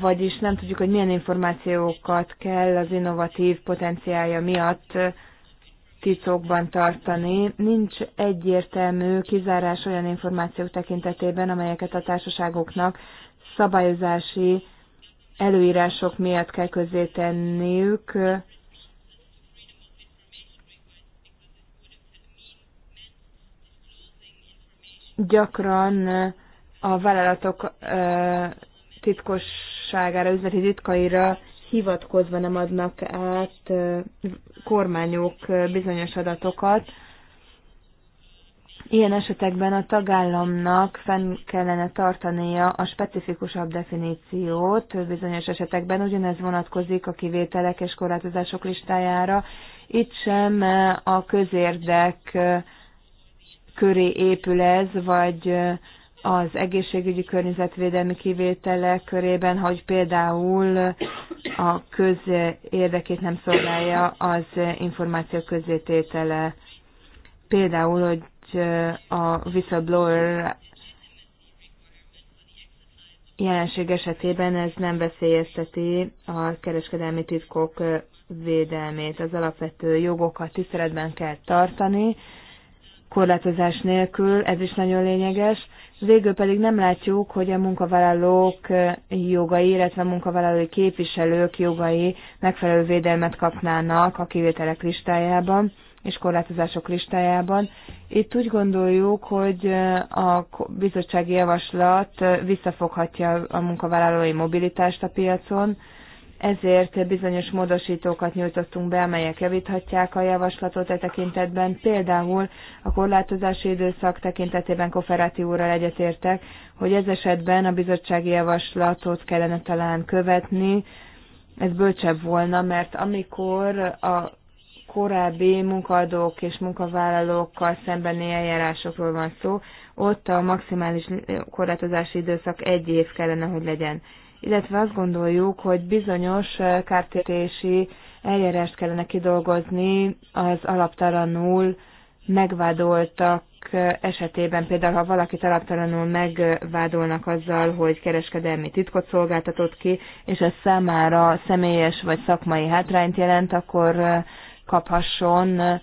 Speaker 2: vagyis nem tudjuk, hogy milyen információkat kell az innovatív potenciálja miatt titokban tartani. Nincs egyértelmű kizárás olyan információk tekintetében, amelyeket a társaságoknak szabályozási előírások miatt kell közzétenniük, gyakran eh, a vállalatok eh, titkosságára, üzleti titkaira hivatkozva nem adnak át eh, kormányok bizonyos adatokat. Ilyen esetekben a tagállamnak fenn kellene tartania a specifikusabb definíciót, bizonyos esetekben ugyanez vonatkozik a kivételek és korlátozások listájára. Itt sem a közérdek köré épül ez, vagy az egészségügyi környezetvédelmi kivételek körében, hogy például a köz érdekét nem szolgálja az információ közzététele. Például, hogy a whistleblower jelenség esetében ez nem veszélyezteti a kereskedelmi titkok védelmét. Az alapvető jogokat tiszteletben kell tartani, korlátozás nélkül, ez is nagyon lényeges. Végül pedig nem látjuk, hogy a munkavállalók jogai, illetve a munkavállalói képviselők jogai megfelelő védelmet kapnának a kivételek listájában és korlátozások listájában. Itt úgy gondoljuk, hogy a bizottsági javaslat visszafoghatja a munkavállalói mobilitást a piacon, ezért bizonyos módosítókat nyújtottunk be, amelyek javíthatják a javaslatot e tekintetben. Például a korlátozási időszak tekintetében Koferáti úrral egyetértek, hogy ez esetben a bizottsági javaslatot kellene talán követni. Ez bölcsebb volna, mert amikor a korábbi munkadók és munkavállalókkal szembeni eljárásokról van szó, ott a maximális korlátozási időszak egy év kellene, hogy legyen illetve azt gondoljuk, hogy bizonyos kártérési eljárást kellene kidolgozni az alaptalanul megvádoltak esetében, például ha valakit alaptalanul megvádolnak azzal, hogy kereskedelmi titkot szolgáltatott ki, és ez számára személyes vagy szakmai hátrányt jelent, akkor kaphasson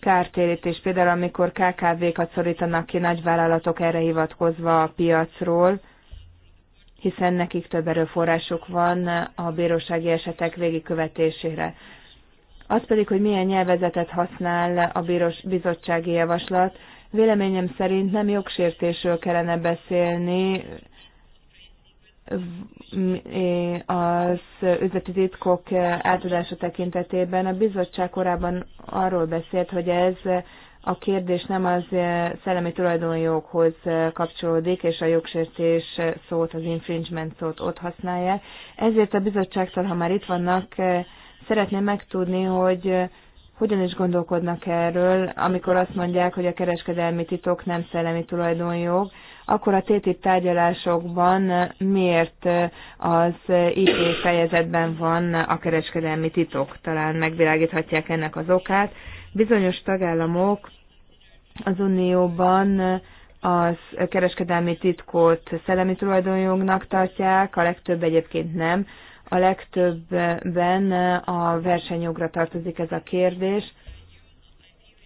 Speaker 2: kártérítés, például amikor KKV-kat szorítanak ki nagyvállalatok erre hivatkozva a piacról, hiszen nekik több erőforrásuk van a bírósági esetek végigkövetésére. Az pedig, hogy milyen nyelvezetet használ a bíros, bizottsági javaslat, véleményem szerint nem jogsértésről kellene beszélni, az üzleti titkok átadása tekintetében. A bizottság korábban arról beszélt, hogy ez a kérdés nem az szellemi tulajdonjoghoz kapcsolódik, és a jogsértés szót, az infringement szót ott használja. Ezért a bizottságtól, ha már itt vannak, szeretném megtudni, hogy hogyan is gondolkodnak erről, amikor azt mondják, hogy a kereskedelmi titok nem szellemi tulajdonjog, akkor a TTIP tárgyalásokban miért az IP fejezetben van a kereskedelmi titok? Talán megvilágíthatják ennek az okát. Bizonyos tagállamok az Unióban az kereskedelmi titkot szellemi tulajdonjognak tartják, a legtöbb egyébként nem. A legtöbbben a versenyjogra tartozik ez a kérdés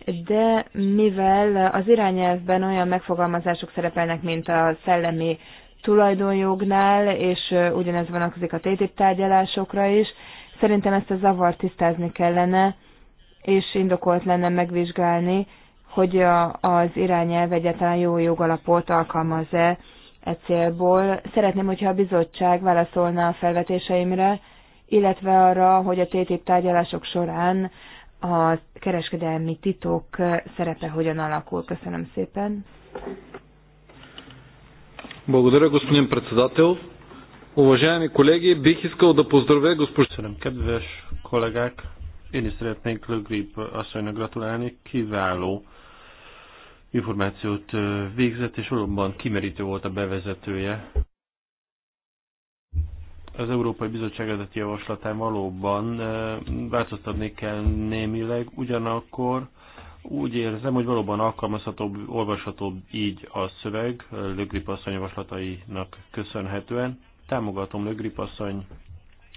Speaker 2: de mivel az irányelvben olyan megfogalmazások szerepelnek, mint a szellemi tulajdonjognál, és ugyanez vonatkozik a TTIP tárgyalásokra is, szerintem ezt a zavart tisztázni kellene, és indokolt lenne megvizsgálni, hogy a, az irányelv egyáltalán jó jogalapot alkalmaz-e e célból. Szeretném, hogyha a bizottság válaszolna a felvetéseimre, illetve arra, hogy a TTIP tárgyalások során a kereskedelmi titok szerepe hogyan alakul. Köszönöm szépen.
Speaker 3: Благодаря, господин председател. Уважаеми колеги, бих искал да поздравя госпожа. Kedves kollégák, én is szeretnék Lögrip asszonynak gratulálni. Kiváló információt végzett, és valóban kimerítő volt a bevezetője az Európai Bizottság eredeti javaslatán valóban változtatni kell némileg, ugyanakkor úgy érzem, hogy valóban alkalmazhatóbb, olvashatóbb így a szöveg Lögrip asszony javaslatainak köszönhetően. Támogatom Lögrip asszony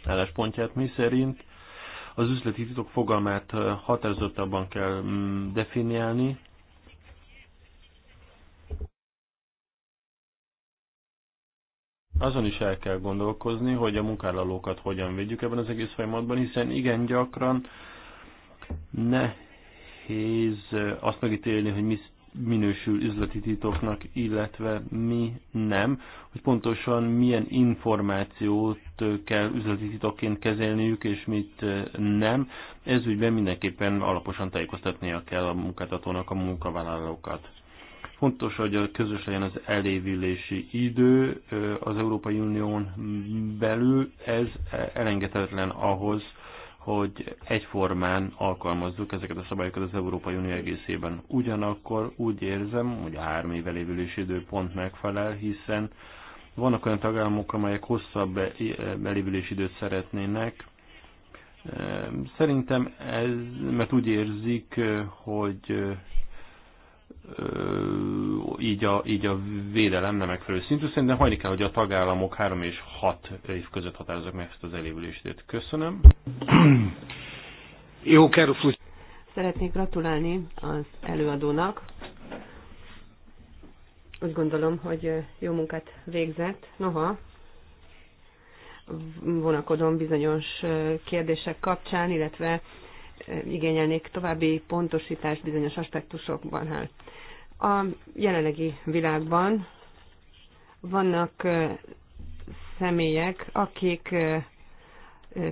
Speaker 3: álláspontját, mi szerint az üzleti titok fogalmát határozottabban kell mm, definiálni, azon is el kell gondolkozni, hogy a munkállalókat hogyan védjük ebben az egész folyamatban, hiszen igen gyakran nehéz azt megítélni, hogy mi minősül üzleti titoknak, illetve mi nem, hogy pontosan milyen információt kell üzleti titokként kezelniük, és mit nem. Ez ügyben mindenképpen alaposan tájékoztatnia kell a munkáltatónak a munkavállalókat. Fontos, hogy közös legyen az elévülési idő az Európai Unión belül. Ez elengedhetetlen ahhoz, hogy egyformán alkalmazzuk ezeket a szabályokat az Európai Unió egészében. Ugyanakkor úgy érzem, hogy a három év elévülési idő pont megfelel, hiszen vannak olyan tagállamok, amelyek hosszabb e, e, elévülési időt szeretnének. Szerintem ez, mert úgy érzik, hogy így a, így a védelem nem megfelelő szintű. Szerintem hagyni kell, hogy a tagállamok 3 és 6 év között határozzák meg ezt az elévülését. Köszönöm. Jó, Kerufus.
Speaker 4: Szeretnék gratulálni az előadónak. Úgy gondolom, hogy jó munkát végzett. Noha, vonakodom bizonyos kérdések kapcsán, illetve igényelnék további pontosítást bizonyos aspektusokban. Hát a jelenlegi világban vannak személyek, akik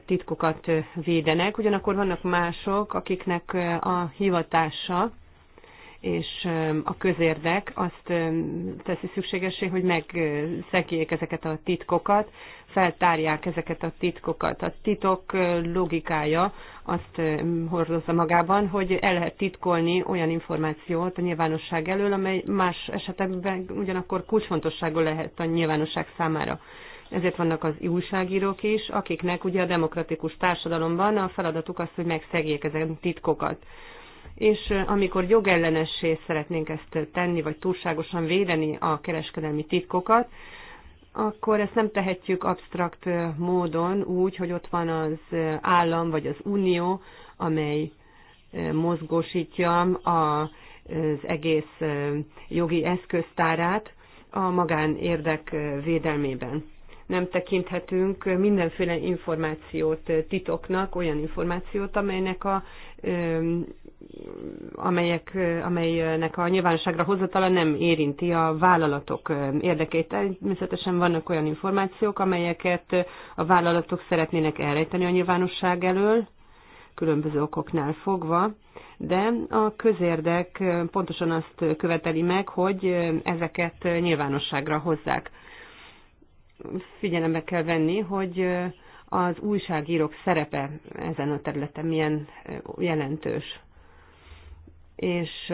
Speaker 4: titkokat védenek, ugyanakkor vannak mások, akiknek a hivatása és a közérdek azt teszi szükségesé, hogy megszekjék ezeket a titkokat, feltárják ezeket a titkokat. A titok logikája azt hordozza magában, hogy el lehet titkolni olyan információt a nyilvánosság elől, amely más esetekben ugyanakkor kulcsfontosságú lehet a nyilvánosság számára. Ezért vannak az újságírók is, akiknek ugye a demokratikus társadalomban a feladatuk az, hogy megszegjék ezen titkokat és amikor jogellenessé szeretnénk ezt tenni, vagy túlságosan védeni a kereskedelmi titkokat, akkor ezt nem tehetjük absztrakt módon úgy, hogy ott van az állam vagy az unió, amely mozgósítja az egész jogi eszköztárát a magánérdek védelmében. Nem tekinthetünk mindenféle információt titoknak, olyan információt, amelynek a amelyek, amelynek a nyilvánosságra hozatala nem érinti a vállalatok érdekeit. Természetesen vannak olyan információk, amelyeket a vállalatok szeretnének elrejteni a nyilvánosság elől, különböző okoknál fogva, de a közérdek pontosan azt követeli meg, hogy ezeket nyilvánosságra hozzák. Figyelembe kell venni, hogy az újságírók szerepe ezen a területen milyen jelentős és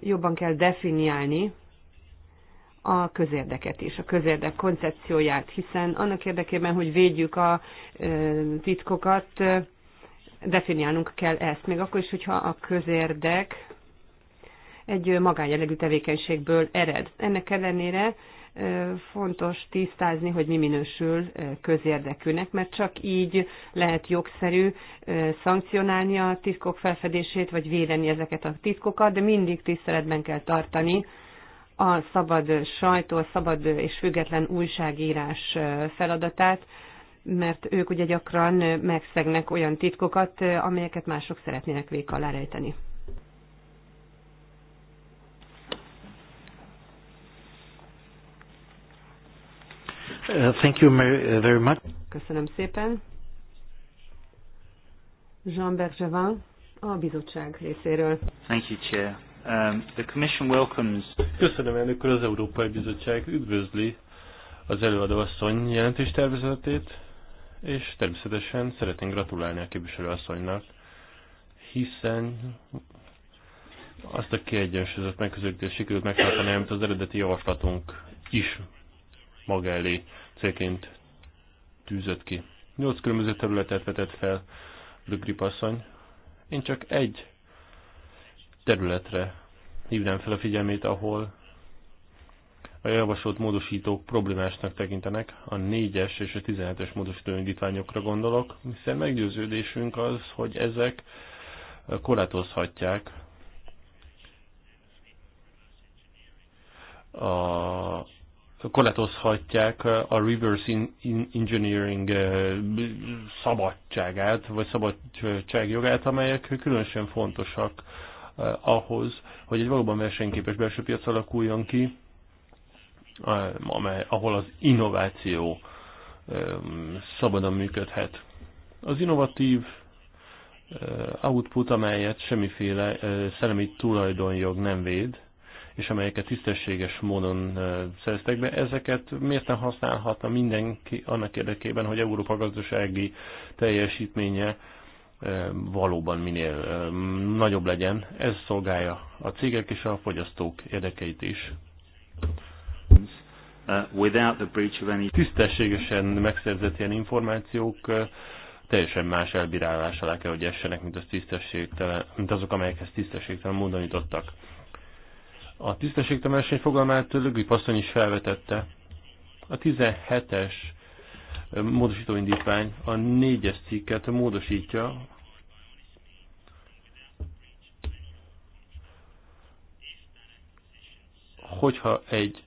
Speaker 4: jobban kell definiálni a közérdeket is, a közérdek koncepcióját, hiszen annak érdekében, hogy védjük a titkokat, definiálnunk kell ezt, még akkor is, hogyha a közérdek egy magánjellegű tevékenységből ered. Ennek ellenére fontos tisztázni, hogy mi minősül közérdekűnek, mert csak így lehet jogszerű szankcionálni a titkok felfedését, vagy védeni ezeket a titkokat, de mindig tiszteletben kell tartani a szabad sajtó, a szabad és független újságírás feladatát, mert ők ugye gyakran megszegnek olyan titkokat, amelyeket mások szeretnének vék alá rejteni. Uh,
Speaker 1: thank you uh, very much.
Speaker 4: Köszönöm szépen. Jean Bergevin, a bizottság részéről.
Speaker 3: Thank you, Chair. Um, the Commission welcomes... Köszönöm, elnök úr, az Európai Bizottság üdvözli az előadó asszony jelentés tervezetét, és természetesen szeretnénk gratulálni a képviselő asszonynak, hiszen azt a kiegyensúlyozott megközelítést sikerült megtartani, amit az eredeti javaslatunk is maga elé célként tűzött ki. Nyolc különböző területet vetett fel Lügrip asszony. Én csak egy területre hívnám fel a figyelmét, ahol a javasolt módosítók problémásnak tekintenek, a 4-es és a 17-es módosító indítványokra gondolok, hiszen meggyőződésünk az, hogy ezek korlátozhatják a Szóval korlátozhatják a reverse engineering eh, szabadságát, vagy szabadságjogát, amelyek különösen fontosak eh, ahhoz, hogy egy valóban versenyképes belső piac alakuljon ki, eh, amely, ahol az innováció szabadon működhet. Az innovatív output, amelyet semmiféle szellemi tulajdonjog nem véd, és amelyeket tisztességes módon szereztek be, ezeket miért nem használhatna mindenki annak érdekében, hogy Európa gazdasági teljesítménye valóban minél nagyobb legyen. Ez szolgálja a cégek és a fogyasztók érdekeit is. Uh, Tisztességesen megszerzett ilyen információk teljesen más elbírálás alá kell, hogy essenek, mint, az tisztességtelen, mint azok, amelyekhez tisztességtelen módon jutottak. A tisztességtelenség fogalmát Lögi asszony is felvetette. A 17-es módosítóindítvány a 4-es cikket módosítja, hogyha egy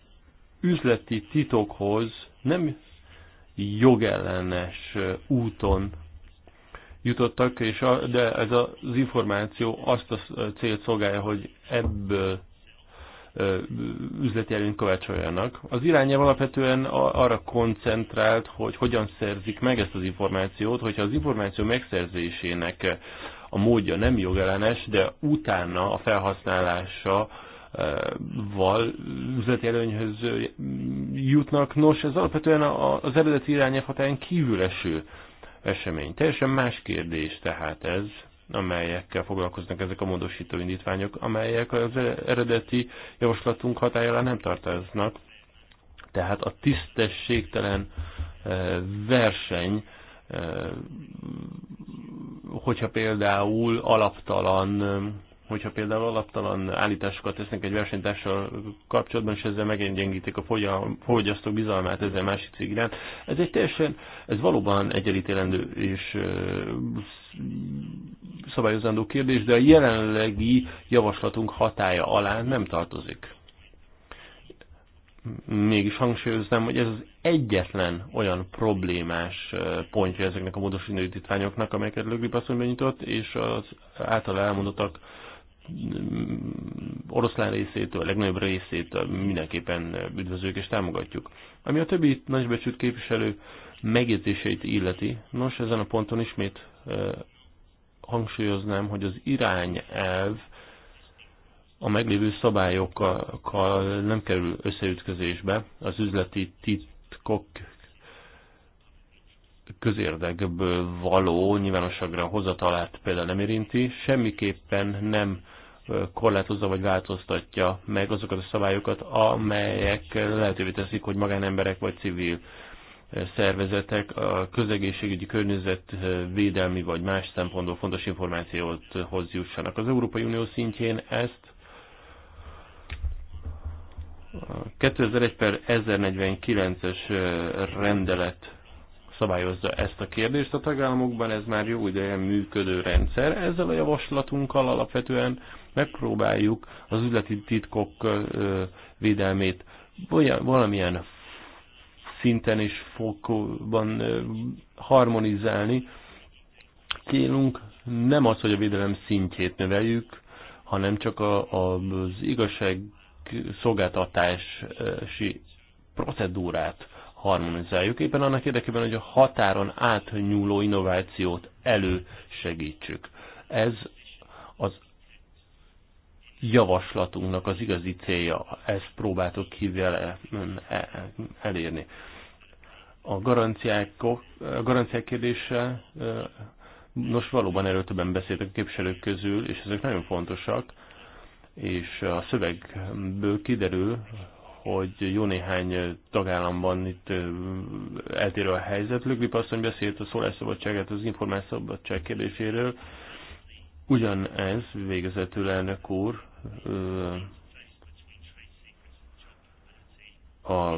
Speaker 3: üzleti titokhoz nem jogellenes úton jutottak, és a, de ez az információ azt a célt szolgálja, hogy ebből üzleti előnyt kovácsoljanak. Az irányja alapvetően arra koncentrált, hogy hogyan szerzik meg ezt az információt, hogyha az információ megszerzésének a módja nem jogellenes, de utána a felhasználása val üzleti előnyhöz jutnak. Nos, ez alapvetően az eredeti irányelv hatáján kívül eső esemény. Teljesen más kérdés tehát ez, amelyekkel foglalkoznak ezek a módosító indítványok, amelyek az eredeti javaslatunk hatájára nem tartoznak. Tehát a tisztességtelen eh, verseny, eh, hogyha például alaptalan eh, hogyha például alaptalan állításokat tesznek egy versenytársal kapcsolatban, és ezzel meggyengítik a fogyasztó bizalmát ezzel másik cég iránt. Ez egy teljesen, ez valóban egyenlítélendő és szabályozandó kérdés, de a jelenlegi javaslatunk hatája alá nem tartozik. Mégis hangsúlyoznám, hogy ez az egyetlen olyan problémás pontja ezeknek a módos indítványoknak, amelyeket Lögri asszony benyitott, és az által elmondottak mm, oroszlán részétől, a legnagyobb részétől mindenképpen üdvözlők és támogatjuk. Ami a többi nagybecsült képviselő megjegyzéseit illeti, nos, ezen a ponton ismét hangsúlyoznám, hogy az irányelv a meglévő szabályokkal nem kerül összeütközésbe, az üzleti titkok közérdekből való nyilvánosságra hozatalát például nem érinti, semmiképpen nem korlátozza vagy változtatja meg azokat a szabályokat, amelyek lehetővé teszik, hogy magánemberek vagy civil szervezetek a közegészségügyi környezetvédelmi eh, vagy más szempontból fontos információt eh, jussanak. Az Európai Unió szintjén ezt 2001 per 1049-es eh, rendelet szabályozza ezt a kérdést. A tagállamokban ez már jó ideje működő rendszer. Ezzel a javaslatunkkal alapvetően megpróbáljuk az üzleti titkok védelmét valamilyen szinten és fokban harmonizálni. Célunk nem az, hogy a védelem szintjét növeljük, hanem csak a, a, az igazság szolgáltatási procedúrát harmonizáljuk, éppen annak érdekében, hogy a határon átnyúló innovációt elősegítsük. Ez az javaslatunknak az igazi célja, ezt próbáltuk kivele e, elérni a garanciák, a garanciák kérdése, nos valóban erről többen beszéltek a képviselők közül, és ezek nagyon fontosak, és a szövegből kiderül, hogy jó néhány tagállamban itt eltérő a helyzet. Löglip asszony beszélt a szólásszabadságát, az információszabadság kérdéséről. Ugyanez végezetül elnök úr a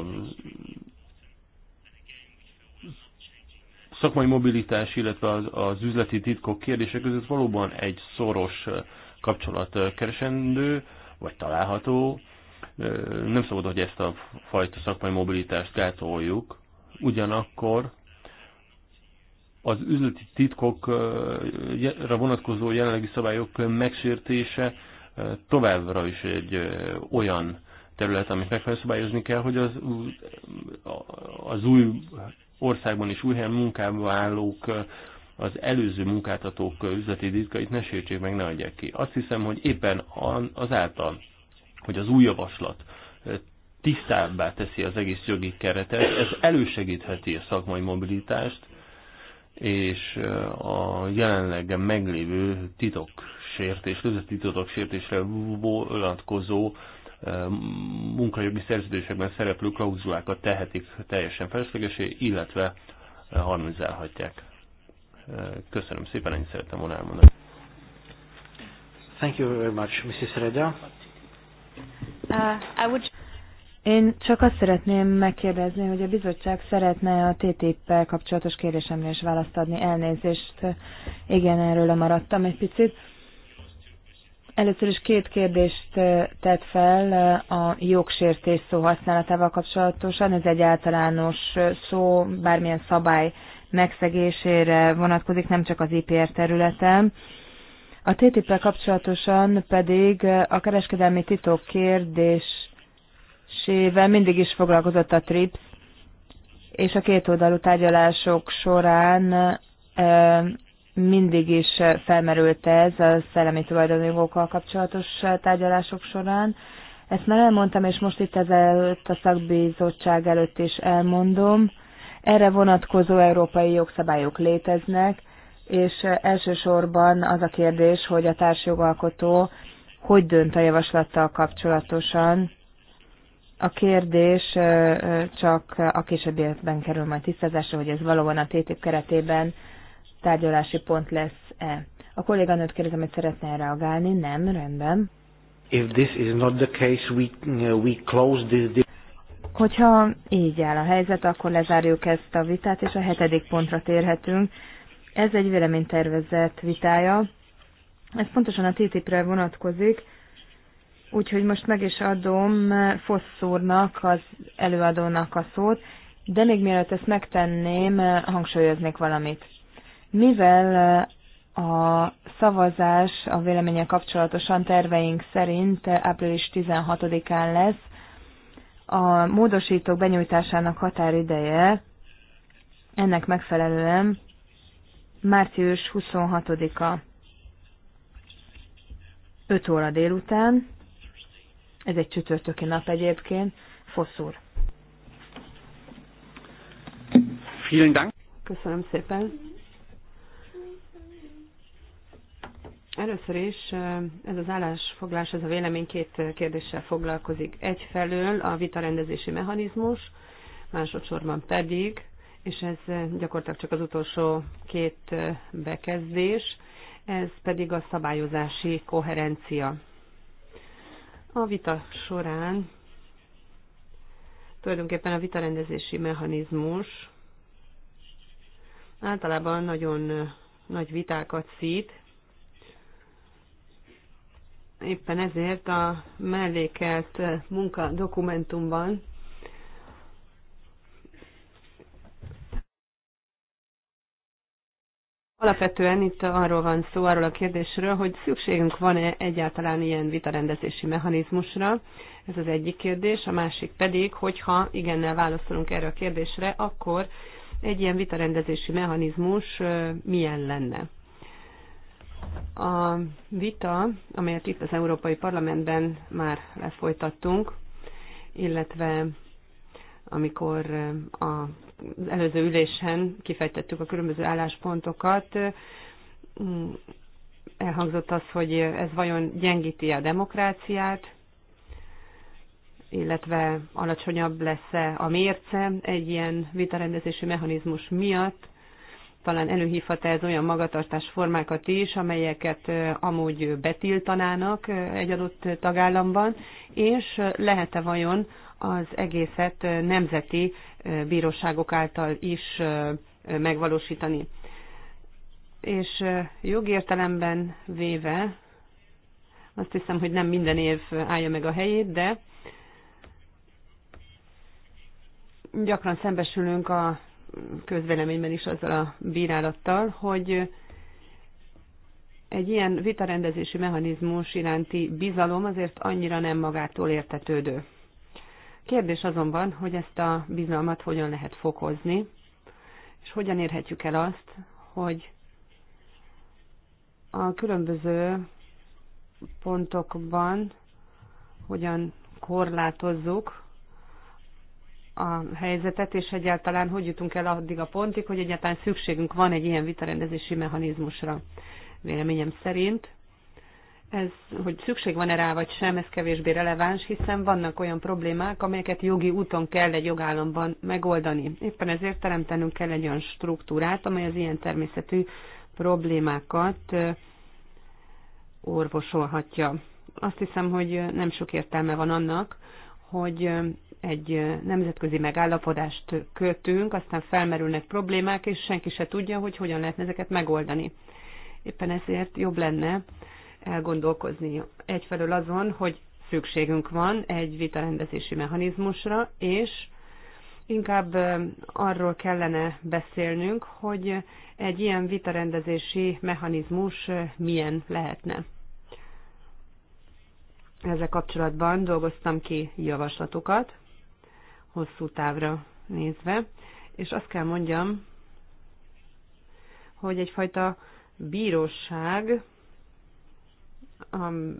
Speaker 3: szakmai mobilitás, illetve az, az üzleti titkok kérdése között valóban egy szoros kapcsolat keresendő, vagy található. Nem szabad, hogy ezt a fajta szakmai mobilitást gátoljuk. Ugyanakkor az üzleti titkokra vonatkozó jelenlegi szabályok megsértése továbbra is egy olyan terület, amit megfelelő szabályozni kell, hogy az, az új országban is új helyen munkába állók az előző munkáltatók üzleti titkait ne sértsék meg, ne adják ki. Azt hiszem, hogy éppen azáltal, hogy az új javaslat tisztábbá teszi az egész jogi keretet, ez elősegítheti a szakmai mobilitást, és a jelenleg meglévő titok sértés, titok sértésre vonatkozó munkajogi szerződésekben szereplő klauzulákat tehetik teljesen feleslegesé, illetve harmonizálhatják. Köszönöm szépen, ennyit szerettem volna elmondani. Thank you very much, Mrs. Reda.
Speaker 2: Uh, I would... Én csak azt szeretném megkérdezni, hogy a bizottság szeretne a TTIP-pel kapcsolatos kérdésemre is választ adni. Elnézést, igen, erről lemaradtam egy picit. Először is két kérdést tett fel a jogsértés szó használatával kapcsolatosan. Ez egy általános szó, bármilyen szabály megszegésére vonatkozik, nem csak az IPR területen. A ttip kapcsolatosan pedig a kereskedelmi titok kérdésével mindig is foglalkozott a TRIPS, és a kétoldalú tárgyalások során mindig is felmerült ez a szellemi tulajdonjogokkal kapcsolatos tárgyalások során. Ezt már elmondtam, és most itt ezelőtt a szakbizottság előtt is elmondom. Erre vonatkozó európai jogszabályok léteznek, és elsősorban az a kérdés, hogy a társjogalkotó hogy dönt a javaslattal kapcsolatosan. A kérdés csak a későbbiekben kerül majd tisztázásra, hogy ez valóban a TTIP keretében tárgyalási pont lesz-e. A kolléganőt kérdezem, hogy szeretne reagálni. Nem, rendben.
Speaker 1: If this is not the case, we, uh, we close this...
Speaker 2: Hogyha így áll a helyzet, akkor lezárjuk ezt a vitát, és a hetedik pontra térhetünk. Ez egy véleménytervezett vitája. Ez pontosan a TTIP-re vonatkozik, úgyhogy most meg is adom Fosszúrnak, az előadónak a szót, de még mielőtt ezt megtenném, hangsúlyoznék valamit mivel eh, a szavazás a véleménye kapcsolatosan terveink szerint eh, április 16-án lesz, a módosítók benyújtásának határideje ennek megfelelően március 26-a 5 óra délután, ez egy csütörtöki nap egyébként, Foszúr.
Speaker 3: Vielen Dank.
Speaker 4: Köszönöm szépen. Először is ez az állásfoglás, ez a vélemény két kérdéssel foglalkozik. Egyfelől a vitarendezési mechanizmus, másodszorban pedig, és ez gyakorlatilag csak az utolsó két bekezdés, ez pedig a szabályozási koherencia. A vita során tulajdonképpen a vitarendezési mechanizmus általában nagyon nagy vitákat szít, éppen ezért a mellékelt munka dokumentumban Alapvetően itt arról van szó, arról a kérdésről, hogy szükségünk van-e egyáltalán ilyen vitarendezési mechanizmusra. Ez az egyik kérdés. A másik pedig, hogyha igennel válaszolunk erre a kérdésre, akkor egy ilyen vitarendezési mechanizmus milyen lenne? A vita, amelyet itt az Európai Parlamentben már lefolytattunk, illetve amikor eh, az előző ülésen kifejtettük a különböző álláspontokat, mm, elhangzott az, hogy ez vajon gyengíti a demokráciát, illetve alacsonyabb lesz -e a mérce egy ilyen vitarendezési mechanizmus miatt, talán előhívhat -e ez olyan magatartás formákat is, amelyeket amúgy betiltanának egy adott tagállamban, és lehet-e vajon az egészet nemzeti bíróságok által is megvalósítani. És jogértelemben véve, azt hiszem, hogy nem minden év állja meg a helyét, de gyakran szembesülünk a közveleményben is azzal a bírálattal, hogy egy ilyen vitarendezési mechanizmus iránti bizalom azért annyira nem magától értetődő. Kérdés azonban, hogy ezt a bizalmat hogyan lehet fokozni, és hogyan érhetjük el azt, hogy a különböző pontokban hogyan korlátozzuk a helyzetet, és egyáltalán hogy jutunk el addig a pontig, hogy egyáltalán szükségünk van egy ilyen vitarendezési mechanizmusra. Véleményem szerint ez, hogy szükség van-e rá vagy sem, ez kevésbé releváns, hiszen vannak olyan problémák, amelyeket jogi úton kell egy jogállamban megoldani. Éppen ezért teremtenünk kell egy olyan struktúrát, amely az ilyen természetű problémákat orvosolhatja. Azt hiszem, hogy nem sok értelme van annak, hogy egy nemzetközi megállapodást kötünk, aztán felmerülnek problémák, és senki se tudja, hogy hogyan lehetne ezeket megoldani. Éppen ezért jobb lenne elgondolkozni egyfelől azon, hogy szükségünk van egy vitarendezési mechanizmusra, és inkább arról kellene beszélnünk, hogy egy ilyen vitarendezési mechanizmus milyen lehetne. Ezzel kapcsolatban dolgoztam ki javaslatokat, hosszú távra nézve, és azt kell mondjam, hogy egyfajta bíróság,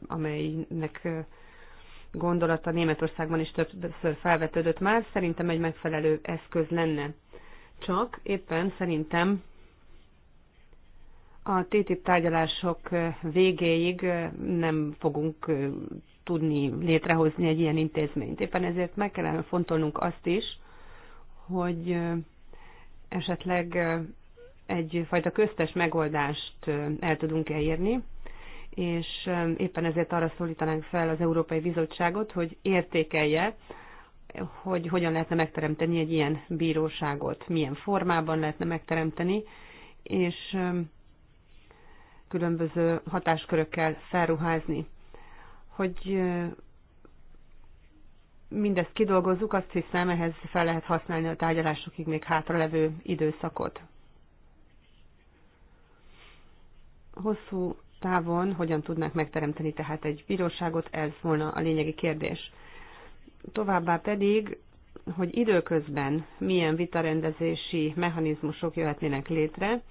Speaker 4: amelynek gondolata Németországban is többször felvetődött már, szerintem egy megfelelő eszköz lenne. Csak éppen szerintem a TTIP tárgyalások végéig nem fogunk tudni létrehozni egy ilyen intézményt. Éppen ezért meg kellene fontolnunk azt is, hogy esetleg egyfajta köztes megoldást el tudunk elérni, és éppen ezért arra szólítanánk fel az Európai Bizottságot, hogy értékelje, hogy hogyan lehetne megteremteni egy ilyen bíróságot, milyen formában lehetne megteremteni, és különböző hatáskörökkel felruházni. Hogy mindezt kidolgozzuk, azt hiszem, ehhez fel lehet használni a tárgyalásokig még hátralevő időszakot. Hosszú távon hogyan tudnák megteremteni tehát egy bíróságot, ez volna a lényegi kérdés. Továbbá pedig, hogy időközben milyen vitarendezési mechanizmusok jöhetnének létre.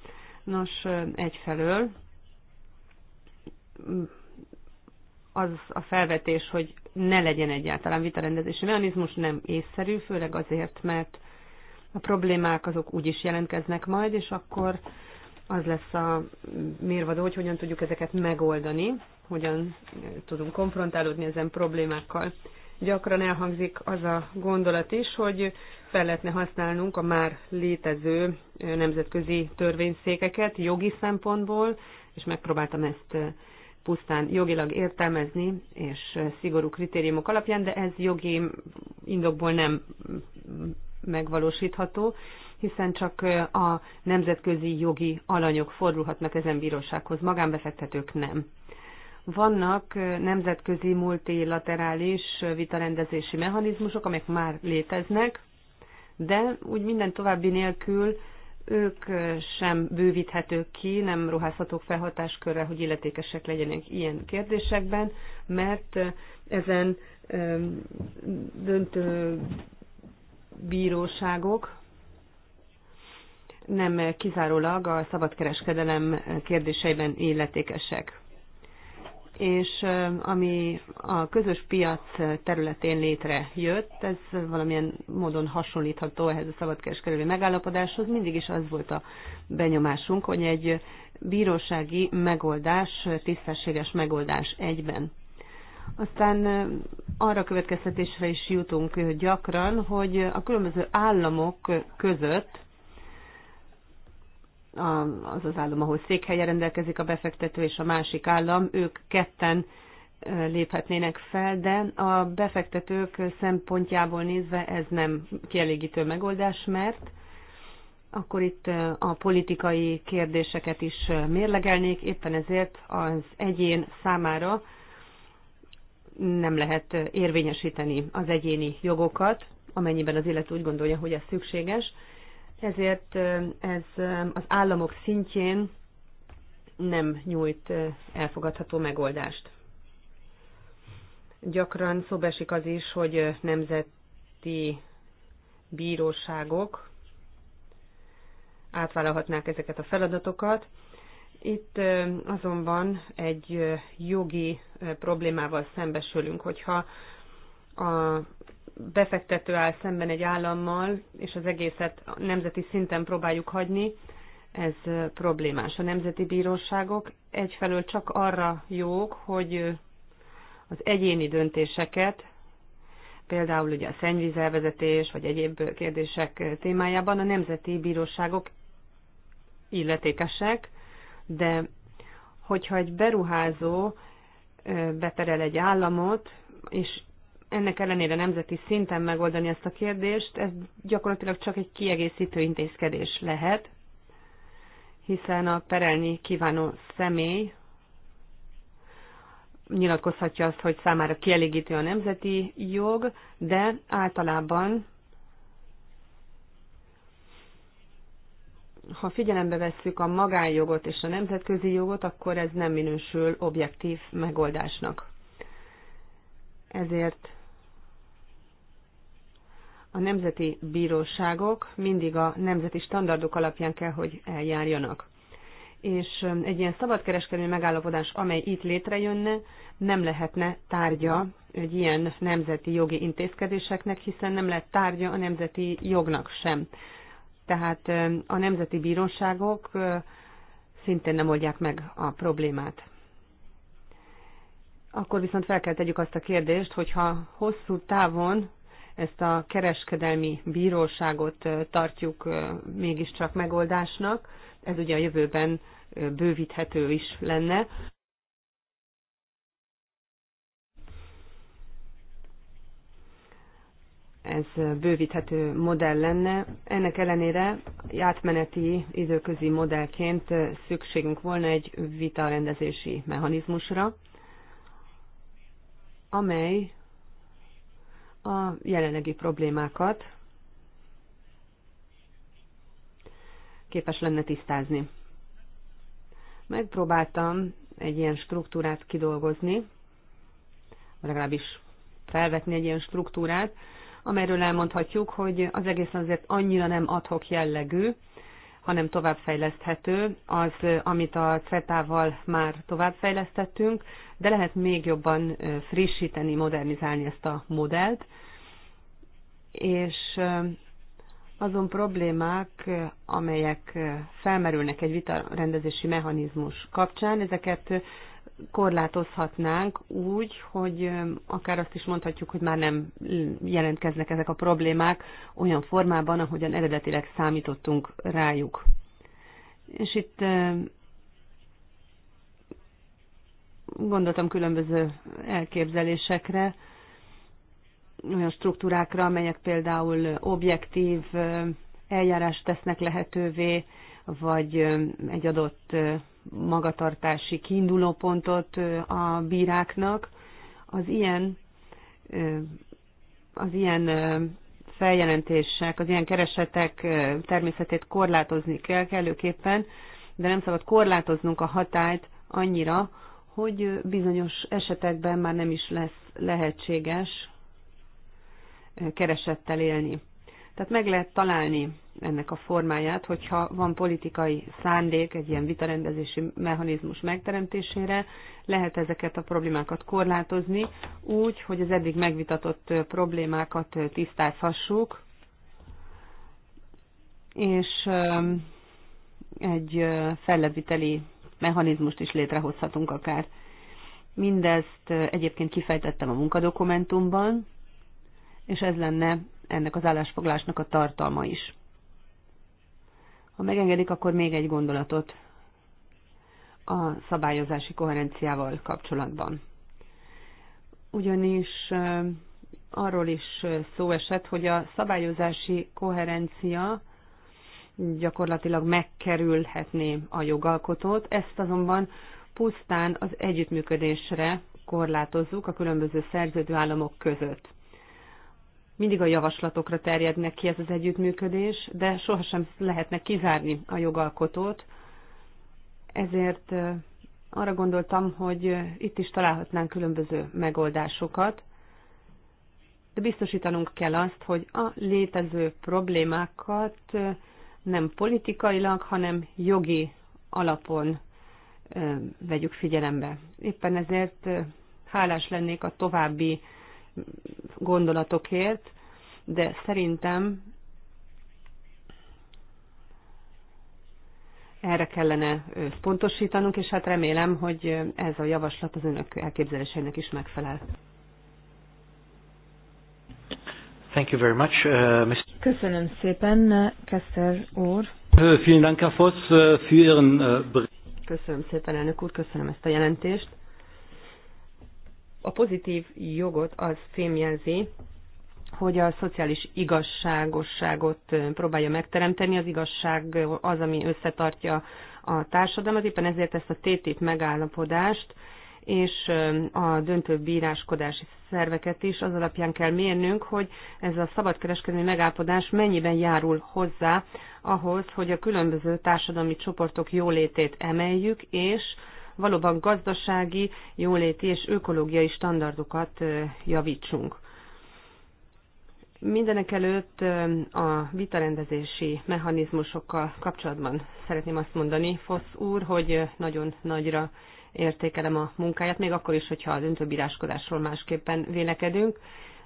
Speaker 4: Nos, egyfelől az a felvetés, hogy ne legyen egyáltalán vitarendezési mechanizmus, nem észszerű, főleg azért, mert a problémák azok úgy is jelentkeznek majd, és akkor az lesz a mérvadó, hogy hogyan tudjuk ezeket megoldani, hogyan tudunk konfrontálódni ezen problémákkal. Gyakran elhangzik az a gondolat is, hogy fel lehetne használnunk a már létező nemzetközi törvényszékeket jogi szempontból, és megpróbáltam ezt pusztán jogilag értelmezni, és szigorú kritériumok alapján, de ez jogi indokból nem megvalósítható, hiszen csak a nemzetközi jogi alanyok fordulhatnak ezen bírósághoz, magánbefektetők nem. Vannak nemzetközi multilaterális vitarendezési mechanizmusok, amelyek már léteznek, de úgy minden további nélkül ők sem bővíthetők ki, nem ruházhatók fel hatáskörre, hogy illetékesek legyenek ilyen kérdésekben, mert ezen döntő bíróságok nem kizárólag a szabadkereskedelem kérdéseiben illetékesek és ami a közös piac területén létrejött, ez valamilyen módon hasonlítható ehhez a szabadkereskedelmi megállapodáshoz, mindig is az volt a benyomásunk, hogy egy bírósági megoldás, tisztességes megoldás egyben. Aztán arra következtetésre is jutunk gyakran, hogy a különböző államok között az az állam, ahol székhelye rendelkezik a befektető, és a másik állam, ők ketten léphetnének fel, de a befektetők szempontjából nézve ez nem kielégítő megoldás, mert akkor itt a politikai kérdéseket is mérlegelnék, éppen ezért az egyén számára nem lehet érvényesíteni az egyéni jogokat, amennyiben az illető úgy gondolja, hogy ez szükséges, ezért ez az államok szintjén nem nyújt elfogadható megoldást. Gyakran szóba esik az is, hogy nemzeti bíróságok átvállalhatnák ezeket a feladatokat. Itt azonban egy jogi problémával szembesülünk, hogyha a befektető áll szemben egy állammal, és az egészet nemzeti szinten próbáljuk hagyni, ez problémás. A nemzeti bíróságok egyfelől csak arra jók, hogy az egyéni döntéseket, például ugye a szennyvízelvezetés, vagy egyéb kérdések témájában a nemzeti bíróságok illetékesek, de hogyha egy beruházó beterel egy államot, és ennek ellenére nemzeti szinten megoldani ezt a kérdést, ez gyakorlatilag csak egy kiegészítő intézkedés lehet, hiszen a perelni kívánó személy nyilatkozhatja azt, hogy számára kielégítő a nemzeti jog, de általában, ha figyelembe vesszük a magánjogot és a nemzetközi jogot, akkor ez nem minősül objektív megoldásnak. Ezért a nemzeti bíróságok mindig a nemzeti standardok alapján kell, hogy eljárjanak. És um, egy ilyen szabadkereskedelmi megállapodás, amely itt létrejönne, nem lehetne tárgya egy ilyen nemzeti jogi intézkedéseknek, hiszen nem lehet tárgya a nemzeti jognak sem. Tehát um, a nemzeti bíróságok uh, szintén nem oldják meg a problémát. Akkor viszont fel kell tegyük azt a kérdést, hogyha hosszú távon ezt a kereskedelmi bíróságot tartjuk mégiscsak megoldásnak. Ez ugye a jövőben bővíthető is lenne. ez bővíthető modell lenne. Ennek ellenére átmeneti időközi modellként szükségünk volna egy vitarendezési mechanizmusra, amely a jelenlegi problémákat képes lenne tisztázni. Megpróbáltam egy ilyen struktúrát kidolgozni, vagy legalábbis felvetni egy ilyen struktúrát, amelyről elmondhatjuk, hogy az egész azért annyira nem adhok jellegű, hanem továbbfejleszthető, az, amit a CETA-val már továbbfejlesztettünk, de lehet még jobban frissíteni, modernizálni ezt a modellt, és azon problémák, amelyek felmerülnek egy vitarendezési mechanizmus kapcsán, ezeket korlátozhatnánk úgy, hogy akár azt is mondhatjuk, hogy már nem jelentkeznek ezek a problémák olyan formában, ahogyan eredetileg számítottunk rájuk. És itt gondoltam különböző elképzelésekre, olyan struktúrákra, amelyek például objektív eljárást tesznek lehetővé, vagy egy adott magatartási kiindulópontot a bíráknak. Az ilyen, az ilyen feljelentések, az ilyen keresetek természetét korlátozni kell kellőképpen, de nem szabad korlátoznunk a hatályt annyira, hogy bizonyos esetekben már nem is lesz lehetséges keresettel élni. Tehát meg lehet találni ennek a formáját, hogyha van politikai szándék egy ilyen vitarendezési mechanizmus megteremtésére, lehet ezeket a problémákat korlátozni úgy, hogy az eddig megvitatott problémákat tisztázhassuk, és egy felleviteli mechanizmust is létrehozhatunk akár. Mindezt egyébként kifejtettem a munkadokumentumban, és ez lenne ennek az állásfoglásnak a tartalma is. Ha megengedik, akkor még egy gondolatot a szabályozási koherenciával kapcsolatban. Ugyanis arról is szó esett, hogy a szabályozási koherencia gyakorlatilag megkerülhetné a jogalkotót, ezt azonban pusztán az együttműködésre korlátozzuk a különböző szerződő államok között mindig a javaslatokra terjednek ki ez az együttműködés, de sohasem lehetne kizárni a jogalkotót. Ezért arra gondoltam, hogy itt is találhatnánk különböző megoldásokat, de biztosítanunk kell azt, hogy a létező problémákat nem politikailag, hanem jogi alapon vegyük figyelembe. Éppen ezért hálás lennék a további gondolatokért, de szerintem erre kellene pontosítanunk, és hát remélem, hogy ez a javaslat az önök elképzeléseinek is megfelel.
Speaker 1: Thank you very much, uh, Mr.
Speaker 2: Köszönöm
Speaker 4: szépen, Kester úr.
Speaker 1: Vielen Dank, Herr Voss, äh, für Ihren äh,
Speaker 4: Köszönöm szépen, elnök úr, köszönöm ezt a jelentést a pozitív jogot az fémjelzi, hogy a szociális igazságosságot próbálja megteremteni. Az igazság az, ami összetartja a társadalmat, éppen ezért ezt a TTIP megállapodást és a döntő bíráskodási szerveket is az alapján kell mérnünk, hogy ez a szabadkereskedelmi megállapodás mennyiben járul hozzá ahhoz, hogy a különböző társadalmi csoportok jólétét emeljük, és valóban gazdasági, jóléti és ökológiai standardokat javítsunk. Mindenek előtt a vitarendezési mechanizmusokkal kapcsolatban szeretném azt mondani, Fosz úr, hogy nagyon nagyra értékelem a munkáját, még akkor is, hogyha az öntöbíráskodásról másképpen vélekedünk.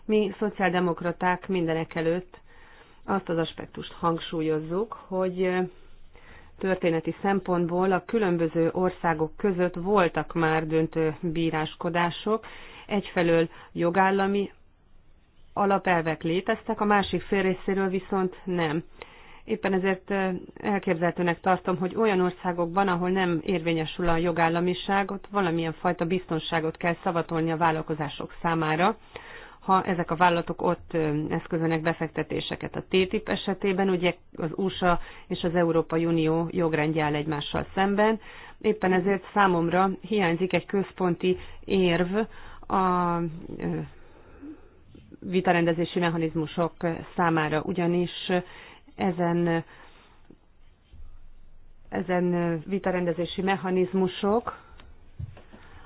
Speaker 4: Mi szociáldemokraták mindenek előtt azt az aspektust hangsúlyozzuk, hogy történeti szempontból a különböző országok között voltak már döntő bíráskodások. Egyfelől jogállami alapelvek léteztek, a másik fél részéről viszont nem. Éppen ezért eh, elképzelhetőnek tartom, hogy olyan országokban, ahol nem érvényesül a jogállamiság, valamilyen fajta biztonságot kell szavatolni a vállalkozások számára, ha ezek a vállalatok ott eszközönek befektetéseket. A TTIP esetében ugye az USA és az Európai Unió jogrendje áll egymással szemben, éppen ezért számomra hiányzik egy központi érv a vitarendezési mechanizmusok számára, ugyanis ezen ezen vitarendezési mechanizmusok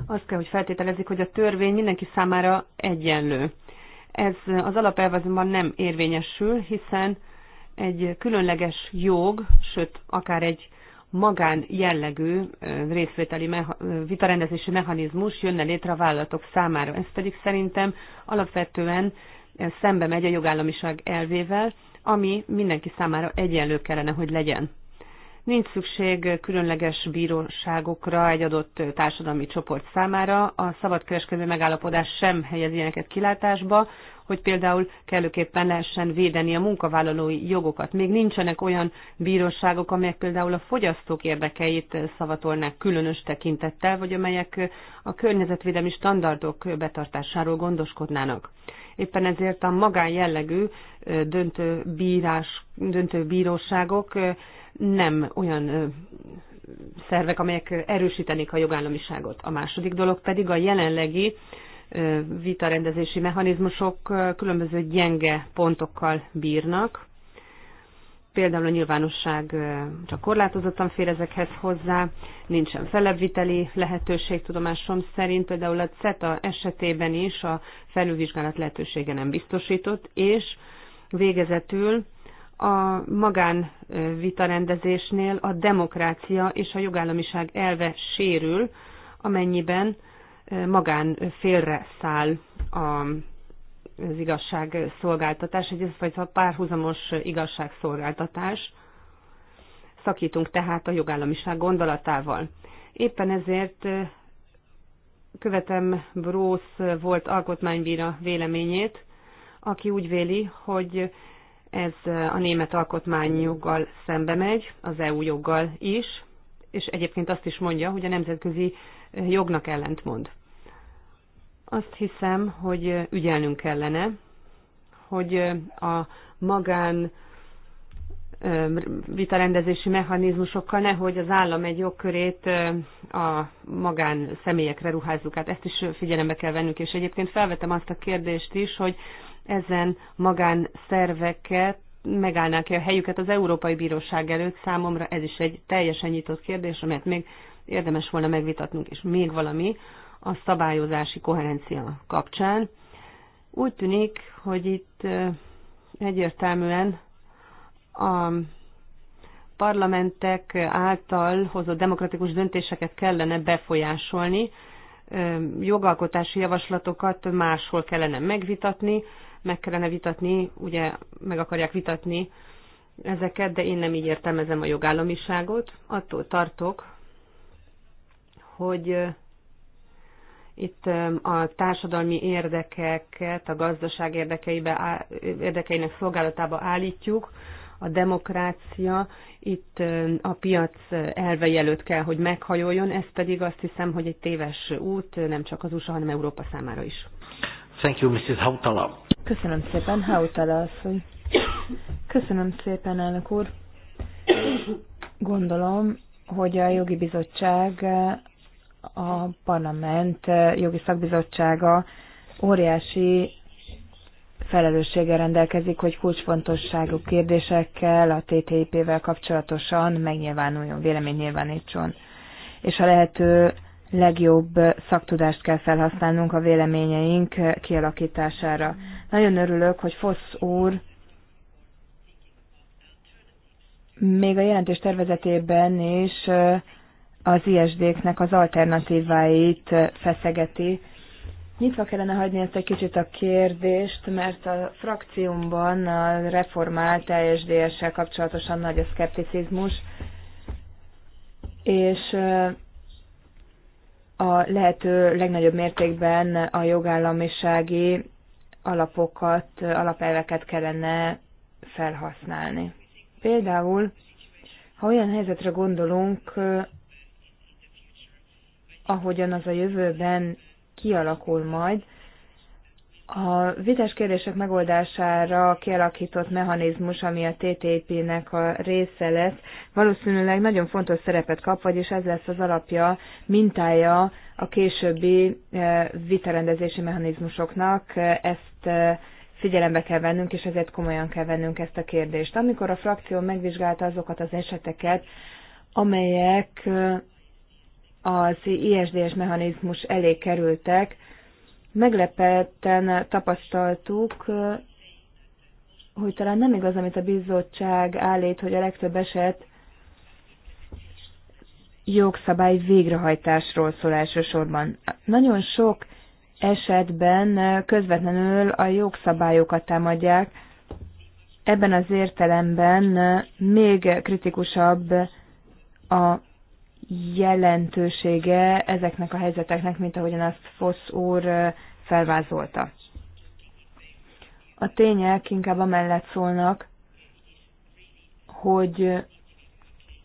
Speaker 4: azt kell, hogy feltételezik, hogy a törvény mindenki számára egyenlő. Ez az alapelv azonban nem érvényesül, hiszen egy különleges jog, sőt, akár egy magán jellegű részvételi meha, vitarendezési mechanizmus jönne létre a vállalatok számára. Ez pedig szerintem alapvetően szembe megy a jogállamiság elvével, ami mindenki számára egyenlő kellene, hogy legyen. Nincs szükség különleges bíróságokra egy adott társadalmi csoport számára. A szabadkereskedő megállapodás sem helyez ilyeneket kilátásba, hogy például kellőképpen lehessen védeni a munkavállalói jogokat. Még nincsenek olyan bíróságok, amelyek például a fogyasztók érdekeit szavatolnák különös tekintettel, vagy amelyek a környezetvédelmi standardok betartásáról gondoskodnának. Éppen ezért a magán jellegű döntő, bírás, döntő bíróságok nem olyan szervek, amelyek erősítenék a jogállamiságot. A második dolog pedig a jelenlegi vitarendezési mechanizmusok különböző gyenge pontokkal bírnak. Például a nyilvánosság csak korlátozottan fér ezekhez hozzá, nincsen felebbviteli lehetőség tudomásom szerint, például a CETA esetében is a felülvizsgálat lehetősége nem biztosított, és végezetül a rendezésnél a demokrácia és a jogállamiság elve sérül, amennyiben magán félre száll a az igazságszolgáltatás, egy egyfajta párhuzamos igazságszolgáltatás. Szakítunk tehát a jogállamiság gondolatával. Éppen ezért követem Brósz volt alkotmánybíra véleményét, aki úgy véli, hogy ez a német alkotmányjoggal szembe megy, az EU joggal is, és egyébként azt is mondja, hogy a nemzetközi jognak ellentmond. Azt hiszem, hogy ügyelnünk kellene, hogy a magán vitarendezési mechanizmusokkal nehogy az állam egy jogkörét a magán személyekre ruházzuk át. Ezt is figyelembe kell vennünk, és egyébként felvetem azt a kérdést is, hogy ezen magánszerveket megállnák-e a helyüket az Európai Bíróság előtt. Számomra ez is egy teljesen nyitott kérdés, amelyet még érdemes volna megvitatnunk, és még valami a szabályozási koherencia kapcsán. Úgy tűnik, hogy itt egyértelműen a parlamentek által hozott demokratikus döntéseket kellene befolyásolni, jogalkotási javaslatokat máshol kellene megvitatni, meg kellene vitatni, ugye meg akarják vitatni ezeket, de én nem így értelmezem a jogállamiságot. Attól tartok, hogy itt a társadalmi érdekeket a gazdaság érdekeibe, érdekeinek szolgálatába állítjuk, a demokrácia itt a piac elvei előtt kell, hogy meghajoljon, ez pedig azt hiszem, hogy egy téves út nem csak az USA, hanem Európa számára is.
Speaker 1: Thank you, Mrs. Hautala.
Speaker 4: Köszönöm szépen, Hautala asszony. Köszönöm
Speaker 2: szépen, elnök úr. Gondolom, hogy a jogi bizottság, a parlament jogi szakbizottsága óriási felelősséggel rendelkezik, hogy kulcsfontosságú kérdésekkel a TTIP-vel kapcsolatosan megnyilvánuljon, vélemény nyilvánítson. És a lehető legjobb szaktudást kell felhasználnunk a véleményeink kialakítására. Nagyon örülök, hogy Fosz úr még a jelentés tervezetében is az ISD-knek az alternatíváit feszegeti. Nyitva kellene hagyni ezt egy kicsit a kérdést, mert a frakciumban a reformált ISDS-sel kapcsolatosan nagy a szkepticizmus, és a lehető legnagyobb mértékben a jogállamisági alapokat, alapelveket kellene felhasználni. Például, ha olyan helyzetre gondolunk, ahogyan az a jövőben kialakul majd, a vitás kérdések megoldására kialakított mechanizmus, ami a TTIP-nek a része lesz, valószínűleg nagyon fontos szerepet kap, vagyis ez lesz az alapja, mintája a későbbi e, vitarendezési mechanizmusoknak. E, ezt e, figyelembe kell vennünk, és ezért komolyan kell vennünk ezt a kérdést. Amikor a frakció megvizsgálta azokat az eseteket, amelyek az ISDS mechanizmus elé kerültek, Meglepetten tapasztaltuk, hogy talán nem igaz, amit a bizottság állít, hogy a legtöbb eset jogszabály végrehajtásról szól elsősorban. Nagyon sok esetben közvetlenül a jogszabályokat támadják, ebben az értelemben még kritikusabb a jelentősége ezeknek a helyzeteknek, mint ahogyan azt Fosz úr felvázolta. A tények inkább amellett szólnak, hogy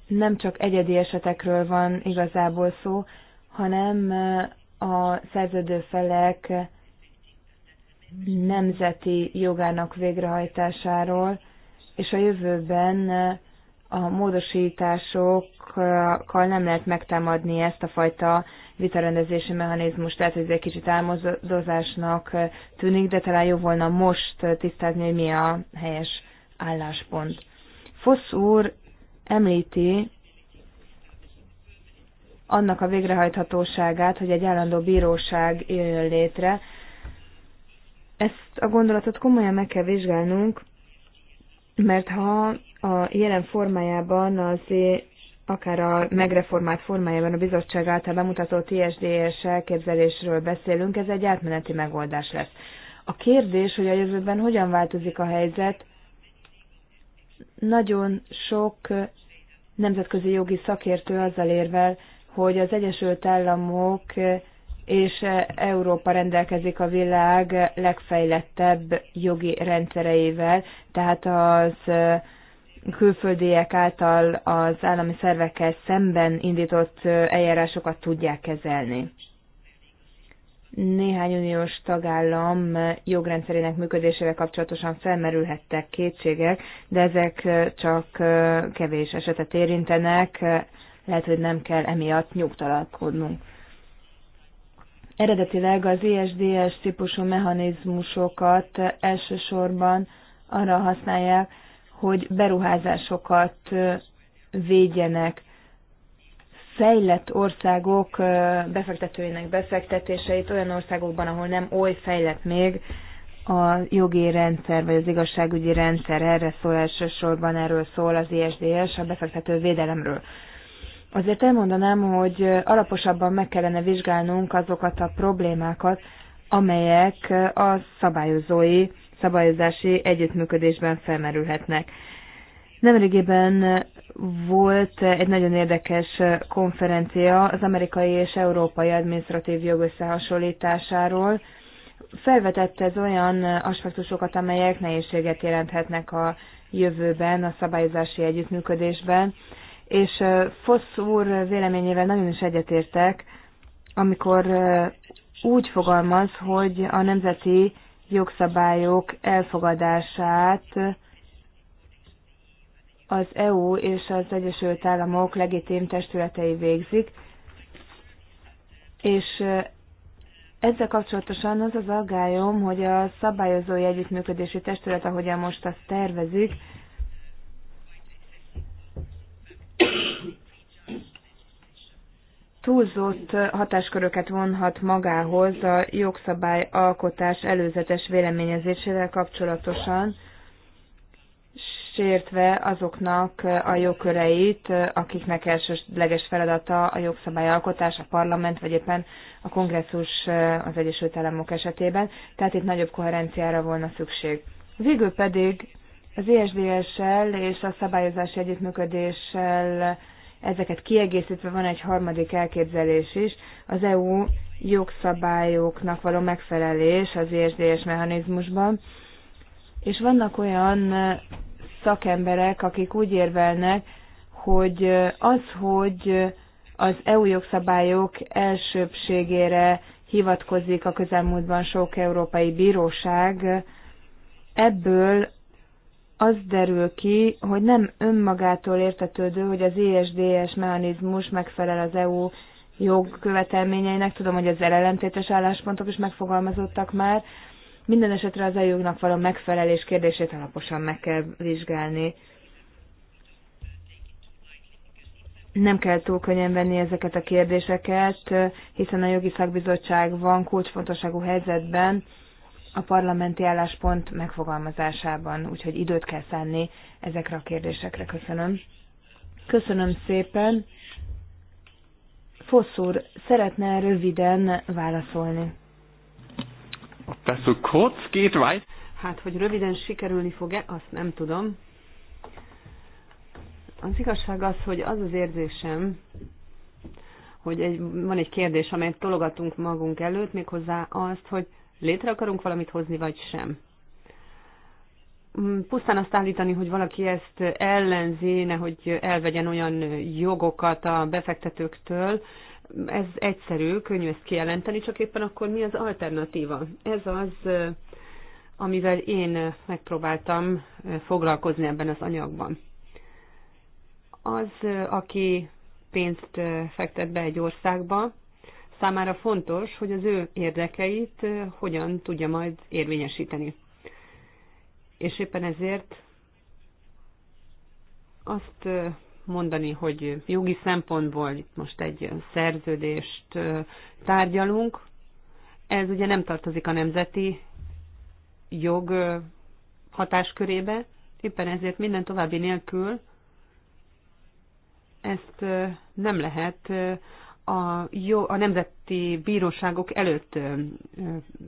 Speaker 2: nem csak egyedi esetekről van igazából szó, hanem a szerződő felek nemzeti jogának végrehajtásáról, és a jövőben a módosításokkal nem lehet megtámadni ezt a fajta vitarendezési mechanizmust. tehát ez egy kicsit álmodozásnak tűnik, de talán jó volna most tisztázni, hogy mi a helyes álláspont. Fosz úr említi annak a végrehajthatóságát, hogy egy állandó bíróság jöjjön létre. Ezt a gondolatot komolyan meg kell vizsgálnunk, mert ha a jelen formájában az akár a megreformált formájában a bizottság által bemutatott ISDS elképzelésről beszélünk, ez egy átmeneti megoldás lesz. A kérdés, hogy a jövőben hogyan változik a helyzet, nagyon sok nemzetközi jogi szakértő azzal érvel, hogy az Egyesült Államok és Európa rendelkezik a világ legfejlettebb jogi rendszereivel, tehát az külföldiek által az állami szervekkel szemben indított eljárásokat tudják kezelni. Néhány uniós tagállam jogrendszerének működésével kapcsolatosan felmerülhettek kétségek, de ezek csak kevés esetet érintenek, lehet, hogy nem kell emiatt nyugtalakodnunk. Eredetileg az ISDS típusú mechanizmusokat elsősorban arra használják, hogy beruházásokat védjenek. Fejlett országok befektetőinek befektetéseit olyan országokban, ahol nem oly fejlett még, a jogi rendszer, vagy az igazságügyi rendszer erre szól elsősorban, erről szól az ISDS, a befektető védelemről. Azért elmondanám, hogy alaposabban meg kellene vizsgálnunk azokat a problémákat, amelyek a szabályozói, szabályozási együttműködésben felmerülhetnek. Nemrégiben volt egy nagyon érdekes konferencia az amerikai és európai adminisztratív jog összehasonlításáról. Felvetette ez olyan aspektusokat, amelyek nehézséget jelenthetnek a jövőben, a szabályozási együttműködésben és Fosz úr véleményével nagyon is egyetértek, amikor úgy fogalmaz, hogy a nemzeti jogszabályok elfogadását az EU és az Egyesült Államok legitim testületei végzik, és ezzel kapcsolatosan az az aggályom, hogy a szabályozói együttműködési testület, ahogyan most azt tervezik, túlzott hatásköröket vonhat magához a jogszabály alkotás előzetes véleményezésével kapcsolatosan, sértve azoknak a jogköreit, akiknek elsősleges feladata a jogszabály alkotás a parlament, vagy éppen a kongresszus az Egyesült Államok esetében, tehát itt nagyobb koherenciára volna szükség. Végül pedig az isds e sel és a szabályozási együttműködéssel ezeket kiegészítve van egy harmadik elképzelés is, az EU jogszabályoknak való megfelelés az ISDS e mechanizmusban, és vannak olyan szakemberek, akik úgy érvelnek, hogy az, hogy az EU jogszabályok elsőbségére hivatkozik a közelmúltban sok európai bíróság, ebből az derül ki, hogy nem önmagától értetődő, hogy az ESDS mechanizmus megfelel az EU jogkövetelményeinek. Tudom, hogy az ellentétes álláspontok is megfogalmazottak már. Minden esetre az EU-nak való megfelelés kérdését alaposan meg kell vizsgálni. nem kell túl könnyen venni ezeket a kérdéseket, hiszen a jogi szakbizottság van kulcsfontosságú helyzetben, a parlamenti álláspont megfogalmazásában, úgyhogy időt kell szánni ezekre a kérdésekre. Köszönöm. Köszönöm szépen. Fossz
Speaker 4: úr, szeretne röviden válaszolni? kurz geht, Hát, hogy röviden sikerülni fog-e, azt nem tudom. Az igazság az, hogy az az érzésem, hogy egy, van egy kérdés, amelyet tologatunk magunk előtt, méghozzá azt, hogy létre akarunk valamit hozni, vagy sem. Mm, pusztán azt állítani, hogy valaki ezt ellenzi, hogy elvegyen olyan jogokat a befektetőktől, ez egyszerű, könnyű ezt kijelenteni, csak éppen akkor mi az alternatíva? Ez az, amivel én megpróbáltam foglalkozni ebben az anyagban. Az, aki pénzt fektet be egy országba, számára fontos, hogy az ő érdekeit eh, hogyan tudja majd érvényesíteni. És éppen ezért azt eh, mondani, hogy jogi szempontból itt most egy szerződést eh, tárgyalunk, ez ugye nem tartozik a nemzeti jog hatáskörébe, éppen ezért minden további nélkül ezt nem lehet a, jó, a nemzeti bíróságok előtt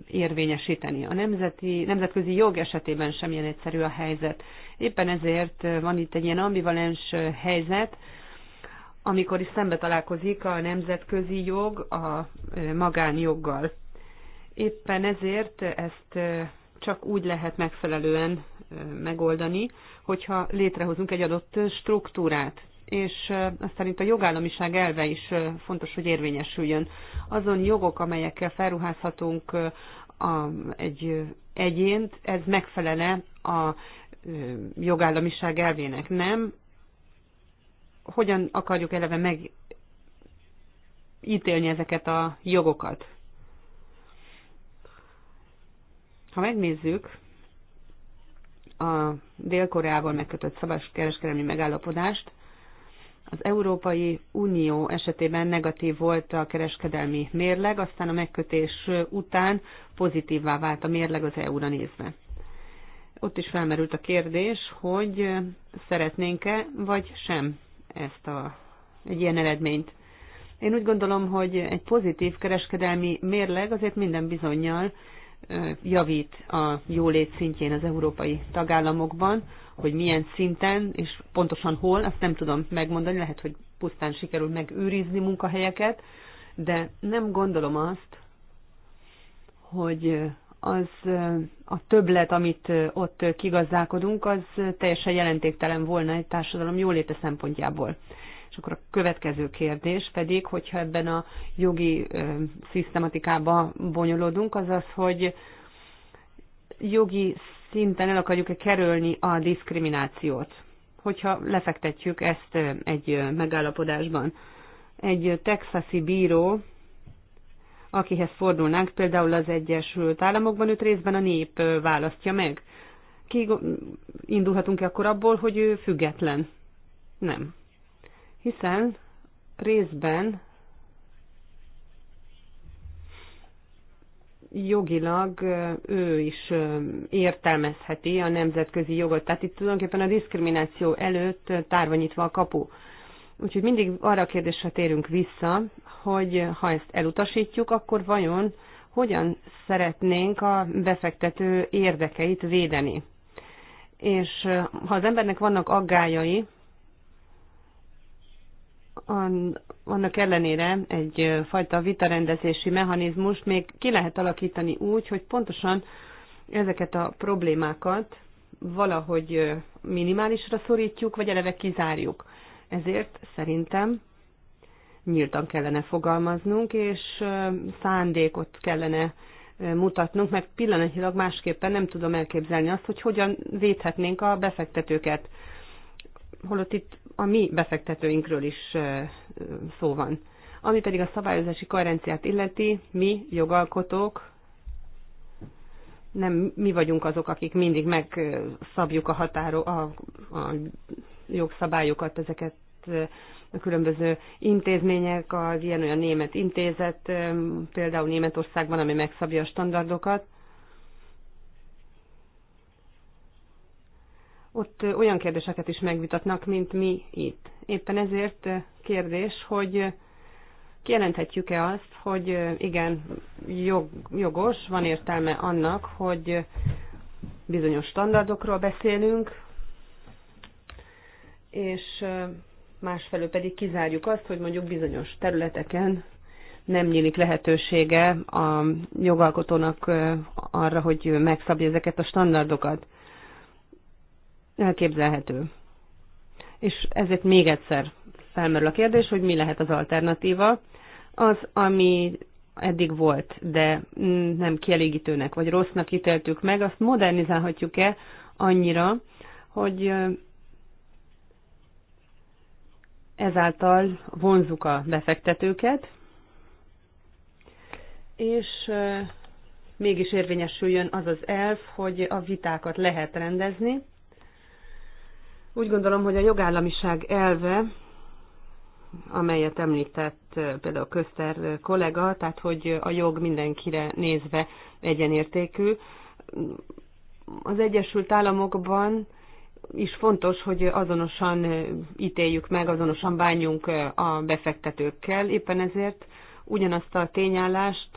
Speaker 4: érvényesíteni. A nemzeti, nemzetközi jog esetében sem ilyen egyszerű a helyzet. Éppen ezért van itt egy ilyen ambivalens helyzet, amikor is szembe találkozik a nemzetközi jog a magánjoggal. Éppen ezért ezt csak úgy lehet megfelelően megoldani, hogyha létrehozunk egy adott struktúrát és azt szerint a jogállamiság elve is fontos, hogy érvényesüljön. Azon jogok, amelyekkel felruházhatunk a, egy egyént, ez megfelele a jogállamiság elvének, nem? Hogyan akarjuk eleve megítélni ezeket a jogokat? Ha megnézzük a Dél-Koreával megkötött szabadkereskedelmi megállapodást, az Európai Unió esetében negatív volt a kereskedelmi mérleg, aztán a megkötés után pozitívvá vált a mérleg az EU-ra nézve. Ott is felmerült a kérdés, hogy szeretnénk-e vagy sem ezt a, egy ilyen eredményt. Én úgy gondolom, hogy egy pozitív kereskedelmi mérleg azért minden bizonyal javít a jólét szintjén az európai tagállamokban, hogy milyen szinten és pontosan hol, azt nem tudom megmondani, lehet, hogy pusztán sikerül megőrizni munkahelyeket, de nem gondolom azt, hogy az a többlet, amit ott kigazdálkodunk, az teljesen jelentéktelen volna egy társadalom jóléte szempontjából. És akkor a következő kérdés pedig, hogyha ebben a jogi szisztematikába bonyolódunk, az az, hogy jogi szinten el akarjuk-e kerülni a diszkriminációt, hogyha lefektetjük ezt egy megállapodásban. Egy texasi bíró, akihez fordulnánk, például az Egyesült Államokban, őt részben a nép választja meg. Ki indulhatunk-e akkor abból, hogy ő független? Nem. Hiszen részben jogilag ő is értelmezheti a nemzetközi jogot. Tehát itt tulajdonképpen a diszkrimináció előtt tárva nyitva a kapu. Úgyhogy mindig arra a kérdésre térünk vissza, hogy ha ezt elutasítjuk, akkor vajon hogyan szeretnénk a befektető érdekeit védeni. És ha az embernek vannak aggájai, annak ellenére egyfajta vitarendezési mechanizmus még ki lehet alakítani úgy, hogy pontosan ezeket a problémákat valahogy minimálisra szorítjuk, vagy eleve kizárjuk. Ezért szerintem nyíltan kellene fogalmaznunk, és szándékot kellene mutatnunk, mert pillanatnyilag másképpen nem tudom elképzelni azt, hogy hogyan védhetnénk a befektetőket. Holott itt a mi befektetőinkről is szó van. Ami pedig a szabályozási koherenciát illeti, mi jogalkotók, nem mi vagyunk azok, akik mindig megszabjuk a határo, a, a jogszabályokat, ezeket a különböző intézmények, az ilyen-olyan német intézet, például Németországban, ami megszabja a standardokat. ott olyan kérdéseket is megvitatnak, mint mi itt. Éppen ezért kérdés, hogy kijelenthetjük-e azt, hogy igen, jog, jogos, van értelme annak, hogy bizonyos standardokról beszélünk, és másfelől pedig kizárjuk azt, hogy mondjuk bizonyos területeken nem nyílik lehetősége a jogalkotónak arra, hogy megszabja ezeket a standardokat elképzelhető. És ezért még egyszer felmerül a kérdés, hogy mi lehet az alternatíva. Az, ami eddig volt, de nem kielégítőnek vagy rossznak ítéltük meg, azt modernizálhatjuk-e annyira, hogy ezáltal vonzuk a befektetőket, és mégis érvényesüljön az az elv, hogy a vitákat lehet rendezni, úgy gondolom, hogy a jogállamiság elve, amelyet említett eh, például Közter eh, kollega, tehát hogy a jog mindenkire nézve egyenértékű. Az Egyesült Államokban is fontos, hogy azonosan eh, ítéljük meg, azonosan bánjunk a befektetőkkel. Éppen ezért ugyanazt a tényállást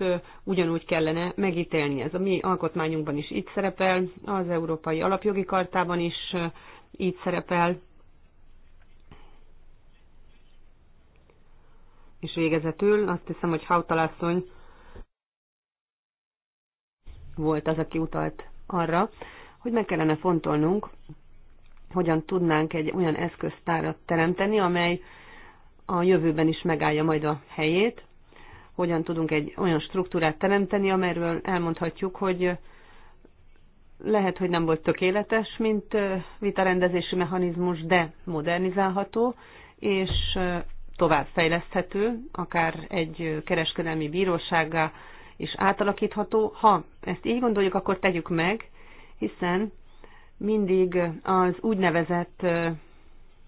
Speaker 4: ugyanúgy kellene megítélni. Ez a mi alkotmányunkban is itt szerepel, az Európai Alapjogi Kartában is így szerepel. És végezetül azt hiszem, hogy Hautalászony volt az, aki utalt arra, hogy meg kellene fontolnunk, hogyan tudnánk egy olyan eszköztárat teremteni, amely a jövőben is megállja majd a helyét, hogyan tudunk egy olyan struktúrát teremteni, amelyről elmondhatjuk, hogy lehet, hogy nem volt tökéletes, mint vitarendezési mechanizmus, de modernizálható, és továbbfejleszthető, akár egy kereskedelmi bírósággá is átalakítható. Ha ezt így gondoljuk, akkor tegyük meg, hiszen mindig az úgynevezett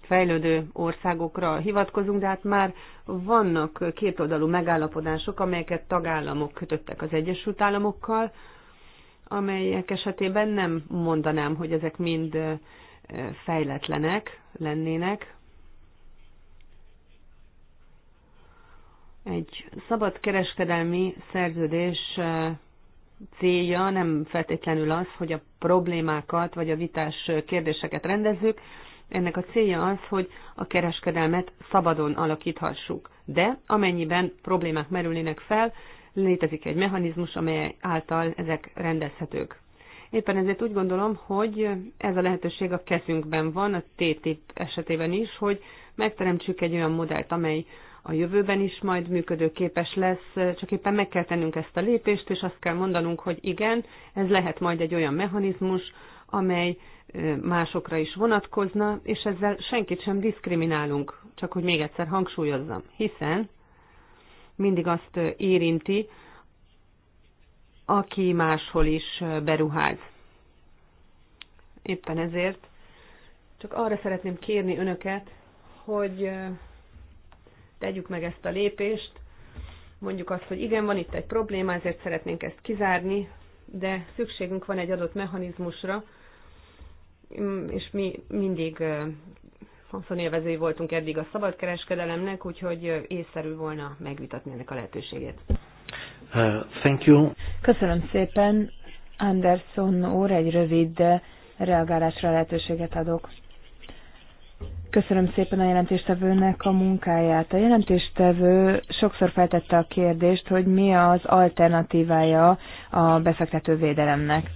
Speaker 4: fejlődő országokra hivatkozunk, de hát már vannak kétoldalú megállapodások, amelyeket tagállamok kötöttek az Egyesült Államokkal, amelyek esetében nem mondanám, hogy ezek mind fejletlenek lennének. Egy szabad kereskedelmi szerződés célja nem feltétlenül az, hogy a problémákat vagy a vitás kérdéseket rendezzük, ennek a célja az, hogy a kereskedelmet szabadon alakíthassuk. De amennyiben problémák merülnének fel, létezik egy mechanizmus, amely által ezek rendezhetők. Éppen ezért úgy gondolom, hogy ez a lehetőség a kezünkben van, a TTIP esetében is, hogy megteremtsük egy olyan modellt, amely a jövőben is majd működőképes lesz, csak éppen meg kell tennünk ezt a lépést, és azt kell mondanunk, hogy igen, ez lehet majd egy olyan mechanizmus, amely másokra is vonatkozna, és ezzel senkit sem diszkriminálunk, csak hogy még egyszer hangsúlyozzam, hiszen mindig azt érinti, aki máshol is beruház. Éppen ezért csak arra szeretném kérni önöket, hogy tegyük meg ezt a lépést, mondjuk azt, hogy igen, van itt egy probléma, ezért szeretnénk ezt kizárni, de szükségünk van egy adott mechanizmusra, és mi mindig haszonélvezői voltunk eddig a szabadkereskedelemnek, úgyhogy észszerű volna megvitatni ennek a lehetőségét.
Speaker 1: Uh, thank you.
Speaker 2: Köszönöm szépen. Anderson úr, egy rövid reagálásra lehetőséget adok. Köszönöm szépen a jelentéstevőnek a munkáját. A jelentéstevő sokszor feltette a kérdést, hogy mi az alternatívája a befektetővédelemnek.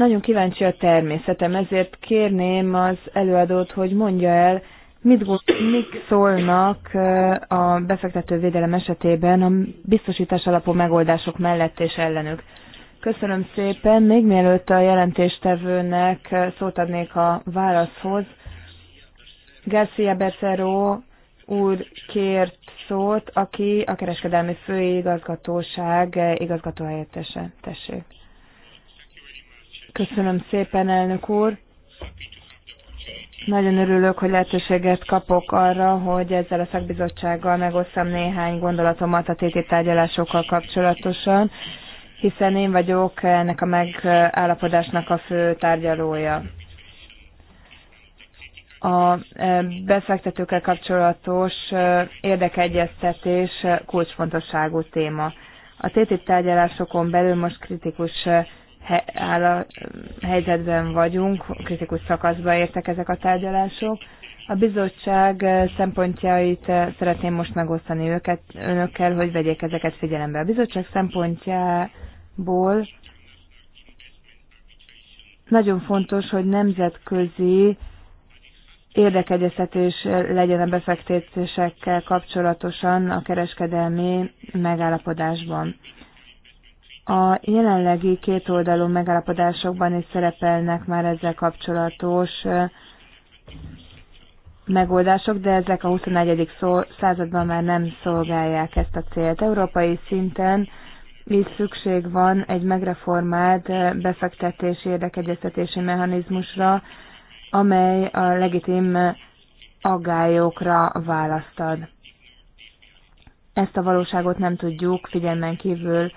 Speaker 2: Nagyon kíváncsi a természetem, ezért kérném az előadót, hogy mondja el, mit, mik szólnak a védelem esetében a biztosítás alapú megoldások mellett és ellenük. Köszönöm szépen. Még mielőtt a jelentéstevőnek szót adnék a válaszhoz, Garcia Becero úr kért szót, aki a kereskedelmi főigazgatóság igazgatóhelyettese. Tessék. Köszönöm szépen, elnök úr. Nagyon örülök, hogy lehetőséget kapok arra, hogy ezzel a szakbizottsággal megosztam néhány gondolatomat a TTIP tárgyalásokkal kapcsolatosan, hiszen én vagyok ennek a megállapodásnak a fő tárgyalója. A e, befektetőkkel kapcsolatos e, érdekegyeztetés kulcsfontosságú téma. A TTIP tárgyalásokon belül most kritikus e, áll a helyzetben vagyunk, kritikus szakaszba értek ezek a tárgyalások. A bizottság szempontjait szeretném most megosztani őket, önökkel, hogy vegyék ezeket figyelembe. A bizottság szempontjából nagyon fontos, hogy nemzetközi érdekegyeztetés legyen a befektetésekkel kapcsolatosan a kereskedelmi megállapodásban. A jelenlegi kétoldalú megállapodásokban is szerepelnek már ezzel kapcsolatos megoldások, de ezek a 21. században már nem szolgálják ezt a célt. Európai szinten így szükség van egy megreformált befektetési érdekegyeztetési mechanizmusra, amely a legitim aggályokra választad. Ezt a valóságot nem tudjuk figyelmen kívül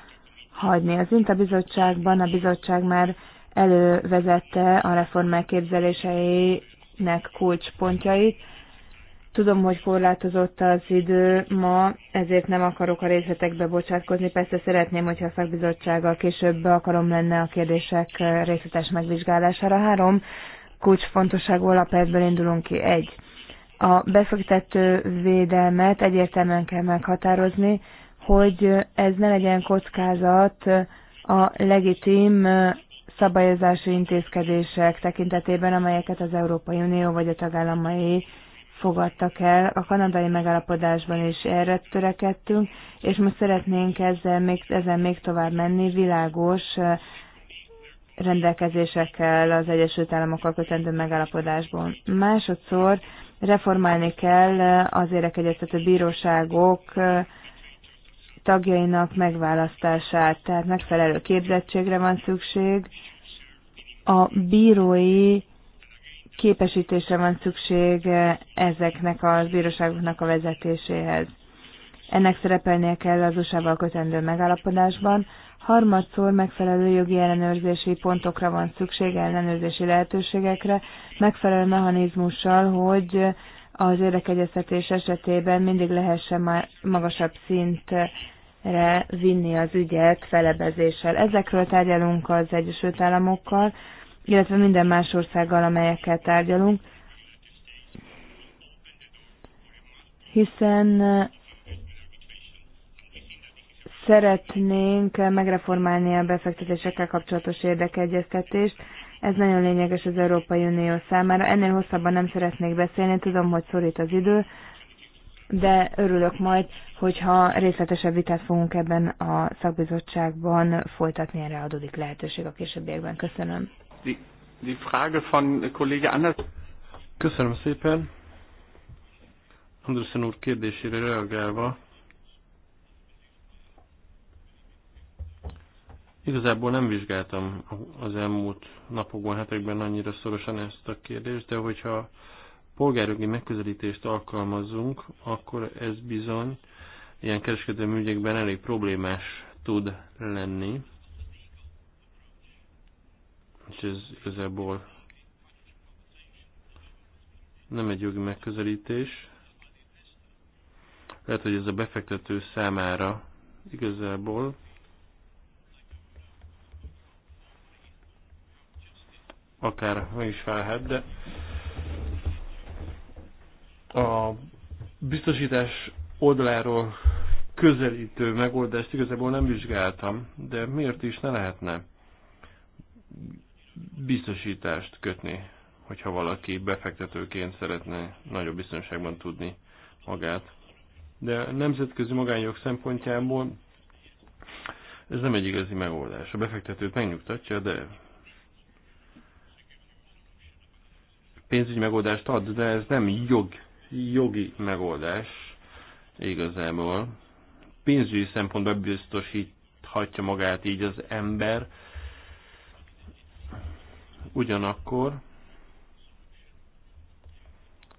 Speaker 2: hagyni. Az INTA bizottságban a bizottság már elővezette a reform elképzeléseinek kulcspontjait. Tudom, hogy korlátozott az idő ma, ezért nem akarok a részletekbe bocsátkozni. Persze szeretném, hogyha a szakbizottsággal később akarom lenne a kérdések részletes megvizsgálására. Három kulcsfontosságú alapelvből indulunk ki. Egy. A befektető védelmet egyértelműen kell meghatározni, hogy ez ne legyen kockázat a legitim szabályozási intézkedések tekintetében, amelyeket az Európai Unió vagy a tagállamai fogadtak el. A kanadai megállapodásban is erre törekedtünk, és most szeretnénk ezzel még, ezen még tovább menni világos rendelkezésekkel az Egyesült Államokkal kötendő megállapodásban. Másodszor reformálni kell az érekegyeztető bíróságok tagjainak megválasztását, tehát megfelelő képzettségre van szükség, a bírói képesítésre van szükség ezeknek a bíróságoknak a vezetéséhez. Ennek szerepelnie kell az USA-val kötendő megállapodásban, harmadszor megfelelő jogi ellenőrzési pontokra van szükség, ellenőrzési lehetőségekre, megfelelő mechanizmussal, hogy az érdekegyeztetés esetében mindig lehessen magasabb szint re vinni az ügyet felebezéssel. Ezekről tárgyalunk az Egyesült Államokkal, illetve minden más országgal, amelyekkel tárgyalunk, hiszen szeretnénk megreformálni a befektetésekkel kapcsolatos érdekegyeztetést. Ez nagyon lényeges az Európai Unió számára. Ennél hosszabban nem szeretnék beszélni, tudom, hogy szorít az idő de örülök majd, hogyha részletesebb vitát fogunk ebben a szakbizottságban folytatni, erre adódik lehetőség a későbbiekben. Köszönöm.
Speaker 3: Die, Frage von Kollege Anders.
Speaker 2: Köszönöm szépen.
Speaker 3: Andersen úr kérdésére reagálva, Igazából nem vizsgáltam az elmúlt napokban, hetekben annyira szorosan ezt a kérdést, de hogyha polgárjogi megközelítést alkalmazzunk, akkor ez bizony ilyen kereskedelmi ügyekben elég problémás tud lenni. És ez igazából nem egy jogi megközelítés. Lehet, hogy ez a befektető számára igazából akár meg is válhat, de a biztosítás oldaláról közelítő megoldást igazából nem vizsgáltam, de miért is ne lehetne biztosítást kötni, hogyha valaki befektetőként szeretne nagyobb biztonságban tudni magát. De a nemzetközi magányok szempontjából ez nem egy igazi megoldás. A befektetőt megnyugtatja, de pénzügyi megoldást ad, de ez nem jog jogi megoldás igazából. Pénzügyi szempontból biztosíthatja magát így az ember, ugyanakkor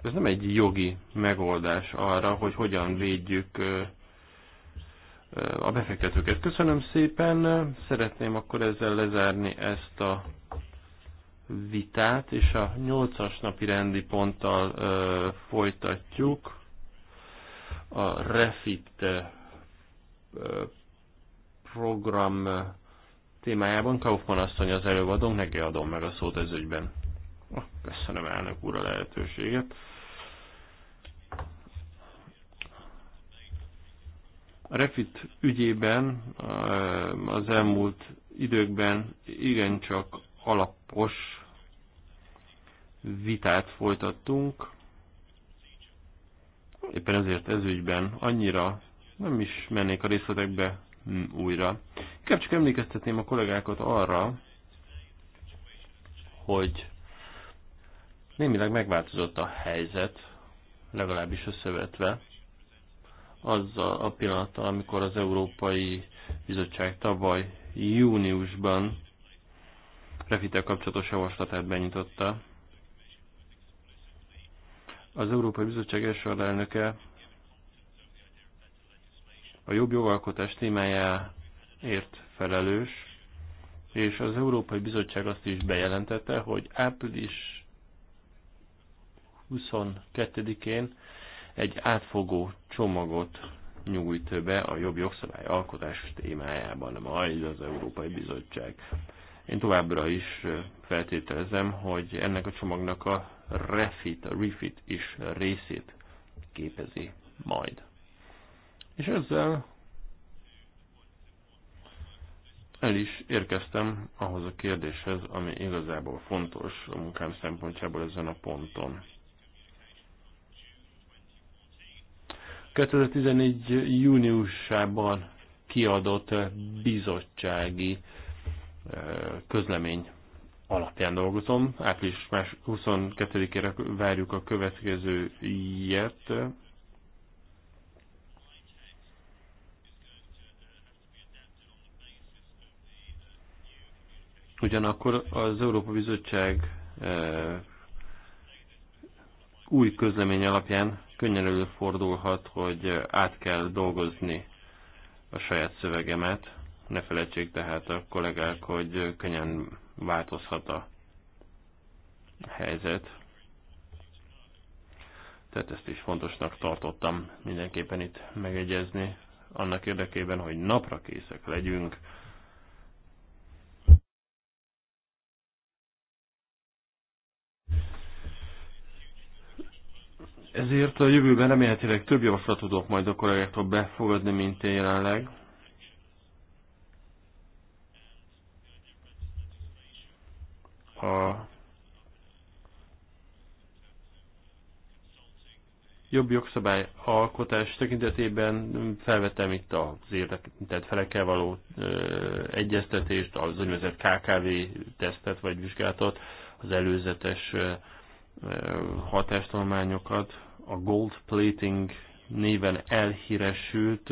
Speaker 3: ez nem egy jogi megoldás arra, hogy hogyan védjük a befektetőket. Köszönöm szépen, szeretném akkor ezzel lezárni ezt a vitát, és a nyolcas napi rendi ponttal ö, folytatjuk a Refit ö, program témájában. Kaufmann asszony az előadónk, neki adom meg a szót ez ügyben. Köszönöm elnök úr a lehetőséget. A Refit ügyében az elmúlt időkben igencsak alapos vitát folytattunk. Éppen ezért ez ügyben annyira nem is mennék a részletekbe hm, újra. Inkább csak emlékeztetném a kollégákat arra, hogy némileg megváltozott a helyzet, legalábbis összevetve, az a pillanattal, amikor az Európai Bizottság tavaly júniusban refittel kapcsolatos javaslatát benyitotta. Az Európai Bizottság első alelnöke a jobb jogalkotás témájáért felelős, és az Európai Bizottság azt is bejelentette, hogy április 22-én egy átfogó csomagot nyújt be a jobb jogszabály alkotás témájában majd az Európai Bizottság. Én továbbra is feltételezem, hogy ennek a csomagnak a refit, a refit is részét képezi majd. És ezzel el is érkeztem ahhoz a kérdéshez, ami igazából fontos a munkám szempontjából ezen a ponton. 2014. júniusában kiadott bizottsági közlemény alapján dolgozom. Április 22-ére várjuk a következő ilyet. Ugyanakkor az Európa Bizottság új közlemény alapján könnyen előfordulhat, hogy át kell dolgozni a saját szövegemet, ne felejtsék tehát a kollégák, hogy könnyen változhat a helyzet. Tehát ezt is fontosnak tartottam mindenképpen itt megegyezni, annak érdekében, hogy napra készek legyünk, Ezért a jövőben remélhetőleg több javaslatot tudok majd a kollégáktól befogadni, mint én jelenleg. a jobb jogszabály alkotás tekintetében felvettem itt az érdekelt felekkel való ö, egyeztetést, az úgynevezett KKV tesztet vagy vizsgálatot, az előzetes ö, hatástolmányokat, a gold plating néven elhíresült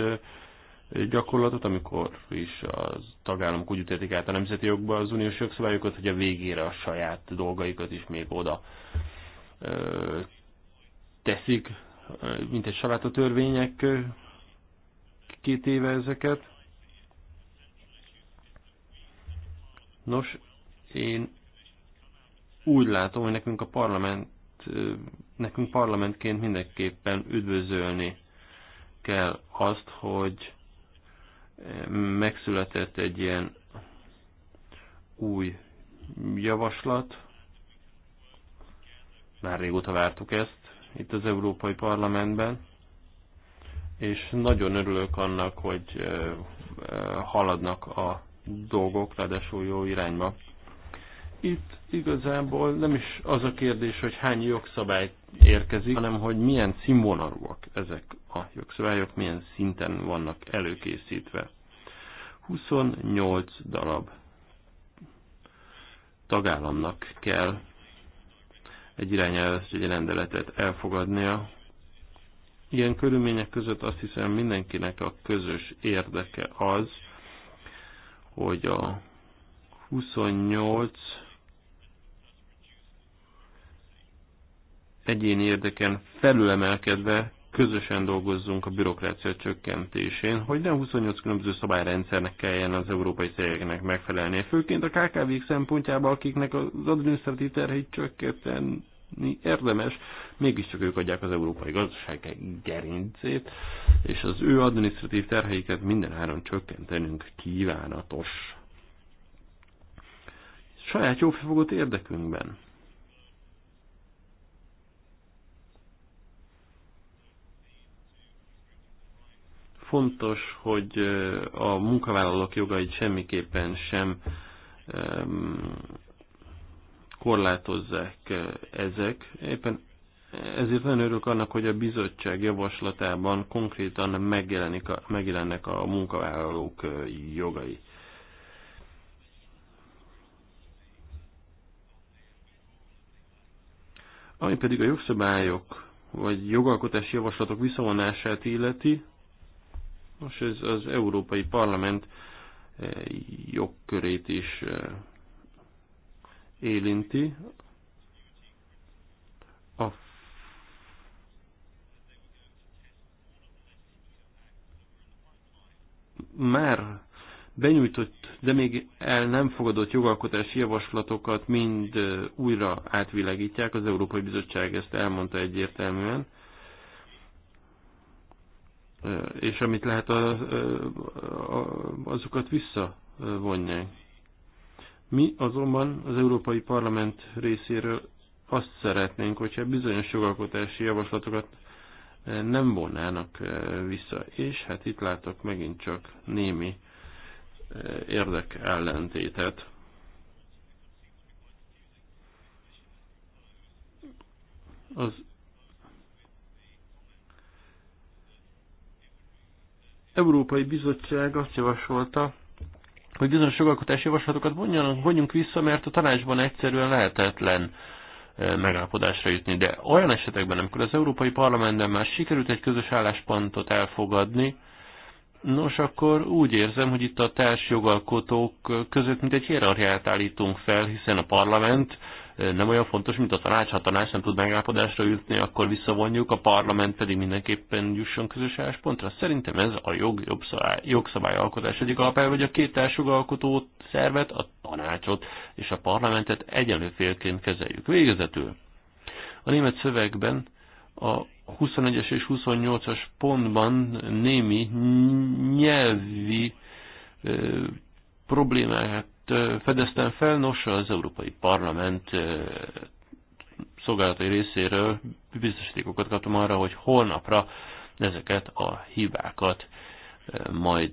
Speaker 3: gyakorlatot, amikor is a tagállamok úgy ütetik át a nemzeti jogba az uniós jogszabályokat, hogy a végére a saját dolgaikat is még oda teszik, mint egy a törvények két éve ezeket. Nos, én úgy látom, hogy nekünk a parlament, nekünk parlamentként mindenképpen üdvözölni kell azt, hogy megszületett egy ilyen új javaslat. Már régóta vártuk ezt itt az Európai Parlamentben, és nagyon örülök annak, hogy haladnak a dolgok, ráadásul jó irányba. Itt igazából nem is az a kérdés, hogy hány jogszabály érkezik, hanem hogy milyen színvonalúak ezek a jogszabályok, milyen szinten vannak előkészítve. 28 darab tagállamnak kell egy irányelvet, egy rendeletet elfogadnia. Ilyen körülmények között azt hiszem mindenkinek a közös érdeke az, hogy a 28 egyéni érdeken felülemelkedve közösen dolgozzunk a bürokrácia csökkentésén, hogy nem 28 különböző szabályrendszernek kelljen az európai cégeknek megfelelnie, főként a KKV-k szempontjából, akiknek az adminisztratív terheit csökkenteni érdemes, mégiscsak ők adják az európai gazdaság gerincét, és az ő adminisztratív terheiket mindenáron csökkentenünk kívánatos. Saját jófogott érdekünkben Fontos, hogy a munkavállalók jogait semmiképpen sem korlátozzák ezek. Éppen ezért nagyon örülök annak, hogy a bizottság javaslatában konkrétan megjelenik a, megjelennek a munkavállalók jogai. Ami pedig a jogszabályok vagy jogalkotási javaslatok visszavonását illeti, Nos, ez az Európai Parlament eh, jogkörét is eh, élinti. A már benyújtott, de még el nem fogadott jogalkotási javaslatokat mind eh, újra átvilágítják. Az Európai Bizottság ezt elmondta egyértelműen és amit lehet a, a, azokat visszavonják. Mi azonban az Európai Parlament részéről azt szeretnénk, hogyha bizonyos jogalkotási javaslatokat nem vonnának vissza, és hát itt látok megint csak némi érdek Az Európai Bizottság azt javasolta, hogy bizonyos jogalkotási javaslatokat vonjunk vissza, mert a tanácsban egyszerűen lehetetlen megállapodásra jutni. De olyan esetekben, amikor az Európai Parlamentben már sikerült egy közös álláspontot elfogadni, nos, akkor úgy érzem, hogy itt a társjogalkotók között mint egy hierarchiát állítunk fel, hiszen a parlament nem olyan fontos, mint a tanács. Ha a tanács nem tud megállapodásra jutni, akkor visszavonjuk, a parlament pedig mindenképpen jusson közös álláspontra. Szerintem ez a jog, jogszabály, jogszabályalkotás egyik alapja, hogy a két társjogalkotó szervet, a tanácsot és a parlamentet egyenlő félként kezeljük. Végezetül. A német szövegben a 21-es és 28-as pontban némi nyelvi problémák fedeztem fel, nos az Európai Parlament szolgálatai részéről biztosítékokat kaptam arra, hogy holnapra ezeket a hibákat majd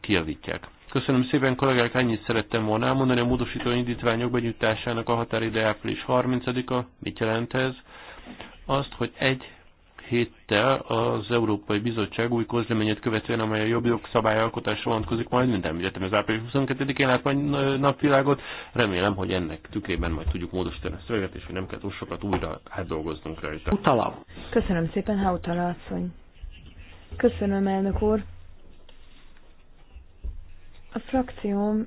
Speaker 3: kiavítják. Köszönöm szépen, kollégák, ennyit szerettem volna elmondani a módosító indítványok benyújtásának a határideje április 30-a. Mit jelent ez? Azt, hogy egy héttel az Európai Bizottság új közleményét követően, amely a jobb jogszabályalkotásra vonatkozik, majd minden egyetem Ez április 22-én lát majd napvilágot. Remélem, hogy ennek tükrében majd tudjuk módosítani a szöveget, és hogy nem kell túl sokat újra átdolgoznunk rajta. Utala.
Speaker 2: Köszönöm szépen, Hautala asszony. Köszönöm, elnök úr. A frakcióm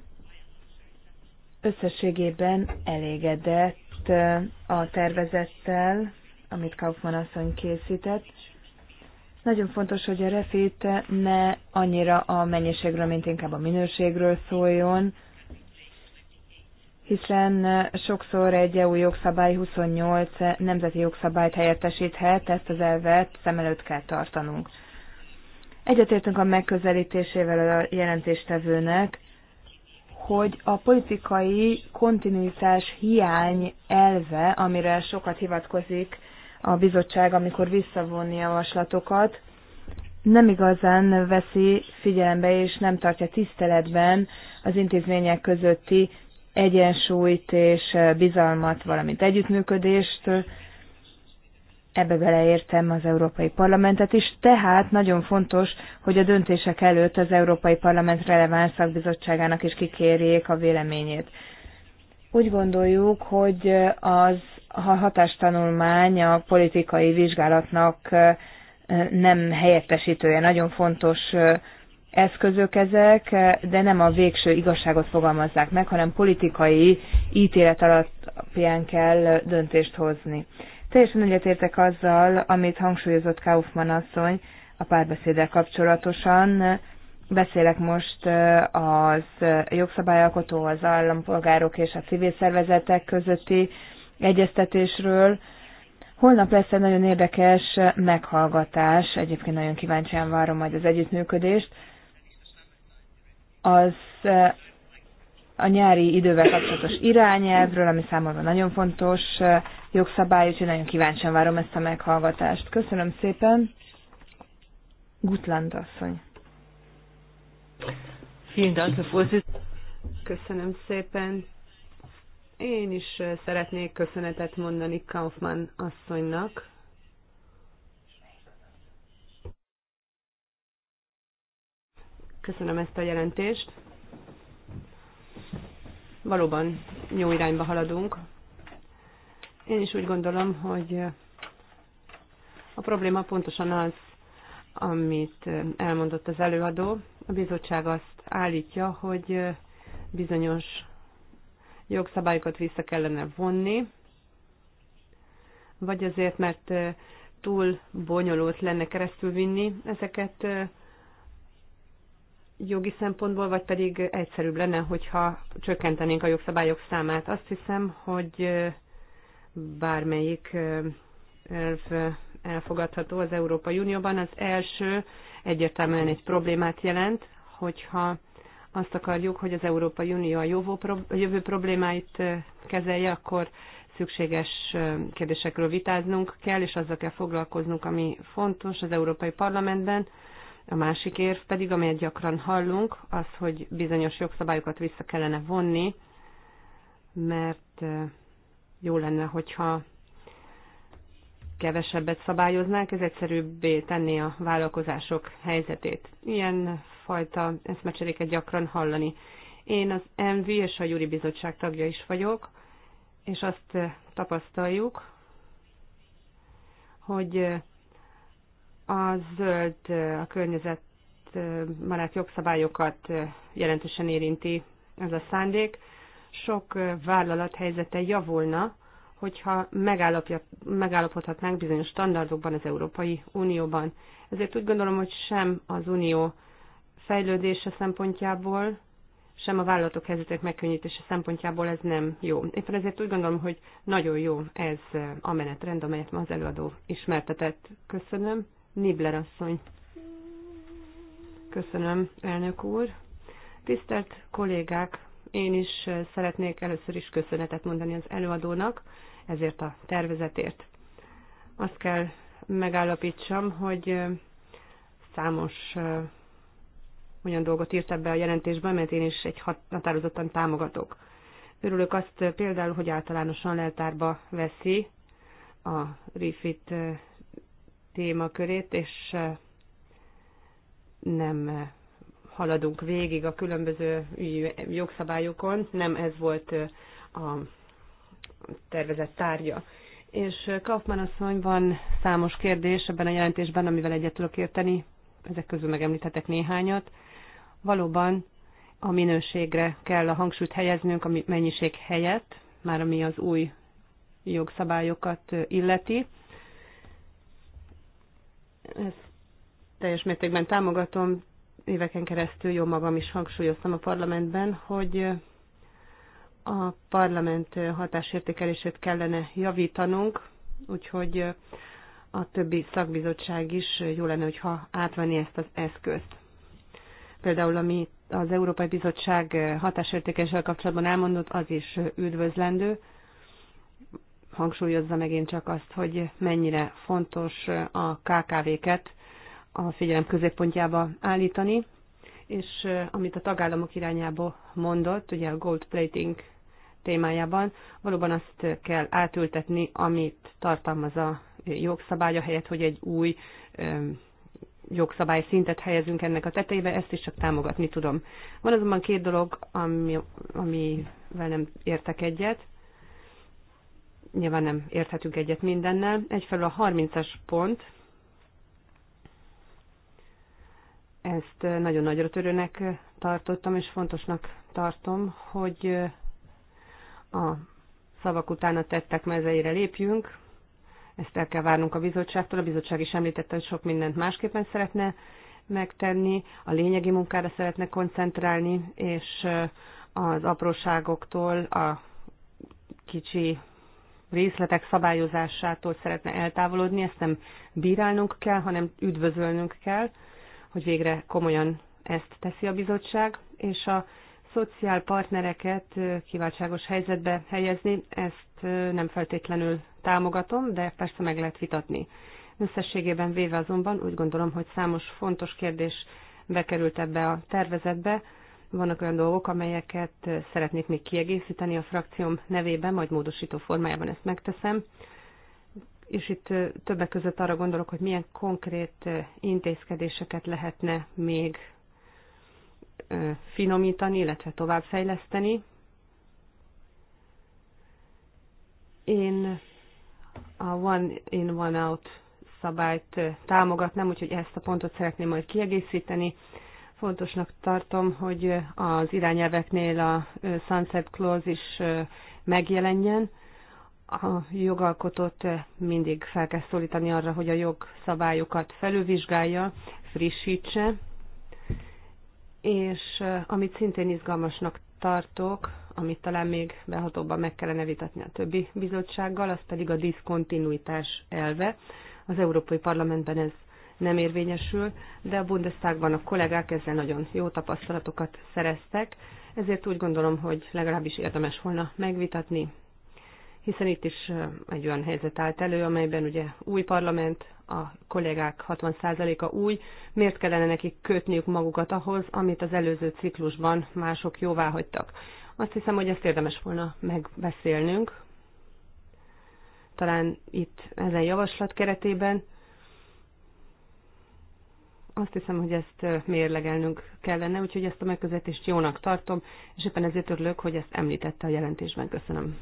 Speaker 2: összességében elégedett a tervezettel, amit Kaufmann asszony készített. Nagyon fontos, hogy a refit ne annyira a mennyiségről, mint inkább a minőségről szóljon, hiszen sokszor egy EU jogszabály 28 nemzeti jogszabályt helyettesíthet, ezt az elvet szem előtt kell tartanunk. Egyetértünk a megközelítésével a jelentéstevőnek, hogy a politikai kontinuitás hiány elve, amire sokat hivatkozik a bizottság, amikor visszavonni javaslatokat, nem igazán veszi figyelembe és nem tartja tiszteletben az intézmények közötti egyensúlyt és bizalmat, valamint együttműködést. Ebbe beleértem az Európai Parlamentet is, tehát nagyon fontos, hogy a döntések előtt az Európai Parlament releváns szakbizottságának is kikérjék a véleményét. Úgy gondoljuk, hogy az a hatástanulmány a politikai vizsgálatnak nem helyettesítője. Nagyon fontos eszközök ezek, de nem a végső igazságot fogalmazzák meg, hanem politikai ítélet alapján kell döntést hozni. Teljesen egyetértek azzal, amit hangsúlyozott Kaufmann asszony a párbeszéddel kapcsolatosan. Beszélek most az jogszabályalkotó, az állampolgárok és a civil szervezetek közötti egyeztetésről. Holnap lesz egy nagyon érdekes meghallgatás, egyébként nagyon kíváncsian várom majd az együttműködést. Az eh, a nyári idővel kapcsolatos irányelvről, ami számomra nagyon fontos eh, jogszabály, úgyhogy nagyon kíváncsian várom ezt a meghallgatást. Köszönöm szépen. Gutland asszony.
Speaker 4: Köszönöm szépen, én is szeretnék köszönetet mondani Kaufmann asszonynak. Köszönöm ezt a jelentést. Valóban jó irányba haladunk. Én is úgy gondolom, hogy a probléma pontosan az, amit elmondott az előadó. A bizottság azt állítja, hogy bizonyos jogszabályokat vissza kellene vonni, vagy azért, mert túl bonyolult lenne keresztül vinni ezeket jogi szempontból, vagy pedig egyszerűbb lenne, hogyha csökkentenénk a jogszabályok számát. Azt hiszem, hogy bármelyik elv elfogadható az Európai Unióban. Az első egyértelműen egy problémát jelent, hogyha azt akarjuk, hogy az Európai Unió a jövő problémáit kezelje, akkor szükséges kérdésekről vitáznunk kell, és azzal kell foglalkoznunk, ami fontos az Európai Parlamentben. A másik érv pedig, amelyet gyakran hallunk, az, hogy bizonyos jogszabályokat vissza kellene vonni, mert jó lenne, hogyha kevesebbet szabályoznánk, ez egyszerűbbé tenné a vállalkozások helyzetét. Ilyen fajta eszmecseréket gyakran hallani. Én az MV és a Júri Bizottság tagja is vagyok, és azt tapasztaljuk, hogy a zöld a környezet barát jogszabályokat jelentősen érinti ez a szándék. Sok vállalat helyzete javulna, hogyha megállapodhatnánk bizonyos standardokban az Európai Unióban. Ezért úgy gondolom, hogy sem az Unió fejlődése szempontjából, sem a vállalatok helyzetek megkönnyítése szempontjából ez nem jó. Éppen ezért úgy gondolom, hogy nagyon jó ez a menetrend, amelyet ma az előadó ismertetett. Köszönöm. Nibler asszony. Köszönöm, elnök úr. Tisztelt kollégák, én is szeretnék először is köszönetet mondani az előadónak ezért a tervezetért. Azt kell megállapítsam, hogy számos olyan dolgot írt ebbe a jelentésbe, mert én is egy határozottan támogatok. Örülök azt például, hogy általánosan leltárba veszi a Refit témakörét, és nem haladunk végig a különböző jogszabályokon. Nem ez volt a tervezett tárgya. És Kaufmann asszony, van számos kérdés ebben a jelentésben, amivel egyet tudok érteni, ezek közül megemlíthetek néhányat. Valóban a minőségre kell a hangsúlyt helyeznünk, a mennyiség helyett, már ami az új jogszabályokat illeti. Ezt teljes mértékben támogatom, éveken keresztül jó magam is hangsúlyoztam a parlamentben, hogy a parlament hatásértékelését kellene javítanunk, úgyhogy a többi szakbizottság is jó lenne, hogyha átvenni ezt az eszközt. Például, ami az Európai Bizottság hatásértékeléssel kapcsolatban elmondott, az is üdvözlendő. Hangsúlyozza megint csak azt, hogy mennyire fontos a KKV-ket a figyelem középpontjába állítani, és amit a tagállamok irányába mondott, ugye a gold plating témájában valóban azt kell átültetni, amit tartalmaz a jogszabály, ahelyett, hogy egy új jogszabály szintet helyezünk ennek a tetejébe, ezt is csak támogatni tudom. Van azonban két dolog, ami, amivel nem értek egyet. Nyilván nem érthetünk egyet mindennel. Egyfelől a 30-as pont, ezt nagyon nagyra törőnek tartottam, és fontosnak tartom, hogy a szavak után a tettek mezeire lépjünk. Ezt el kell várnunk a bizottságtól. A bizottság is említette, hogy sok mindent másképpen szeretne megtenni, a lényegi munkára szeretne koncentrálni, és az apróságoktól, a kicsi részletek szabályozásától szeretne eltávolodni, ezt nem bírálnunk kell, hanem üdvözölnünk kell, hogy végre komolyan ezt teszi a bizottság, és a szociálpartnereket kiváltságos helyzetbe helyezni, ezt nem feltétlenül támogatom, de persze meg lehet vitatni. Összességében véve azonban úgy gondolom, hogy számos fontos kérdés bekerült ebbe a tervezetbe. Vannak olyan dolgok, amelyeket szeretnék még kiegészíteni a frakcióm nevében, majd módosító formájában ezt megteszem. És itt többek között arra gondolok, hogy milyen konkrét intézkedéseket lehetne még finomítani, illetve továbbfejleszteni. Én a one in, one out szabályt támogatnám, úgyhogy ezt a pontot szeretném majd kiegészíteni. Fontosnak tartom, hogy az irányelveknél a sunset clause is megjelenjen. A jogalkotót mindig fel kell szólítani arra, hogy a jogszabályokat felülvizsgálja, frissítse, és amit szintén izgalmasnak tartok, amit talán még behatóbban meg kellene vitatni a többi bizottsággal, az pedig a diszkontinuitás elve. Az Európai Parlamentben ez nem érvényesül, de a Bundestagban a kollégák ezzel nagyon jó tapasztalatokat szereztek, ezért úgy gondolom, hogy legalábbis érdemes volna megvitatni hiszen itt is egy olyan helyzet állt elő, amelyben ugye új parlament, a kollégák 60%-a új, miért kellene nekik kötniük magukat ahhoz, amit az előző ciklusban mások jóvá hagytak. Azt hiszem, hogy ezt érdemes volna megbeszélnünk, talán itt ezen javaslat keretében. Azt hiszem, hogy ezt mérlegelnünk kellene, úgyhogy ezt a megközelítést jónak tartom, és éppen ezért örülök, hogy ezt említette a jelentésben. Köszönöm.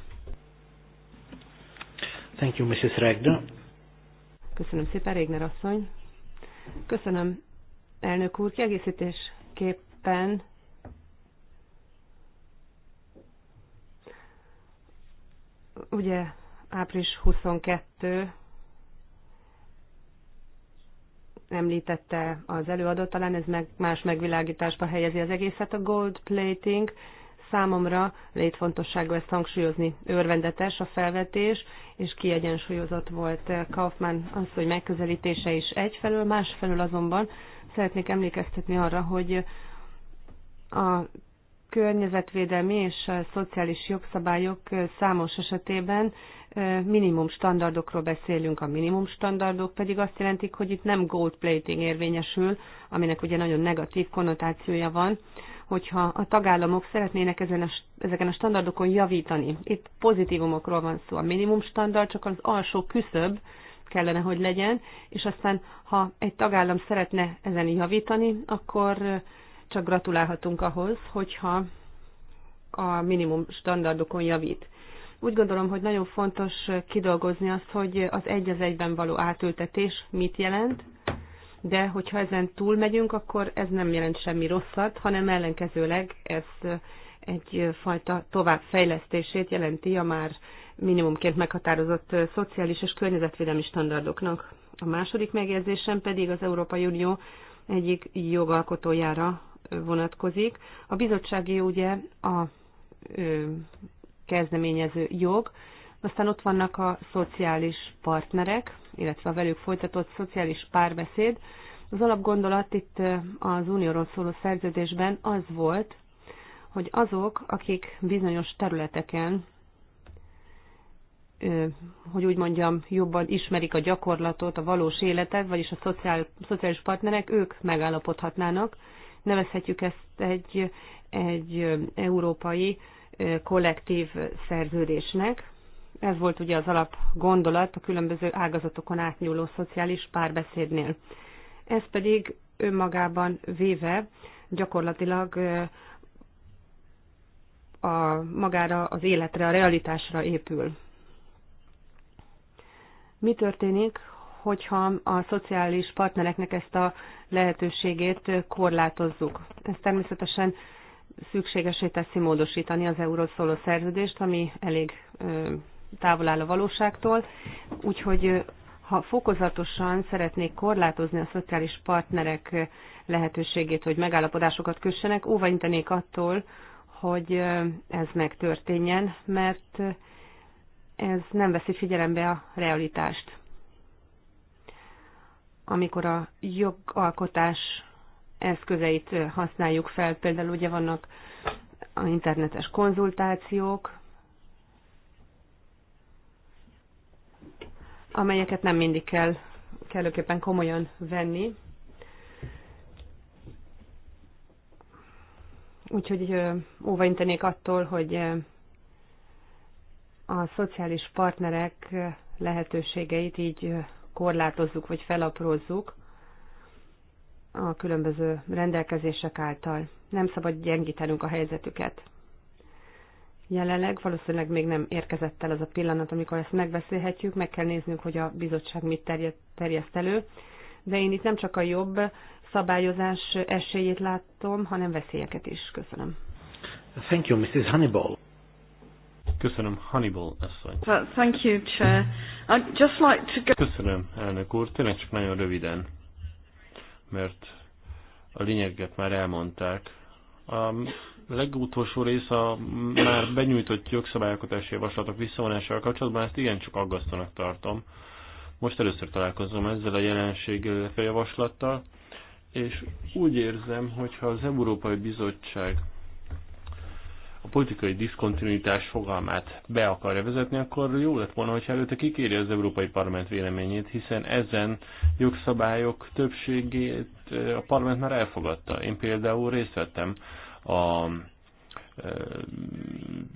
Speaker 1: Thank you, Mrs. Regda.
Speaker 4: Köszönöm szépen, Régner asszony. Köszönöm, elnök úr. Kiegészítésképpen ugye április 22 említette az előadó, talán ez meg más megvilágításba helyezi az egészet, a gold plating Számomra létfontosságú ezt hangsúlyozni. Örvendetes a felvetés, és kiegyensúlyozott volt Kaufmann az, hogy megközelítése is egyfelől, másfelől azonban szeretnék emlékeztetni arra, hogy a környezetvédelmi és szociális jogszabályok számos esetében minimum standardokról beszélünk, a minimum standardok pedig azt jelentik, hogy itt nem gold plating érvényesül, aminek ugye nagyon negatív konnotációja van, hogyha a tagállamok szeretnének ezen a, ezeken a standardokon javítani. Itt pozitívumokról van szó. A minimum standard csak az alsó küszöb kellene, hogy legyen, és aztán, ha egy tagállam szeretne ezen javítani, akkor csak gratulálhatunk ahhoz, hogyha a minimum standardokon javít úgy gondolom, hogy nagyon fontos kidolgozni azt, hogy az egy az egyben való átültetés mit jelent, de hogyha ezen túl megyünk, akkor ez nem jelent semmi rosszat, hanem ellenkezőleg ez egyfajta továbbfejlesztését jelenti a már minimumként meghatározott szociális és környezetvédelmi standardoknak. A második megjegyzésem pedig az Európai Unió egyik jogalkotójára vonatkozik. A bizottsági ugye a kezdeményező jog, aztán ott vannak a szociális partnerek, illetve a velük folytatott szociális párbeszéd. Az alapgondolat itt az unióról szóló szerződésben az volt, hogy azok, akik bizonyos területeken, hogy úgy mondjam, jobban ismerik a gyakorlatot, a valós életet, vagyis a szociál, szociális partnerek, ők megállapodhatnának. Nevezhetjük ezt egy, egy európai kollektív szerződésnek, ez volt ugye az alap gondolat a különböző ágazatokon átnyúló szociális párbeszédnél. Ez pedig önmagában véve gyakorlatilag a, magára, az életre, a realitásra épül. Mi történik, hogyha a szociális partnereknek ezt a lehetőségét korlátozzuk? Ez természetesen szükségesé teszi módosítani az euró szerződést, ami elég távol áll a valóságtól, úgyhogy ha fokozatosan szeretnék korlátozni a szociális partnerek lehetőségét, hogy megállapodásokat kössenek, óvaintenék attól, hogy ez megtörténjen, mert ez nem veszi figyelembe a realitást. Amikor a jogalkotás eszközeit használjuk fel, például ugye vannak a internetes konzultációk, amelyeket nem mindig kell kellőképpen komolyan venni. Úgyhogy óvaintenék attól, hogy a szociális partnerek lehetőségeit így korlátozzuk vagy felaprózzuk a különböző rendelkezések által. Nem szabad gyengítenünk a helyzetüket jelenleg. Valószínűleg még nem érkezett el az a pillanat, amikor ezt megbeszélhetjük, meg kell néznünk, hogy a bizottság mit terjeszt elő. De én itt nem csak a jobb szabályozás esélyét látom, hanem veszélyeket is. Köszönöm.
Speaker 1: Thank you,
Speaker 3: Mrs. Hannibal. Köszönöm, Hannibal asszony.
Speaker 4: Thank you, Chair.
Speaker 3: I'd just like to go... Köszönöm, elnök úr. Tényleg csak nagyon röviden, mert a lényeget már elmondták. Um, legutolsó rész a már benyújtott jogszabályalkotási javaslatok visszavonásával kapcsolatban, ezt igencsak aggasztónak tartom. Most először találkozom ezzel a jelenség javaslattal, és úgy érzem, hogyha az Európai Bizottság a politikai diszkontinuitás fogalmát be akarja vezetni, akkor jó lett volna, hogyha előtte kikéri az Európai Parlament véleményét, hiszen ezen jogszabályok többségét eh, a parlament már elfogadta. Én például részt vettem a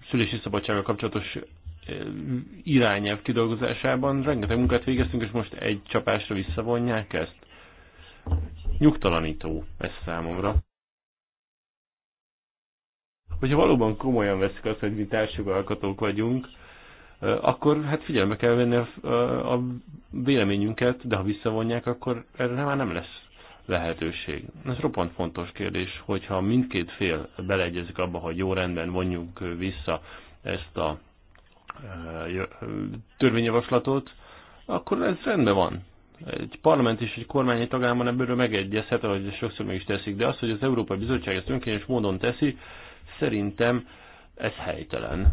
Speaker 3: szülési szabadsággal kapcsolatos irányelv kidolgozásában rengeteg munkát végeztünk, és most egy csapásra visszavonják ezt. Nyugtalanító ez számomra. Hogyha valóban komolyan veszik azt, hogy mi társjogalkatók vagyunk, akkor hát figyelme kell venni a, a véleményünket, de ha visszavonják, akkor erre már nem lesz lehetőség. Ez roppant fontos kérdés, hogyha mindkét fél beleegyezik abba, hogy jó rendben vonjuk vissza ezt a eh, törvényjavaslatot, akkor ez rendben van. Egy parlament és egy kormányi egy tagállamban ebből megegyezhet, ahogy sokszor meg is teszik, de az, hogy az Európai Bizottság ezt önkényes módon teszi, szerintem ez helytelen.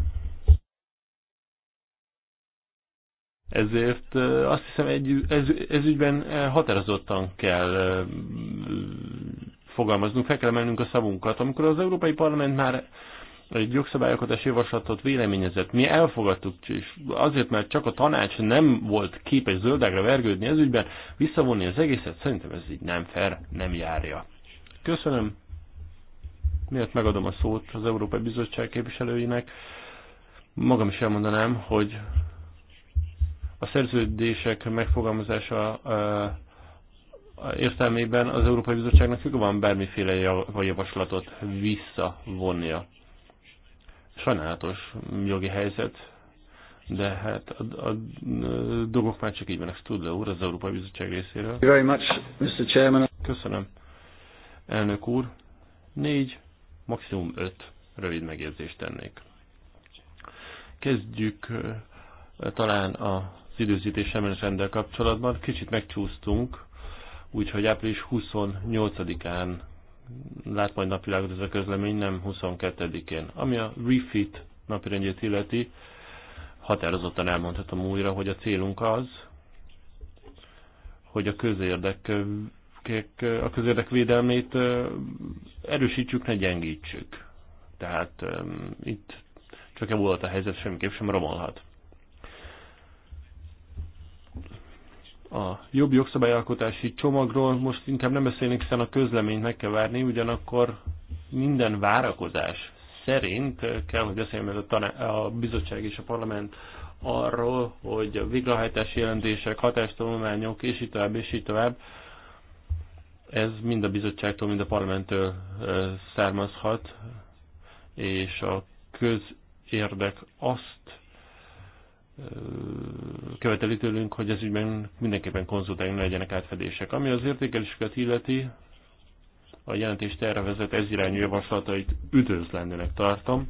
Speaker 3: Ezért azt hiszem, egy, ez, ez ügyben határozottan kell fogalmaznunk, fel kell emelnünk a szavunkat. Amikor az Európai Parlament már egy jogszabályokatási javaslatot véleményezett, mi elfogadtuk, és azért, mert csak a tanács nem volt képes zöldágra vergődni ez ügyben, visszavonni az egészet, szerintem ez így nem fair, nem járja. Köszönöm. Miért megadom a szót az Európai Bizottság képviselőinek? Magam is elmondanám, hogy a szerződések megfogalmazása értelmében az Európai Bizottságnak joga van bármiféle javaslatot visszavonnia. Sajnálatos jogi helyzet, de hát a, a, a dolgok már csak így vannak. le úr, az Európai Bizottság részéről. Very much, Mr. Chairman. Köszönöm. Elnök úr, négy, maximum öt rövid megjegyzést tennék. Kezdjük talán a időzítés rendel kapcsolatban. Kicsit megcsúsztunk, úgyhogy április 28-án lát majd napvilágot ez a közlemény, nem 22-én. Ami a refit napirendjét illeti, határozottan elmondhatom újra, hogy a célunk az, hogy a közérdek a közérdek védelmét erősítsük, ne gyengítsük. Tehát um, itt csak volt a helyzet, semmiképp sem romolhat. a jobb jogszabályalkotási csomagról most inkább nem beszélnék, hiszen a közleményt meg kell várni, ugyanakkor minden várakozás szerint kell, hogy beszéljem ez a, a bizottság és a parlament arról, hogy a végrehajtási jelentések, hatástanulmányok, és így tovább, és így tovább, ez mind a bizottságtól, mind a parlamenttől eh, származhat, és a közérdek azt követeli tőlünk, hogy ez ügyben mindenképpen konzultáljunk, legyenek átfedések. Ami az értékelésüket illeti, a jelentés tervezett ez irányú javaslatait üdvözlendőnek tartom,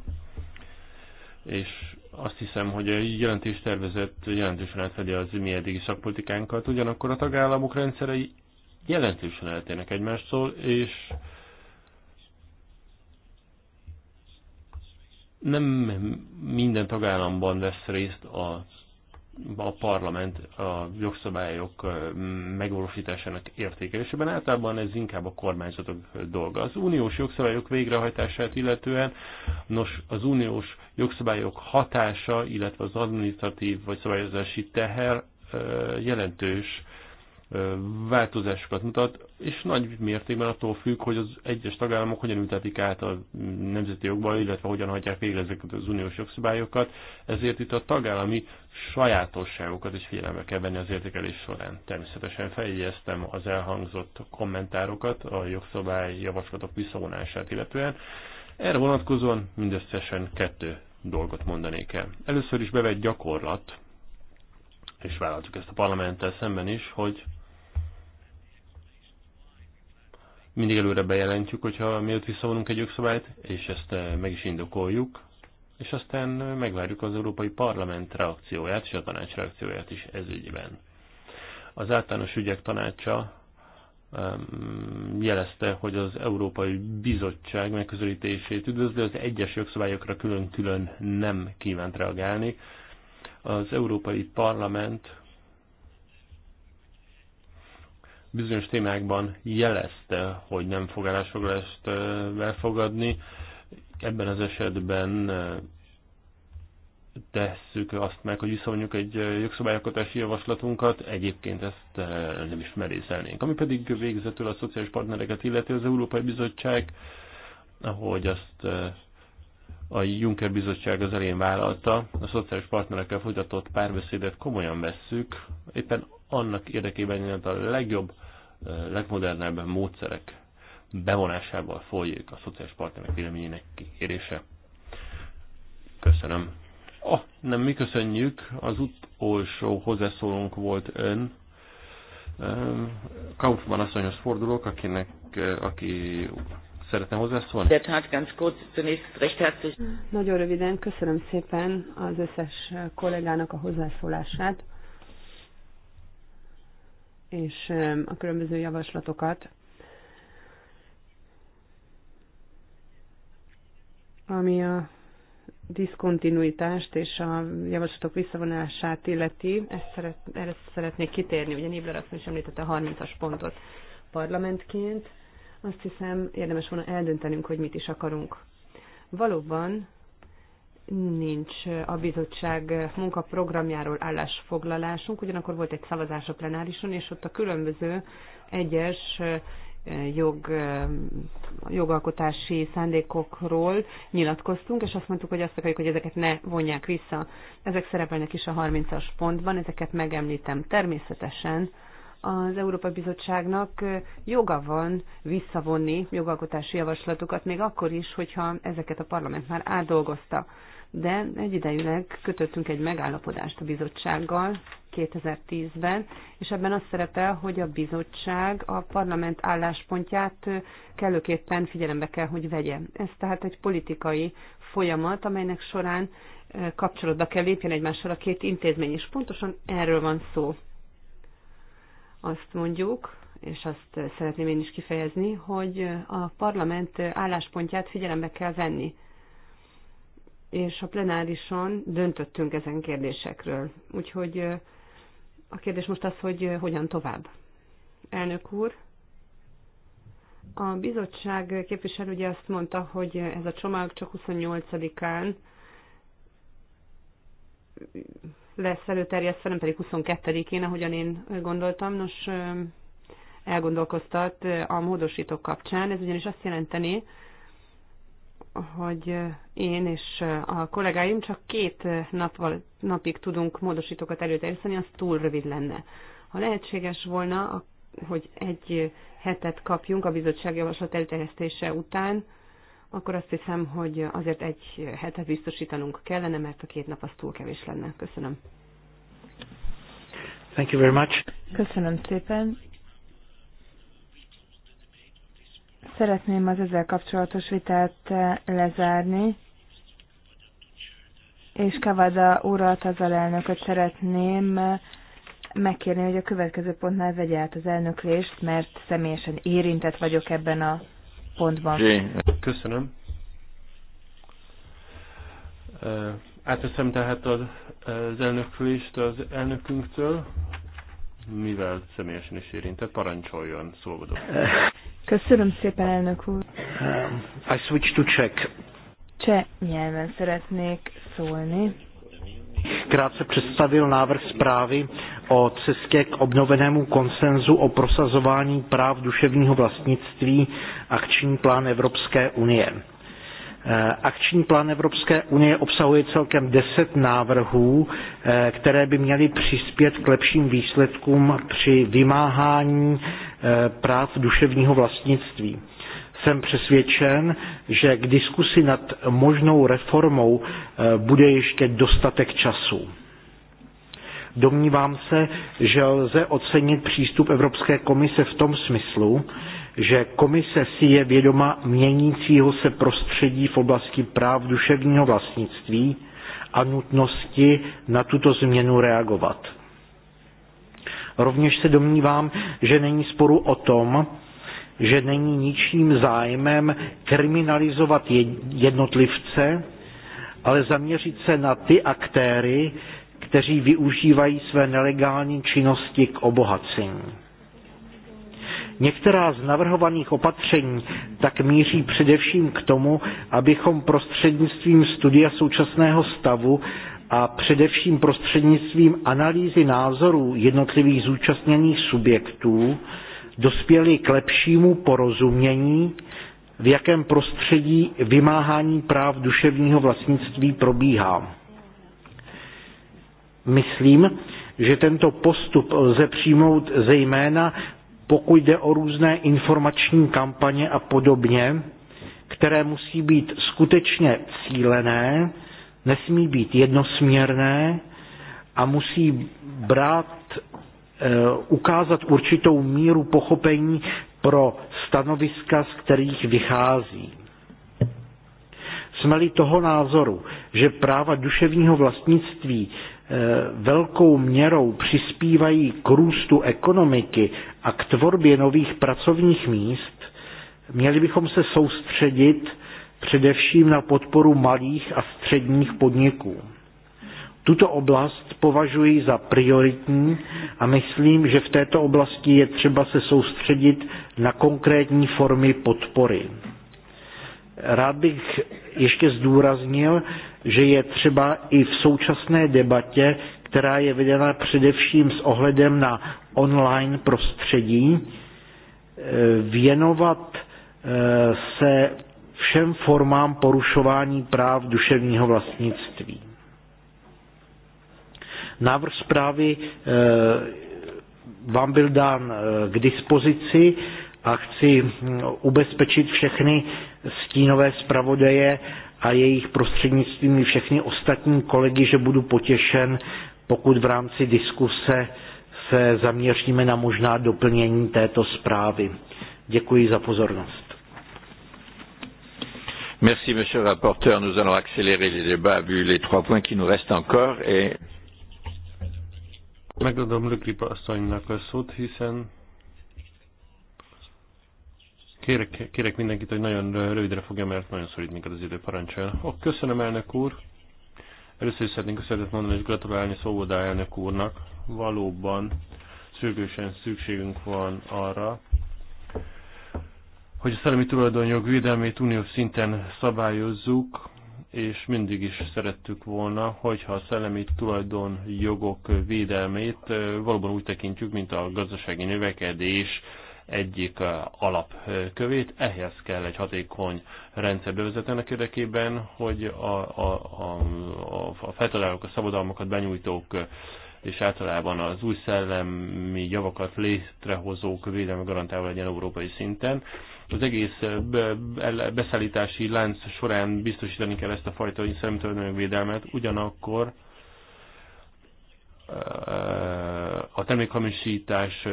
Speaker 3: és azt hiszem, hogy a jelentés tervezett jelentősen átfedi az mi eddigi szakpolitikánkat, ugyanakkor a tagállamok rendszerei jelentősen eltérnek egymástól, és nem minden tagállamban vesz részt a, a parlament a jogszabályok megvalósításának értékelésében. Általában ez inkább a kormányzatok dolga. Az uniós jogszabályok végrehajtását illetően, nos, az uniós jogszabályok hatása, illetve az administratív vagy szabályozási teher jelentős változásokat mutat, és nagy mértékben attól függ, hogy az egyes tagállamok hogyan ültetik át a nemzeti jogba, illetve hogyan hagyják végre ezeket az uniós jogszabályokat, ezért itt a tagállami sajátosságokat is figyelembe kell venni az értékelés során. Természetesen feljegyeztem az elhangzott kommentárokat a jogszabály javaslatok visszavonását illetően. Erre vonatkozóan mindösszesen kettő dolgot mondanék el. Először is bevett gyakorlat, és vállaltuk ezt a parlamenttel szemben is, hogy mindig előre bejelentjük, hogyha miért visszavonunk egy jogszabályt, és ezt eh, meg is indokoljuk, és aztán eh, megvárjuk az Európai Parlament reakcióját és a tanács reakcióját is ez ügyben. Az általános ügyek tanácsa jelezte, hogy az Európai Bizottság megközelítését üdvözli, az egyes jogszabályokra külön-külön nem kívánt reagálni. Az Európai Parlament bizonyos témákban jelezte, hogy nem fog állásfoglalást elfogadni. Ebben az esetben tesszük azt meg, hogy viszonyuk egy jogszabályalkotási javaslatunkat, egyébként ezt nem is merészelnénk. Ami pedig végzetül a szociális partnereket illeti az Európai Bizottság, ahogy azt a Juncker Bizottság az elén vállalta, a szociális partnerekkel folytatott párbeszédet komolyan vesszük, éppen annak érdekében, hogy a legjobb, eh, legmodernebb módszerek bevonásával folyik a szociális partnerek véleményének kérése. Köszönöm. Ah, nem mi köszönjük, az utolsó hozzászólónk volt ön. Eh, Kaufmann asszonyhoz fordulok, akinek, eh, aki szeretne hozzászólni?
Speaker 4: Nagyon röviden köszönöm szépen az összes kollégának a hozzászólását és a különböző javaslatokat, ami a diszkontinuitást és a javaslatok visszavonását illeti, ezt szeret, erre szeretnék kitérni, ugye Nibler azt is említette a 30-as pontot parlamentként, azt hiszem érdemes volna eldöntenünk, hogy mit is akarunk. Valóban nincs a bizottság munkaprogramjáról állásfoglalásunk, ugyanakkor volt egy szavazás a plenárison, és ott a különböző egyes jog, jogalkotási szándékokról nyilatkoztunk, és azt mondtuk, hogy azt akarjuk, hogy ezeket ne vonják vissza. Ezek szerepelnek is a 30-as pontban, ezeket megemlítem természetesen. Az Európai Bizottságnak joga van visszavonni jogalkotási javaslatokat, még akkor is, hogyha ezeket a parlament már átdolgozta de egyidejűleg kötöttünk egy megállapodást a bizottsággal 2010-ben, és ebben az szerepel, hogy a bizottság a parlament álláspontját kellőképpen figyelembe kell, hogy vegye. Ez tehát egy politikai folyamat, amelynek során kapcsolatba kell lépjen egymással a két intézmény, és pontosan erről van szó. Azt mondjuk, és azt szeretném én is kifejezni, hogy a parlament álláspontját figyelembe kell venni és a plenárison döntöttünk ezen kérdésekről. Úgyhogy a kérdés most az, hogy hogyan tovább. Elnök úr, a bizottság ugye azt mondta, hogy ez a csomag csak 28-án lesz előterjesztve, nem pedig 22-én, ahogyan én gondoltam. Nos, elgondolkoztat a módosítók kapcsán. Ez ugyanis azt jelenteni, hogy én és a kollégáim csak két napval, napig tudunk módosítókat előterjeszteni, az túl rövid lenne. Ha lehetséges volna, hogy egy hetet kapjunk a bizottság javaslat előterjesztése után, akkor azt hiszem, hogy azért egy hetet biztosítanunk kellene, mert a két nap az túl kevés lenne. Köszönöm.
Speaker 1: Thank you very much.
Speaker 4: Köszönöm szépen.
Speaker 2: Szeretném az ezzel kapcsolatos vitát eh, lezárni, és Kavada urat, az alelnököt szeretném eh, megkérni, hogy a következő pontnál vegye át az elnöklést, mert személyesen érintett vagyok ebben a pontban. Köszönöm.
Speaker 3: Eh, Átveszem tehát az, az elnöklést az elnökünktől, mivel személyesen is érintett, parancsoljon, szóval.
Speaker 2: Köszönöm szépen, elnök úr.
Speaker 3: Um, I switch to Czech.
Speaker 2: Cseh nyelven szeretnék szólni.
Speaker 1: Krátce představil návrh zprávy o cestě k obnovenému konsenzu o prosazování práv duševního vlastnictví akční plán Evropské unie. Uh, akční plán Evropské unie obsahuje celkem 10 návrhů, uh, které by měly přispět k lepším výsledkům při vymáhání Eh, práv duševního vlastnictví. Jsem přesvědčen, že k diskusi nad možnou reformou eh, bude ještě dostatek času. Domnívám se, že lze ocenit přístup Evropské komise v tom smyslu, že komise si je vědoma měnícího se prostředí v oblasti práv duševního vlastnictví a nutnosti na tuto změnu reagovat. Rovněž se domnívám, že není sporu o tom, že není ničím zájmem kriminalizovat jednotlivce, ale zaměřit se na ty aktéry, kteří využívají své nelegální činnosti k obohacení. Některá z navrhovaných opatření tak míří především k tomu, abychom prostřednictvím studia současného stavu a především prostřednictvím analýzy názorů jednotlivých zúčastněných subjektů dospěli k lepšímu porozumění, v jakém prostředí vymáhání práv duševního vlastnictví probíhá. Myslím, že tento postup lze přijmout zejména pokud jde o různé informační kampaně a podobně, které musí být skutečně cílené nesmí být jednosměrné a musí brát, eh, ukázat určitou míru pochopení pro stanoviska, z kterých vychází. Jsme-li toho názoru, že práva duševního vlastnictví eh, velkou měrou přispívají k růstu ekonomiky a k tvorbě nových pracovních míst, měli bychom se soustředit především na podporu malých a středních podniků. Tuto oblast považuji za prioritní a myslím, že v této oblasti je třeba se soustředit na konkrétní formy podpory. Rád bych ještě zdůraznil, že je třeba i v současné debatě, která je vedena především s ohledem na online prostředí, eh, věnovat eh, se všem formám porušování práv duševního vlastnictví. Návrh zprávy eh, vám byl dán eh, k dispozici a chci hm, ubezpečit všechny stínové zpravodaje a jejich prostřednictvím i všechny ostatní kolegy, že budu potěšen, pokud v rámci diskuse se zaměříme na možná doplnění této zprávy. Děkuji za
Speaker 3: pozornost. Merci, monsieur le rapporteur. Nous allons accélérer les
Speaker 2: débats vu les trois points qui nous restent encore. Et...
Speaker 3: Megadom Lökripa asszonynak a szót, hiszen kérek, kérek mindenkit, hogy nagyon rövidre fogja, mert nagyon szorít minket az idő parancsol. Oh, köszönöm, elnök úr. Először is szeretnénk köszönetet mondani, és gratulálni Szóvodá elnök úrnak. Valóban sürgősen szükségünk van arra, hogy a szellemi tulajdonjog védelmét uniós szinten szabályozzuk, és mindig is szerettük volna, hogyha a szellemi tulajdonjogok védelmét valóban úgy tekintjük, mint a gazdasági növekedés egyik alapkövét. Ehhez kell egy hatékony rendszer bevezetőnek érdekében, hogy a, a, a, a feltalálók, a szabadalmakat benyújtók és általában az új szellemi javakat létrehozók védelme garantálva legyen európai szinten. Az egész beszállítási lánc során biztosítani kell ezt a fajta védelmet. ugyanakkor a termékhamisítás,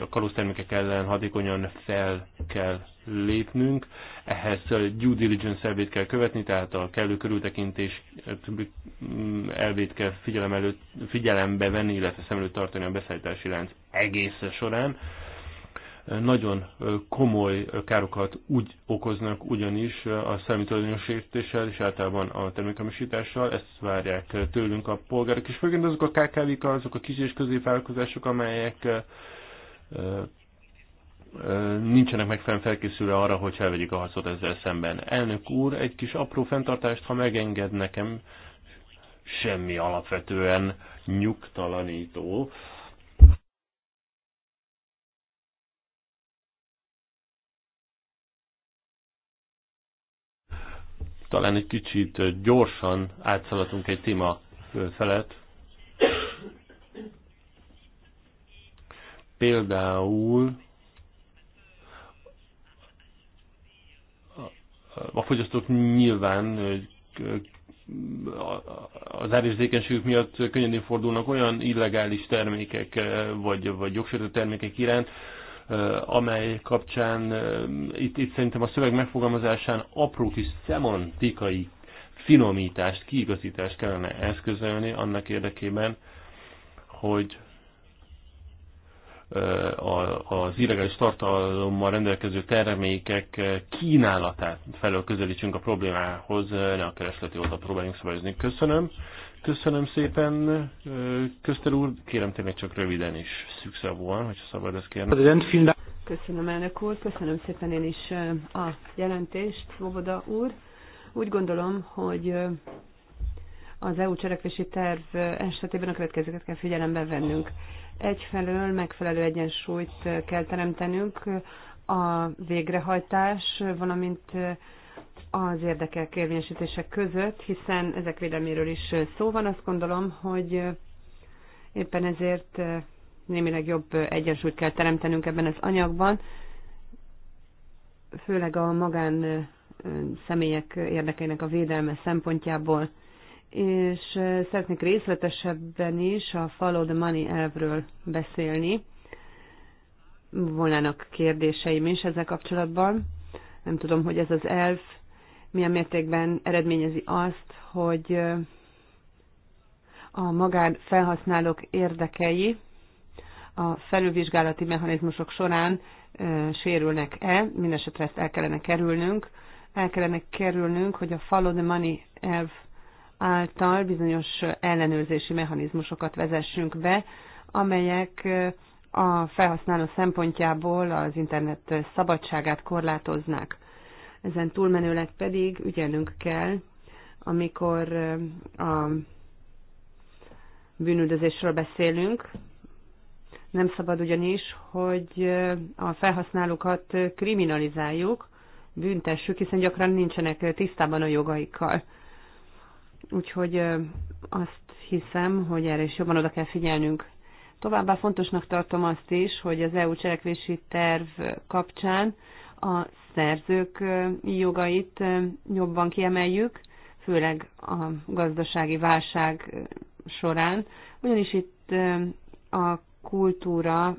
Speaker 3: a kalóztermékek ellen hatékonyan fel kell lépnünk. Ehhez due diligence elvét kell követni, tehát a kellő körültekintés elvét kell figyelem előtt, figyelembe venni, illetve szem előtt tartani a beszállítási lánc egész során nagyon komoly károkat úgy okoznak ugyanis a számítógépes értéssel és általában a termékhamisítással. Ezt várják tőlünk a polgárok, és főként azok a KKV-k, azok a kis és középvállalkozások, amelyek nincsenek megfelelően felkészülve arra, hogy felvegyék a harcot ezzel szemben. Elnök úr, egy kis apró fenntartást, ha megenged nekem, semmi alapvetően nyugtalanító talán egy kicsit gyorsan átszaladtunk egy téma felett. Például a fogyasztók nyilván az árérzékenységük miatt könnyedén fordulnak olyan illegális termékek vagy, vagy jogsértő termékek iránt, amely kapcsán itt, itt szerintem a szöveg megfogalmazásán apró kis szemantikai finomítást, kiigazítást kellene eszközölni annak érdekében, hogy az illegális tartalommal rendelkező termékek kínálatát felől közelítsünk a problémához, ne a keresleti oldalt próbáljunk szabályozni. Köszönöm. Köszönöm szépen, Közter úr, kérem tényleg csak röviden is szükszavúan, hogyha szabad ezt kérni.
Speaker 4: Köszönöm, elnök úr, köszönöm szépen én is a jelentést, Svoboda úr. Úgy gondolom, hogy az EU cselekvési terv esetében a következőket kell figyelembe vennünk. Egyfelől megfelelő egyensúlyt kell teremtenünk a végrehajtás, valamint az érdekek érvényesítése között, hiszen ezek védelméről is szó van. Azt gondolom, hogy éppen ezért némileg jobb egyensúlyt kell teremtenünk ebben az anyagban, főleg a magán személyek érdekeinek a védelme szempontjából. És szeretnék részletesebben is a follow the money elvről beszélni. Volnának kérdéseim is ezzel kapcsolatban. Nem tudom, hogy ez az elv milyen mértékben eredményezi azt, hogy a magán felhasználók érdekei a felülvizsgálati mechanizmusok során sérülnek-e, mindesetre ezt el kellene kerülnünk. El kellene kerülnünk, hogy a follow the money elv által bizonyos ellenőrzési mechanizmusokat vezessünk be, amelyek a felhasználó szempontjából az internet szabadságát korlátoznák. Ezen túlmenőleg pedig ügyelnünk kell, amikor a bűnüldözésről beszélünk. Nem szabad ugyanis, hogy a felhasználókat kriminalizáljuk, büntessük, hiszen gyakran nincsenek tisztában a jogaikkal. Úgyhogy azt hiszem, hogy erre is jobban oda kell figyelnünk. Továbbá fontosnak tartom azt is, hogy az EU cselekvési terv kapcsán a szerzők jogait jobban kiemeljük, főleg a gazdasági válság során, ugyanis itt a kultúra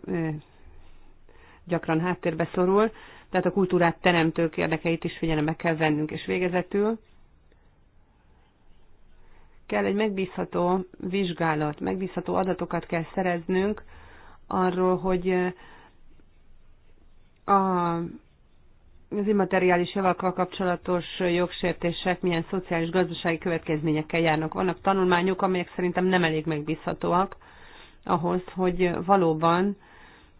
Speaker 4: gyakran háttérbe szorul, tehát a kultúrát teremtők érdekeit is figyelembe kell vennünk, és végezetül kell egy megbízható vizsgálat, megbízható adatokat kell szereznünk arról, hogy a az immateriális javakkal kapcsolatos jogsértések milyen szociális gazdasági következményekkel járnak. Vannak tanulmányok, amelyek szerintem nem elég megbízhatóak ahhoz, hogy valóban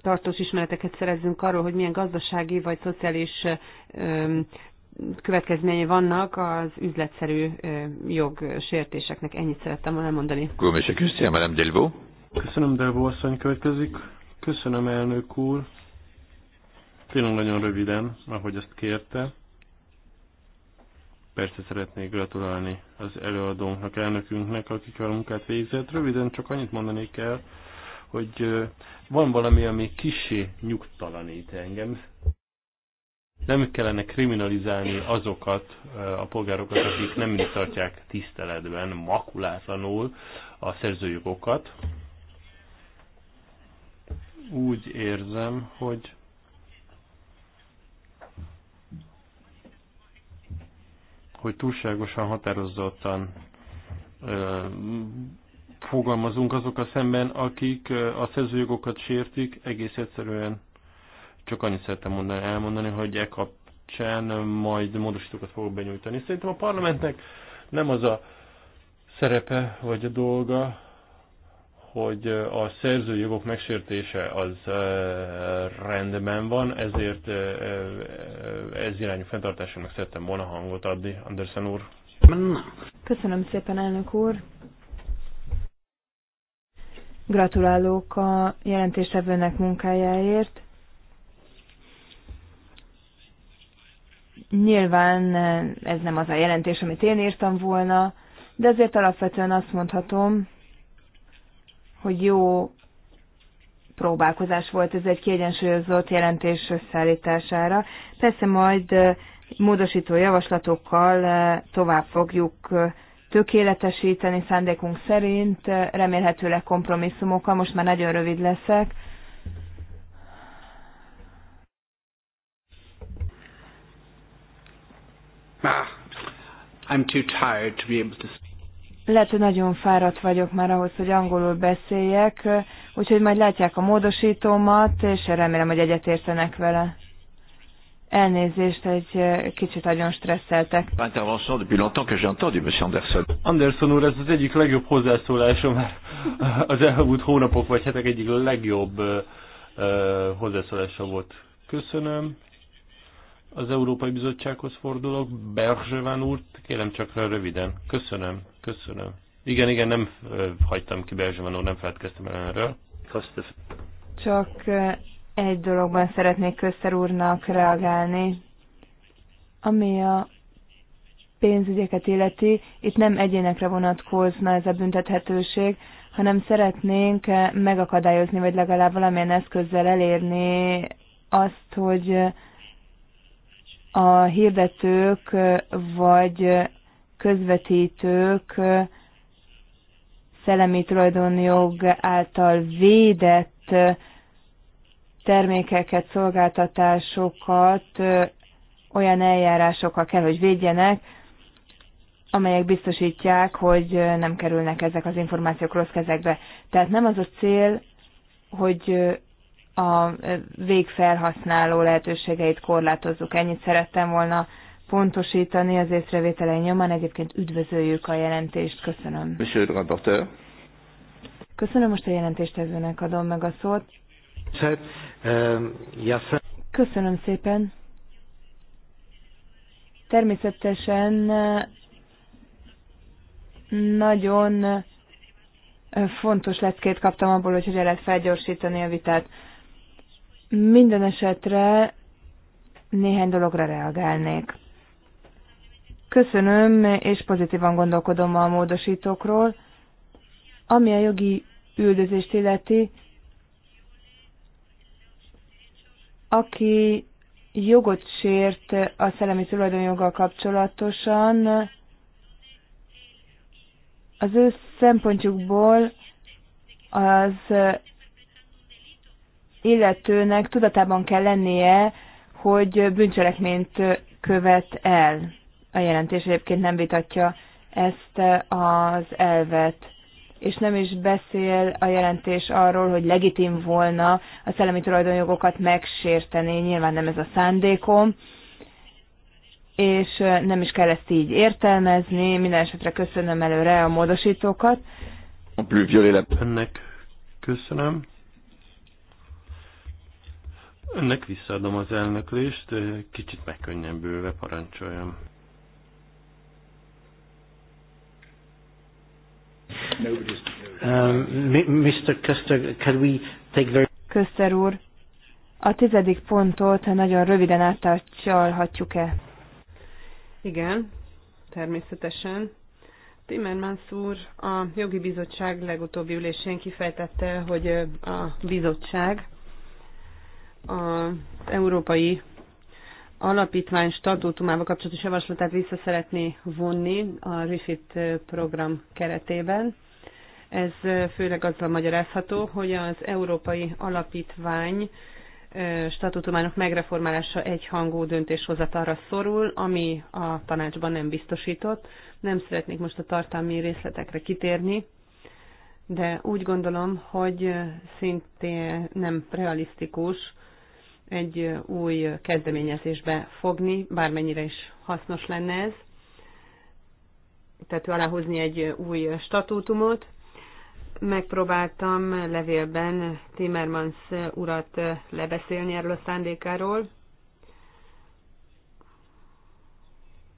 Speaker 4: tartós ismereteket szerezzünk arról, hogy milyen gazdasági vagy szociális következményei vannak az üzletszerű jogsértéseknek. Ennyit szerettem volna elmondani.
Speaker 3: Köszönöm, Delvaux. Köszönöm, Delvaux asszony következik. Köszönöm, elnök úr. Tényleg nagyon röviden, ahogy azt kérte. Persze szeretnék gratulálni az előadónknak, elnökünknek, akik a munkát végzett. Röviden csak annyit mondani kell, hogy van valami, ami kisé nyugtalanít engem. Nem kellene kriminalizálni azokat a polgárokat, akik nem mindig tartják tiszteletben, makulátlanul a szerzőjogokat. Úgy érzem, hogy hogy túlságosan határozottan fogalmazunk azokkal szemben, akik a szerzőjogokat sértik, egész egyszerűen csak annyit szerettem mondani, elmondani, hogy e kapcsán majd módosítókat fogok benyújtani. Szerintem a parlamentnek nem az a szerepe vagy a dolga, hogy a szerzőjogok megsértése az rendben van, ezért ez irányú fenntartásomnak szerettem volna hangot adni, Andersen úr.
Speaker 2: Köszönöm szépen, elnök úr. Gratulálok a jelentéstevőnek munkájáért. Nyilván ez nem az a jelentés, amit én írtam volna, de azért alapvetően azt mondhatom, hogy jó próbálkozás volt ez egy kiegyensúlyozott jelentés összeállítására. Persze majd módosító javaslatokkal tovább fogjuk tökéletesíteni szándékunk szerint, remélhetőleg kompromisszumokkal, most már nagyon rövid leszek.
Speaker 1: Ah, I'm too tired to be able to
Speaker 2: lehet, hogy nagyon fáradt vagyok már ahhoz, hogy angolul beszéljek, úgyhogy majd látják a módosítómat, és remélem, hogy egyetértenek vele. Elnézést, egy eh, kicsit nagyon stresszeltek.
Speaker 1: que Anderson.
Speaker 3: Anderson úr, ez az egyik legjobb hozzászólása már az elmúlt hónapok vagy hetek egyik legjobb uh, hozzászólása volt. Köszönöm az Európai Bizottsághoz fordulok. Berzsöván úr, kérem csak röviden. Köszönöm, köszönöm. Igen, igen, nem hagytam ki Berzsöván úr, nem feledkeztem el erről.
Speaker 2: Csak egy dologban szeretnék Köszter úrnak reagálni, ami a pénzügyeket illeti, itt nem egyénekre vonatkozna ez a büntethetőség, hanem szeretnénk megakadályozni, vagy legalább valamilyen eszközzel elérni azt, hogy a hirdetők vagy közvetítők szellemi tulajdonjog által védett termékeket, szolgáltatásokat olyan eljárásokkal kell, hogy védjenek, amelyek biztosítják, hogy nem kerülnek ezek az információk rossz kezekbe. Tehát nem az a cél, hogy a végfelhasználó lehetőségeit korlátozzuk. Ennyit szerettem volna pontosítani az észrevételei nyomán. Egyébként üdvözöljük a jelentést. Köszönöm. Köszönöm most a jelentéstevőnek adom meg a szót. Köszönöm szépen. Természetesen nagyon fontos leckét kaptam abból, hogy hogyan lehet felgyorsítani a vitát. Minden esetre néhány dologra reagálnék. Köszönöm, és pozitívan gondolkodom a módosítókról. Ami a jogi üldözést illeti, aki jogot sért a szellemi tulajdonjoggal kapcsolatosan, az ő szempontjukból az illetőnek tudatában kell lennie, hogy bűncselekményt követ el. A jelentés egyébként nem vitatja ezt az elvet és nem is beszél a jelentés arról, hogy legitim volna a szellemi tulajdonjogokat megsérteni, nyilván nem ez a szándékom, és nem is kell ezt így értelmezni, minden esetre köszönöm előre a módosítókat. Ennek köszönöm.
Speaker 3: Önnek visszaadom az elnöklést, kicsit megkönnyebbülve parancsoljam.
Speaker 1: Mr. Um, Köster,
Speaker 2: Köster úr, a tizedik pontot nagyon röviden átcsalhatjuk e
Speaker 4: Igen, természetesen. Timmermans úr a jogi bizottság legutóbbi ülésén kifejtette, hogy a bizottság az Európai Alapítvány statútumával kapcsolatos javaslatát vissza szeretné vonni a RIFIT program keretében. Ez főleg azzal magyarázható, hogy az Európai Alapítvány statutumának megreformálása egyhangú döntéshozatalra szorul, ami a tanácsban nem biztosított. Nem szeretnék most a tartalmi részletekre kitérni, de úgy gondolom, hogy szintén nem realisztikus egy új kezdeményezésbe fogni, bármennyire is hasznos lenne ez. Tehát aláhozni egy új statútumot. Megpróbáltam levélben Timmermans urat lebeszélni erről a szándékáról,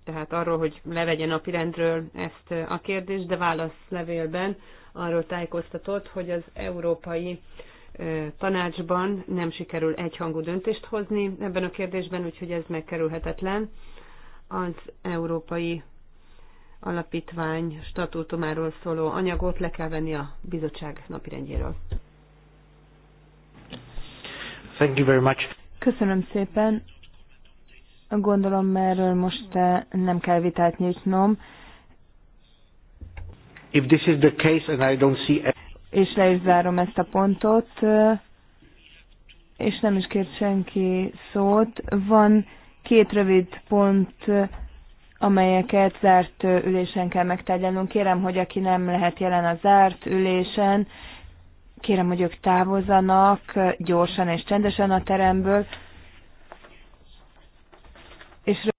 Speaker 4: tehát arról, hogy levegye napirendről ezt a kérdést, de válasz levélben arról tájékoztatott, hogy az európai tanácsban nem sikerül egyhangú döntést hozni ebben a kérdésben, úgyhogy ez megkerülhetetlen. Az Európai Alapítvány statútumáról szóló anyagot le kell venni a bizottság napirendjéről.
Speaker 1: Thank you very much.
Speaker 2: Köszönöm szépen. Gondolom, erről most eh, nem kell vitát nyitnom.
Speaker 1: If this is the case and I don't see
Speaker 2: és le is zárom ezt a pontot, és nem is kért senki szót. Van két rövid pont, amelyeket zárt ülésen kell megtegyenünk Kérem, hogy aki nem lehet jelen a zárt ülésen, kérem, hogy ők távozzanak gyorsan és csendesen a teremből. És